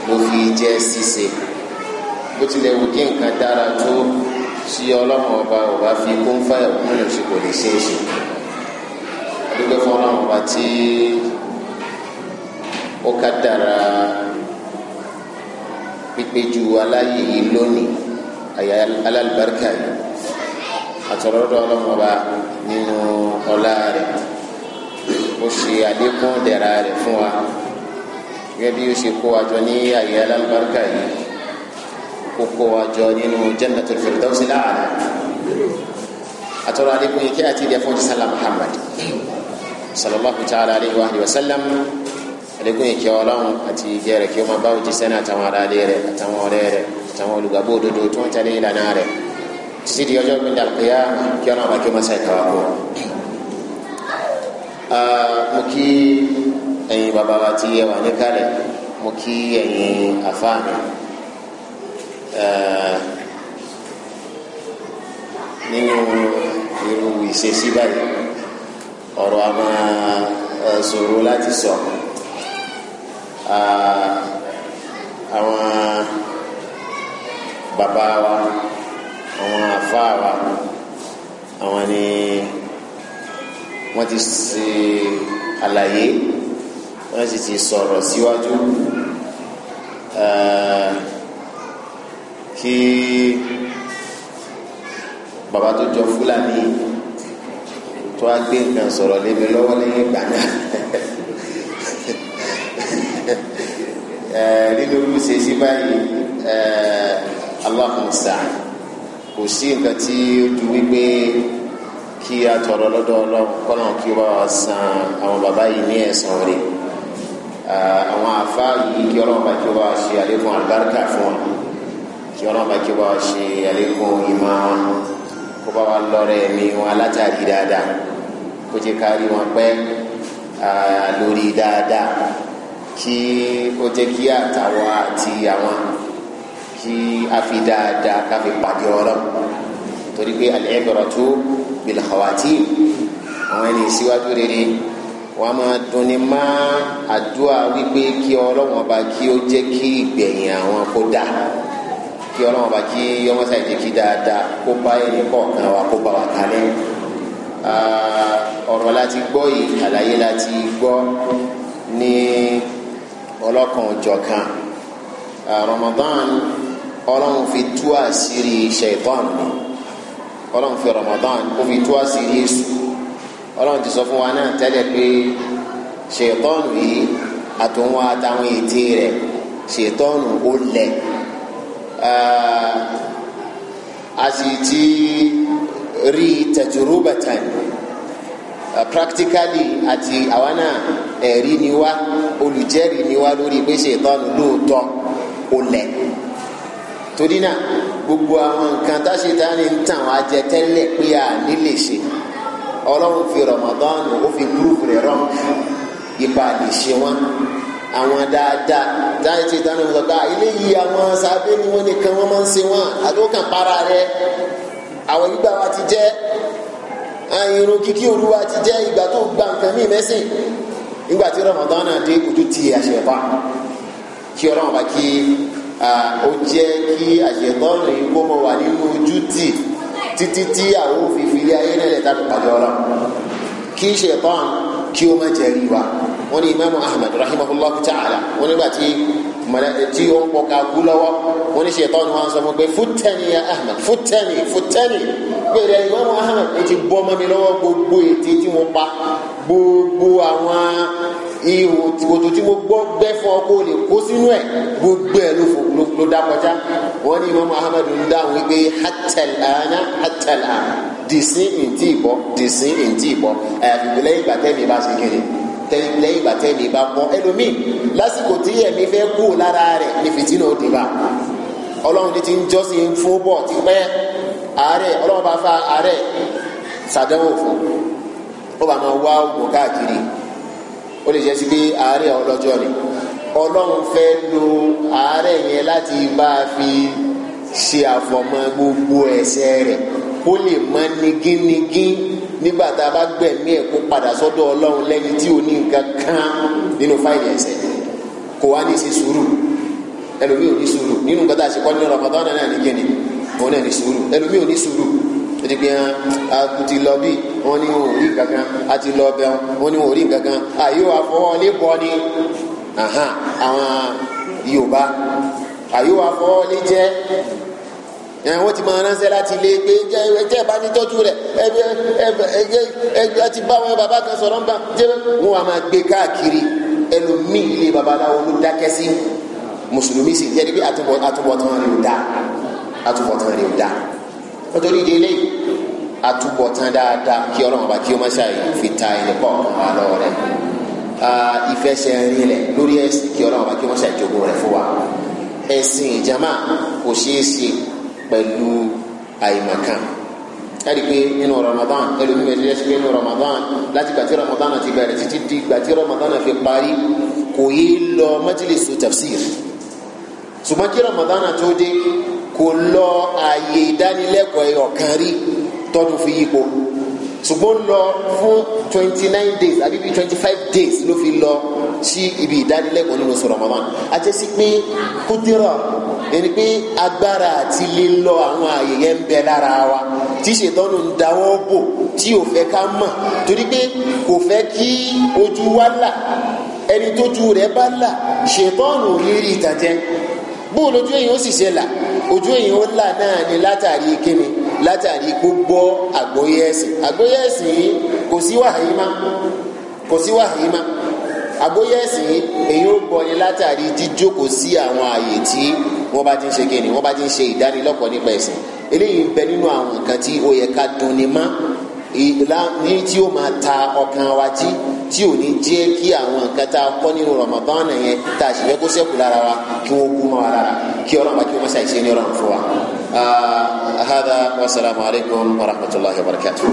ló fi jẹ́ ṣíṣe bó tilẹ̀ wù kí nǹkan dára tó sí ọlọ́run ọba ọba fi kún fáyà kún lòsì kò lè ṣe é ṣe adúgbò fún ọlọ́run ọba tí ó ká dára pípéjú aláyè yìí lónìí àyà alálùbáríkà yìí àtọ̀rọ̀dọ̀ ọlọ́run ọba nínú ọlá rẹ̀ ó ṣe àlékún dẹ̀ra rẹ̀ fún wa gẹ́gẹ́ bí ó ṣe kó wa jọ ní àyè alábàárkà yìí kó kó wa jọ nínú jannatul firdausi láàlá àtọ́rọ̀ àlékún yìí kí àti ilẹ̀ fún jisala muhammad sallallahu ta'ala alayhi wa sallam àlékún yìí kí ọlọ́run àti ìjẹ́ rẹ̀ kí ó máa bá òjíṣẹ́ náà àtàwọn aráalé rẹ̀ àtàwọn ọ̀rẹ́ rẹ̀ àtàwọn olùgbàgbọ́ òdodo tó ń tẹ̀lé ìlànà rẹ̀ títí di ọjọ́ gbẹ̀dẹ̀ àkúyà kí ọlọ́run bá kí ó máa ṣàìkàwá kó mo kí ẹ̀yin bàbá wa ti yẹ wà ní kalẹ̀ mo kí ẹ̀yin àfáàní nínú irú ìṣesí báyìí ọ̀rọ̀ a máa ṣòro láti sọ àwọn bàbá wa àwọn àfáà wa àwọn ni wọ́n ti ṣe àlàyé wọ́n sì ti sọ̀rọ̀ síwájú eh, kí bàbá tó jọ fúlàní tó wá gbé nǹkan sọ̀rọ̀ lébi lọ́wọ́ lẹ́yìn ìgbà náà eh, nínú irú ṣèṣí báyìí eh, Allahu musta'an kò sí nǹkan tí ó ju wípé kí a tọrọ lọ́dọ̀ Ọlọ́run kọlọn kí ó bá wa san àwọn bàbá yìí ní ẹ̀san rẹ̀ àwọn àfa yìí kí Ọlọ́run bá kí ó bá wa ṣe àlékún àlùbáríkà fún wọn kí Ọlọ́run bá kí ó bá wa ṣe àlékún ìmọ̀ wọn kó bá wa lọ́rẹ ẹ̀mí wọn látàrí dáadáa kó jẹ́ ká wọn pẹ́ lórí dáadáa kí ó jẹ́ kí àtàwọn àti àwọn kí a fi dáadáa ká pàdé Ọlọ́run torí pé al-ibratu bilakawati àwọn ẹni síwájú rere wọn máa dunni má àdúrà wípé kí ọlọ́wọ́n ọba kí ó jẹ́ kí ìgbẹ̀yìn àwọn kó dà kí ọlọ́wọ́n ọba kí ọmọọ̀sá ìjẹ́ kí dáadáa kó bá ẹni kọ̀ọ̀kan wa kó bá wa kalẹ̀ ọ̀rọ̀ láti gbọ́ yìí àlàyé láti gbọ́ ní ọlọ́kan ọ̀jọ̀kan Ramadan ọlọ́run fi tú àṣírí ṣẹ̀tọ́n ni ọlọ́run fi Ramadan kó fi tú àṣírí èṣù ọlọ́run ti sọ fún wa náà tẹ́lẹ̀ pé ṣètọ́nù yìí àtòun àtàwọn ète rẹ̀ ṣètọ́nù ó lẹ̀ a sì ti rí tajurubatan practically àti àwa náà ẹ̀rí ni wá olùjẹ́rìí ni wá lórí pé ṣètọ́nù lóòótọ́ ó lẹ̀ torí náà gbogbo àwọn nǹkan táṣetá ni ń tàn wá jẹ tẹ́lẹ̀ pé a nílè ṣe ọlọ́run fi Ramadan ó fi gúrúùpù rẹ̀ rọ̀ ipa lè ṣe wọn àwọn dáadáa táṣetá ni wọn sọ pé ah, eléyìí àwọn sábẹ́ ni wọ́n nìkan wọ́n máa ń ṣe wọn àdókàn para rẹ àwọn ìgbà wa ti jẹ́ irun kíkí olúwa ti jẹ́ ìgbà tó gba nǹkan mí mẹ́sìn nígbà tí Ramadan náà dé ojú ti àṣẹ pa kí ọlọ́run bá kí ó jẹ́ kí àṣetọ́nù yìí kó mọ̀ wà nínú ojú tì títí tí àwọn òfin fi ilé ayé nílẹ̀ tàbí pàdé ọ̀rọ̀ kí ṣetọ́nù kí ó má jẹ́ rí wa wọ́n ní imaamu ahmed rahimahullah ta'ala wọ́n nígbà tí tí ó ń pọ̀ ká kú lọ́wọ́ wọ́n ní ṣetọ́nù wọn sọ fún pé fúttẹ́ni ya ahmed fúttẹ́ni fúttẹ́ni pèrè imaamu ahmed ó ti bọ́ mọ́ mi lọ́wọ́ gbogbo ètè tí mo pa gbogbo àwọn ihò kòtò tí mo gbọ́ gbẹ́ fọ́ kó lè kó sínú ẹ̀ gbogbo ẹ̀ ló ló dá kọjá wọ́n ní imam ahmed ń dáhùn wípé hátẹ̀láná hátẹ̀láná dìsín ìdí ìbọ̀ dìsín ìdí ìbọ̀ àyàfi lẹ́yìn ìgbà tẹ́mi bá ṣe kéde lẹ́yìn ìgbà tẹ́mi bá bọ́ ẹlòmíì lásìkò tí ẹ̀mí fẹ́ kú lára rẹ̀ ní fìtínà òdì bá ọlọ́run ti ń jọ́sìn fún bọ̀ ti pẹ́ àárẹ̀ ọlọ́run bá fa àárẹ̀ sàdánwò fún ó bá máa wá ògùn káàkiri ó lè jẹ́ sí pé àárẹ̀ ọlọ́jọ́ ni ọlọ́run fẹ́ lo àárẹ̀ yẹn láti bá a fi ṣe àfọ̀mọ́ gbogbo ẹ̀ṣẹ̀ rẹ̀ kó lè mọ nigínigí nígbà tá a bá gbẹ̀mí ẹ̀ kó padà sọ́dọ̀ ọlọ́run lẹ́ni tí ò ní nǹkan kan nínú fáìlì ẹ̀ṣẹ̀ kò wá ní í ṣe sùúrù ẹlòmíì ò ní sùúrù nínú nǹkan tá a ṣe kọ́ nínú Ramadan náà ní kíni òun náà ní sùúrù ẹlòmíì ò ní sùúrù ti gbé hàn a ti lọ bí wọn ní wọn ò rí nǹkan kan a ti lọ bẹ wọn ní wọn ò rí nǹkan kan àyè wà fọwọ́ lé bọ́ ni àwọn Yorùbá àyè wà fọwọ́ lé jẹ́ wọ́n ti máa ránṣẹ́ láti ilé pé jẹ́ ẹ bá ní tọ́jú rẹ̀ ẹ ti bá wọn bàbá kan sọ̀rọ̀ ń bá jẹ́ wọn wà máa gbé káàkiri ẹlòmíì ilé babaláwo ló dákẹ́ sí mùsùlùmí sì jẹ́ ẹni pé àtúbọ̀tán rẹ̀ ò dáa àtúbọ̀tán rẹ̀ ò dáa nítorí ìdí ilé àtúbọ̀tán dáadáa kí ọlọ́run bá kí ó má ṣàì fi ta ilẹ̀ pọ̀ wá lọ́wọ́ rẹ̀ ìfẹsẹ̀rin rẹ̀ lórí ẹ̀sìn kí ọlọ́run bá kí ó má ṣàì jogún rẹ̀ fún wa ẹ̀sìn ìjàmà kò ṣeé ṣe pẹ̀lú àìmọ̀kan ẹ̀rí pé nínú Ramadan ẹlòmíì bẹ̀rẹ̀ ẹ̀sìn nínú Ramadan láti gbàtí Ramadan ti bẹ̀rẹ̀ títí di gbàtí Ramadan fi parí kò yé lọ májèlè so tafsir ṣùgbọ́n kí Ramadan tó dé kò lọ ààyè ìdánilẹ́kọ̀ọ́ ẹ̀yọ̀kan rí tọ́dún fi yípo ṣùgbọ́n lọ fún twenty nine days àbí bíi twenty five days ló fi lọ sí ibi ìdánilẹ́kọ̀ọ́ nínú oṣù Ramadan àti sí pé kúndírà ẹni pé agbára àti lílọ àwọn àyè yẹn ń bẹ lára wa tí ṣètọ́nù ń dáwọ́ bò tí ò fẹ́ ká mọ̀ torí pé kò fẹ́ kí ojú wa là ẹni tójú rẹ̀ bá là ṣètọ́nù ò ní rí ìtàjẹ́ bó lójú èyàn ó sì ṣe là ojú èyàn ó là náà ni látàrí kíni látàrí gbogbo àgbóyé ẹ̀sìn àgbóyé ẹ̀sìn yìí kò sí wàhálì má kò sí wàhálì má àgbóyé ẹ̀sìn yìí èyí ó gbọ́ ni látàrí jíjókòó sí àwọn ààyè tí wọ́n bá ti ń ṣe kíni wọ́n bá ti ń ṣe ìdánilọ́kọ̀ọ́ nípa ẹ̀sìn eléyìí ń bẹ nínú àwọn nǹkan tí ó yẹ ká dunni má ní tí ó máa ta ọkàn wa jí tí ò ní jẹ́ kí àwọn nǹkan tá a kọ́ nínú Ramadan yẹn tá a sì fẹ́ kó sẹ́kù lára wa kí wọ́n kú mọ́ wa lára kí ọlọ́run bá kí wọ́n ṣàìṣe ní ọlọ́run fún wa. Ah, hadha wa salaamu alaykum wa rahmatulahi wa barakatuh.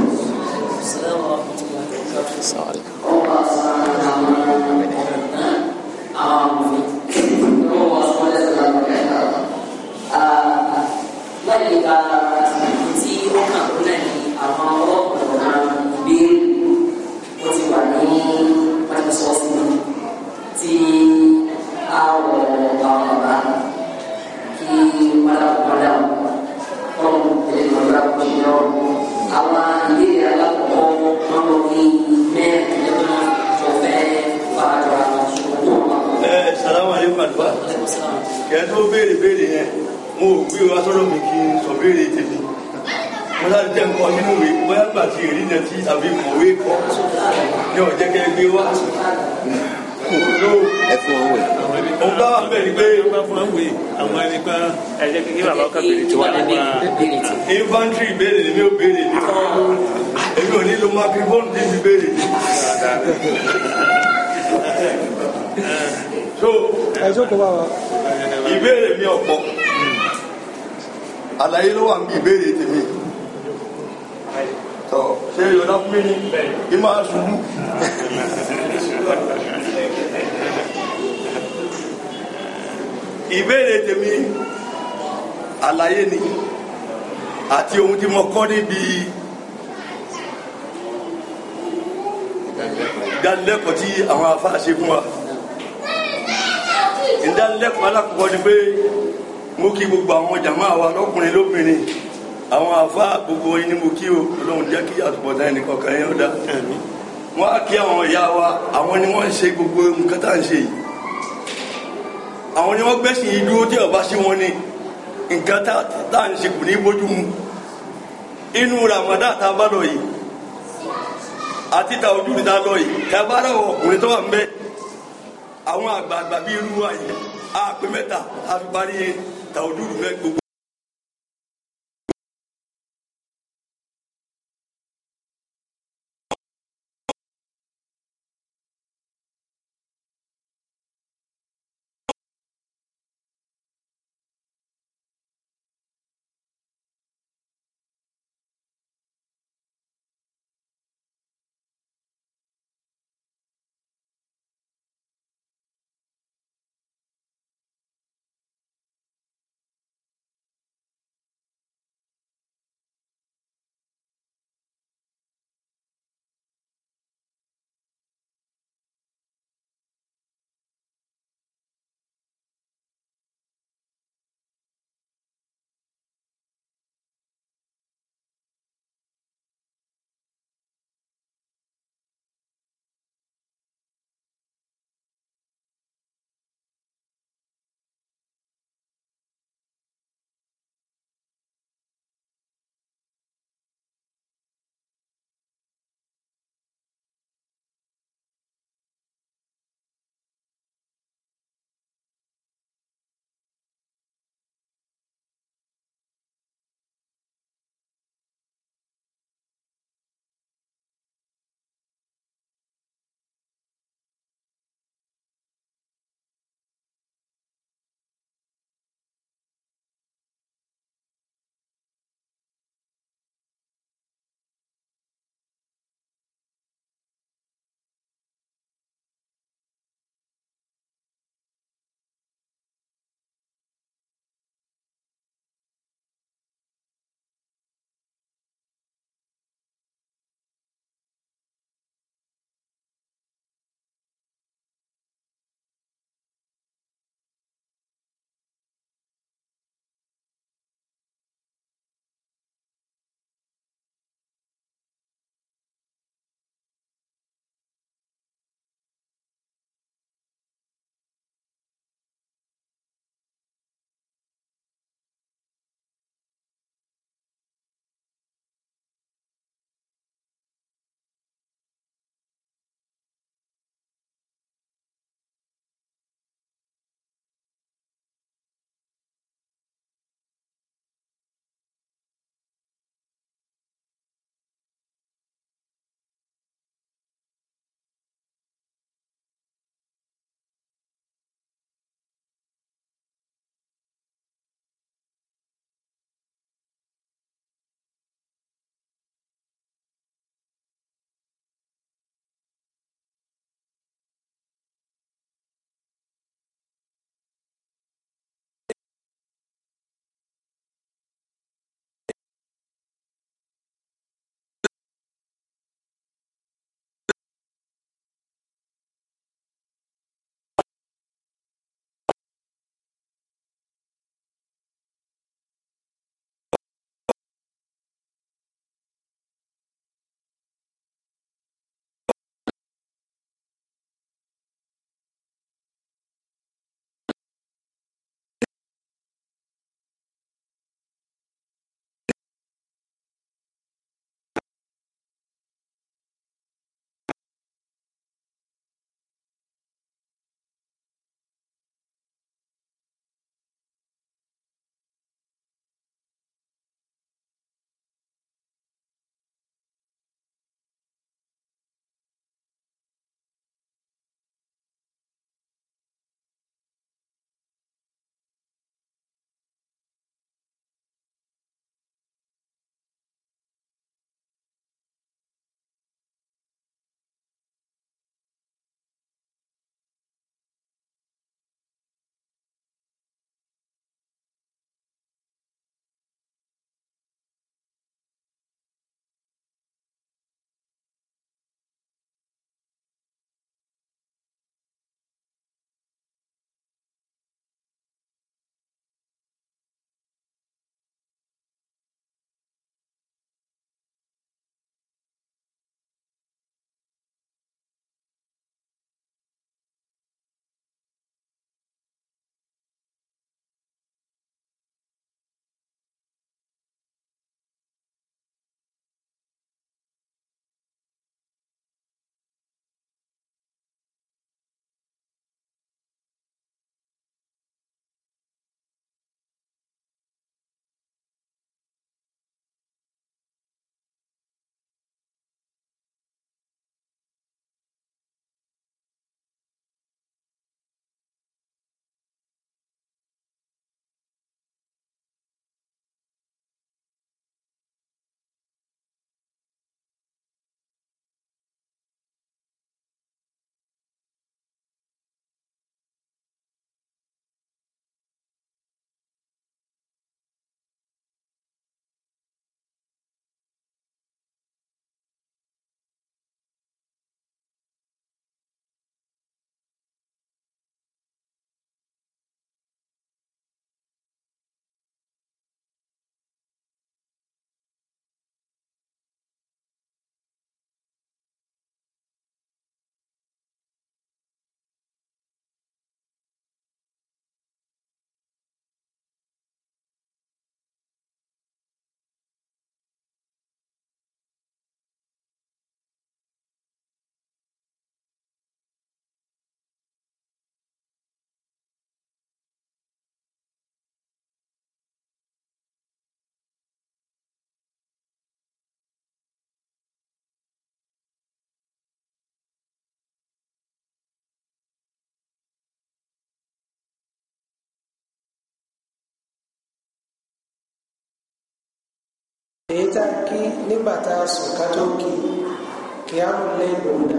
Lẹ́yìn ah, ìgbà tí ó kàn. yẹn tó béèrè béèrè yẹn mo ò gbé wa sọ́dọ̀ mi kí n sọ béèrè tèmi mo sáré jẹ́ nǹkan nínú ìwé bóyá gbà tí èrì náà ti àbí mọ̀wé kọ́ ní ọ̀jẹ́ kẹ́ gbé wá. ẹ fún ọ wẹ̀. òun bá wà bẹ́ẹ̀ ni pé ó bá fún ọ wẹ̀ àwọn ẹni pa. ẹ jẹ́ kí bàbá ọkọ béèrè tí wọ́n ní wá. infantry béèrè ni mi ò béèrè ni èmi ò ní microphone ní ti béèrè ni. ìbéèrè mi ọ̀pọ̀ àlàyé ló wà ní ìbéèrè tèmi tọ ṣé yọ̀dá fún mi ní kí máa ṣubú. ìbéèrè tèmi àlàyé ni àti ohun tí mo kọ́ níbi ìdánilẹ́kọ̀ọ́ tí àwọn afáàṣe fún wa ìdánilẹ́kọ̀ọ́ alákọ̀ọ́kọ́ ni pé mo kí gbogbo àwọn jàmá wa lọ́kùnrin lóbìnrin àwọn àfa gbogbo yín ni mo kí o ọlọ́run jẹ́ kí àtúbọ̀tán ẹnì kọ̀ọ̀kan yẹn ó dá wọ́n á kí àwọn ìyá wa àwọn ni wọ́n ṣe gbogbo nǹkan tá ń ṣe yìí àwọn ni wọ́n gbẹ́sìn yìí dúró tí ọba sí wọn ni nǹkan tá à ń ṣe ní bójú mu inú ramada tá bá lọ yìí àti ta ojú ni lọ yìí tá bá rà ọkùnrin tó wà ń bẹ́ẹ̀ àwọn àgbààgbà bíi irú wa yìí àpè mẹ́ta àfi parí tàwọn olùdókòwò èyí tá a kí nígbà tá a sùn ká tó kí kí á mú lẹ́yìn òun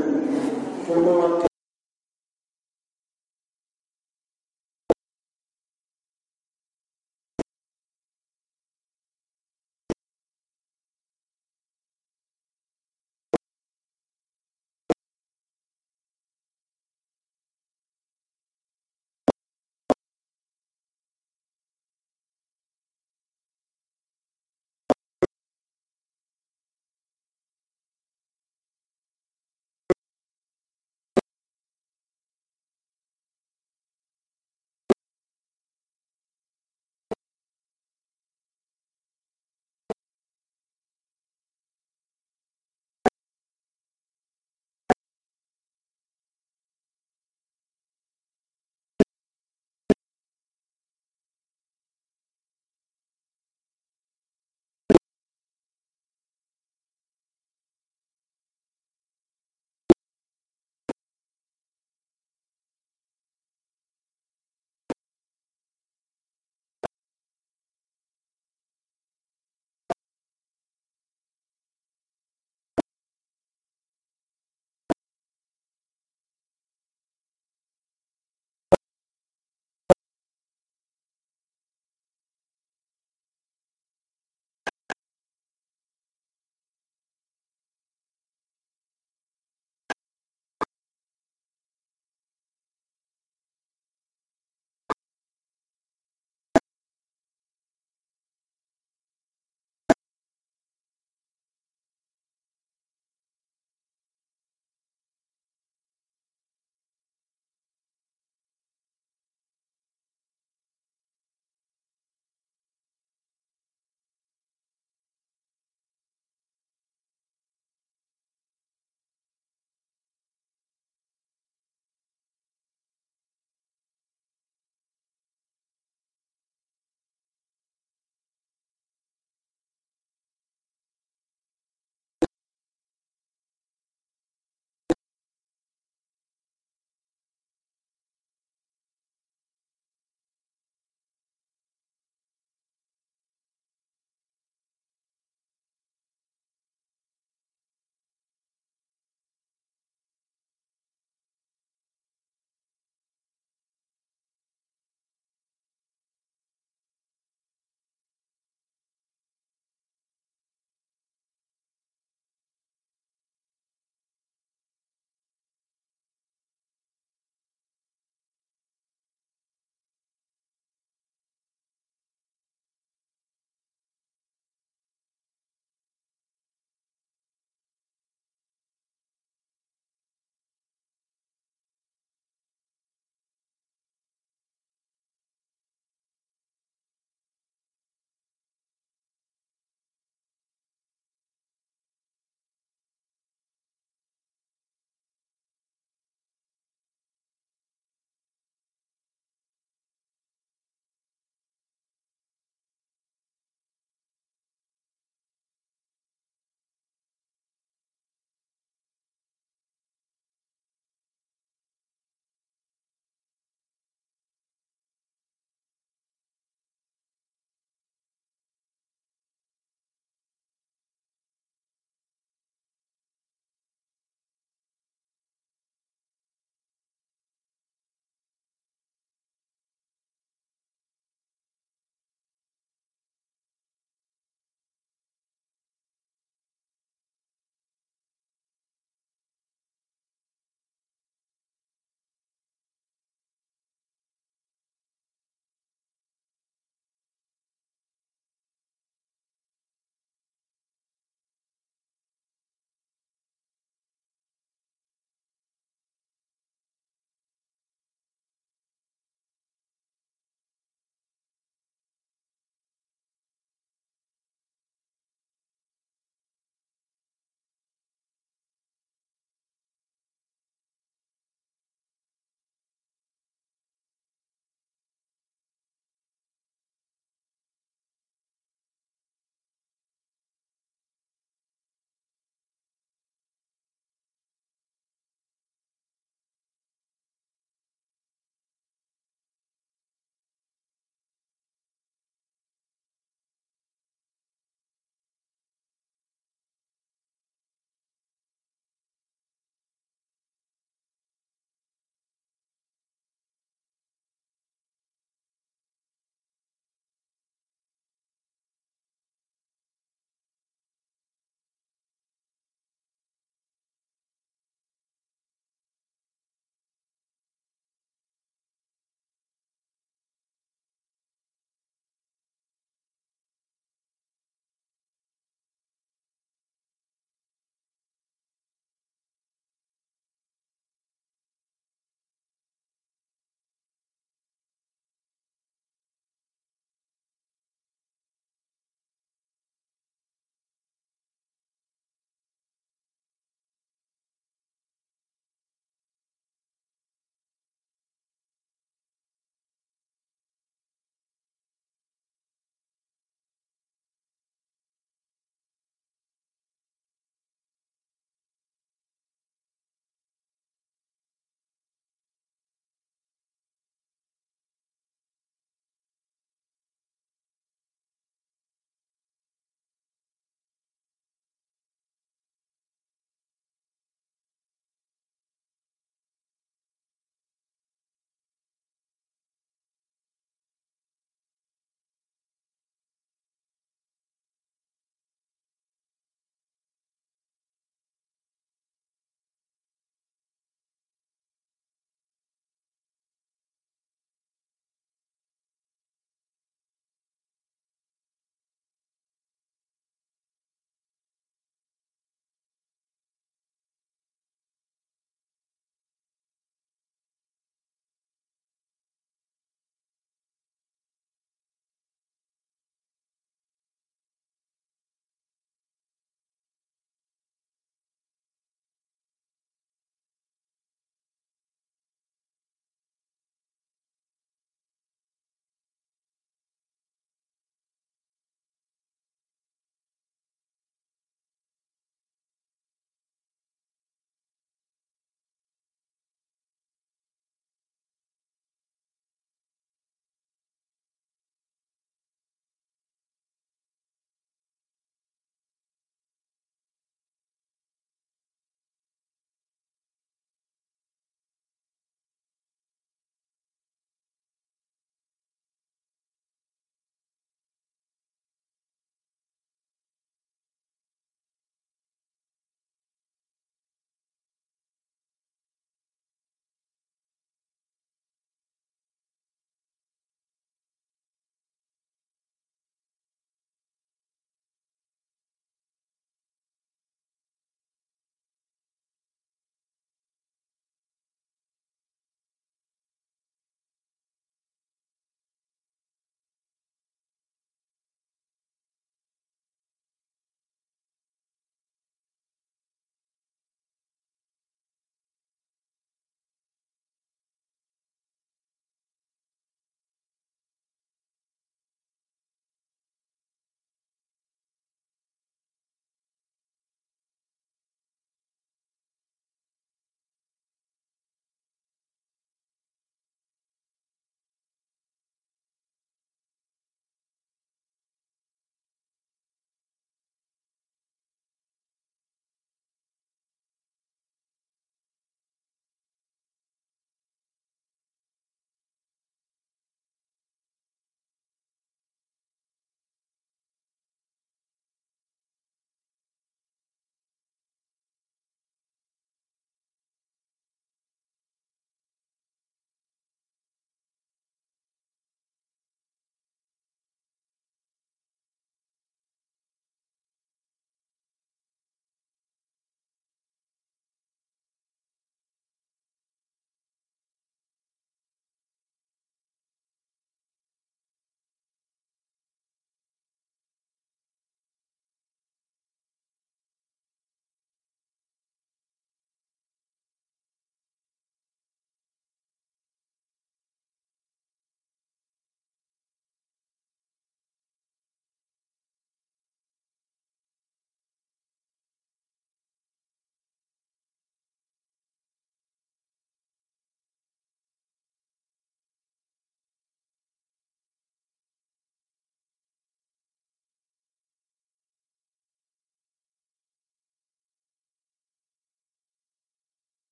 dà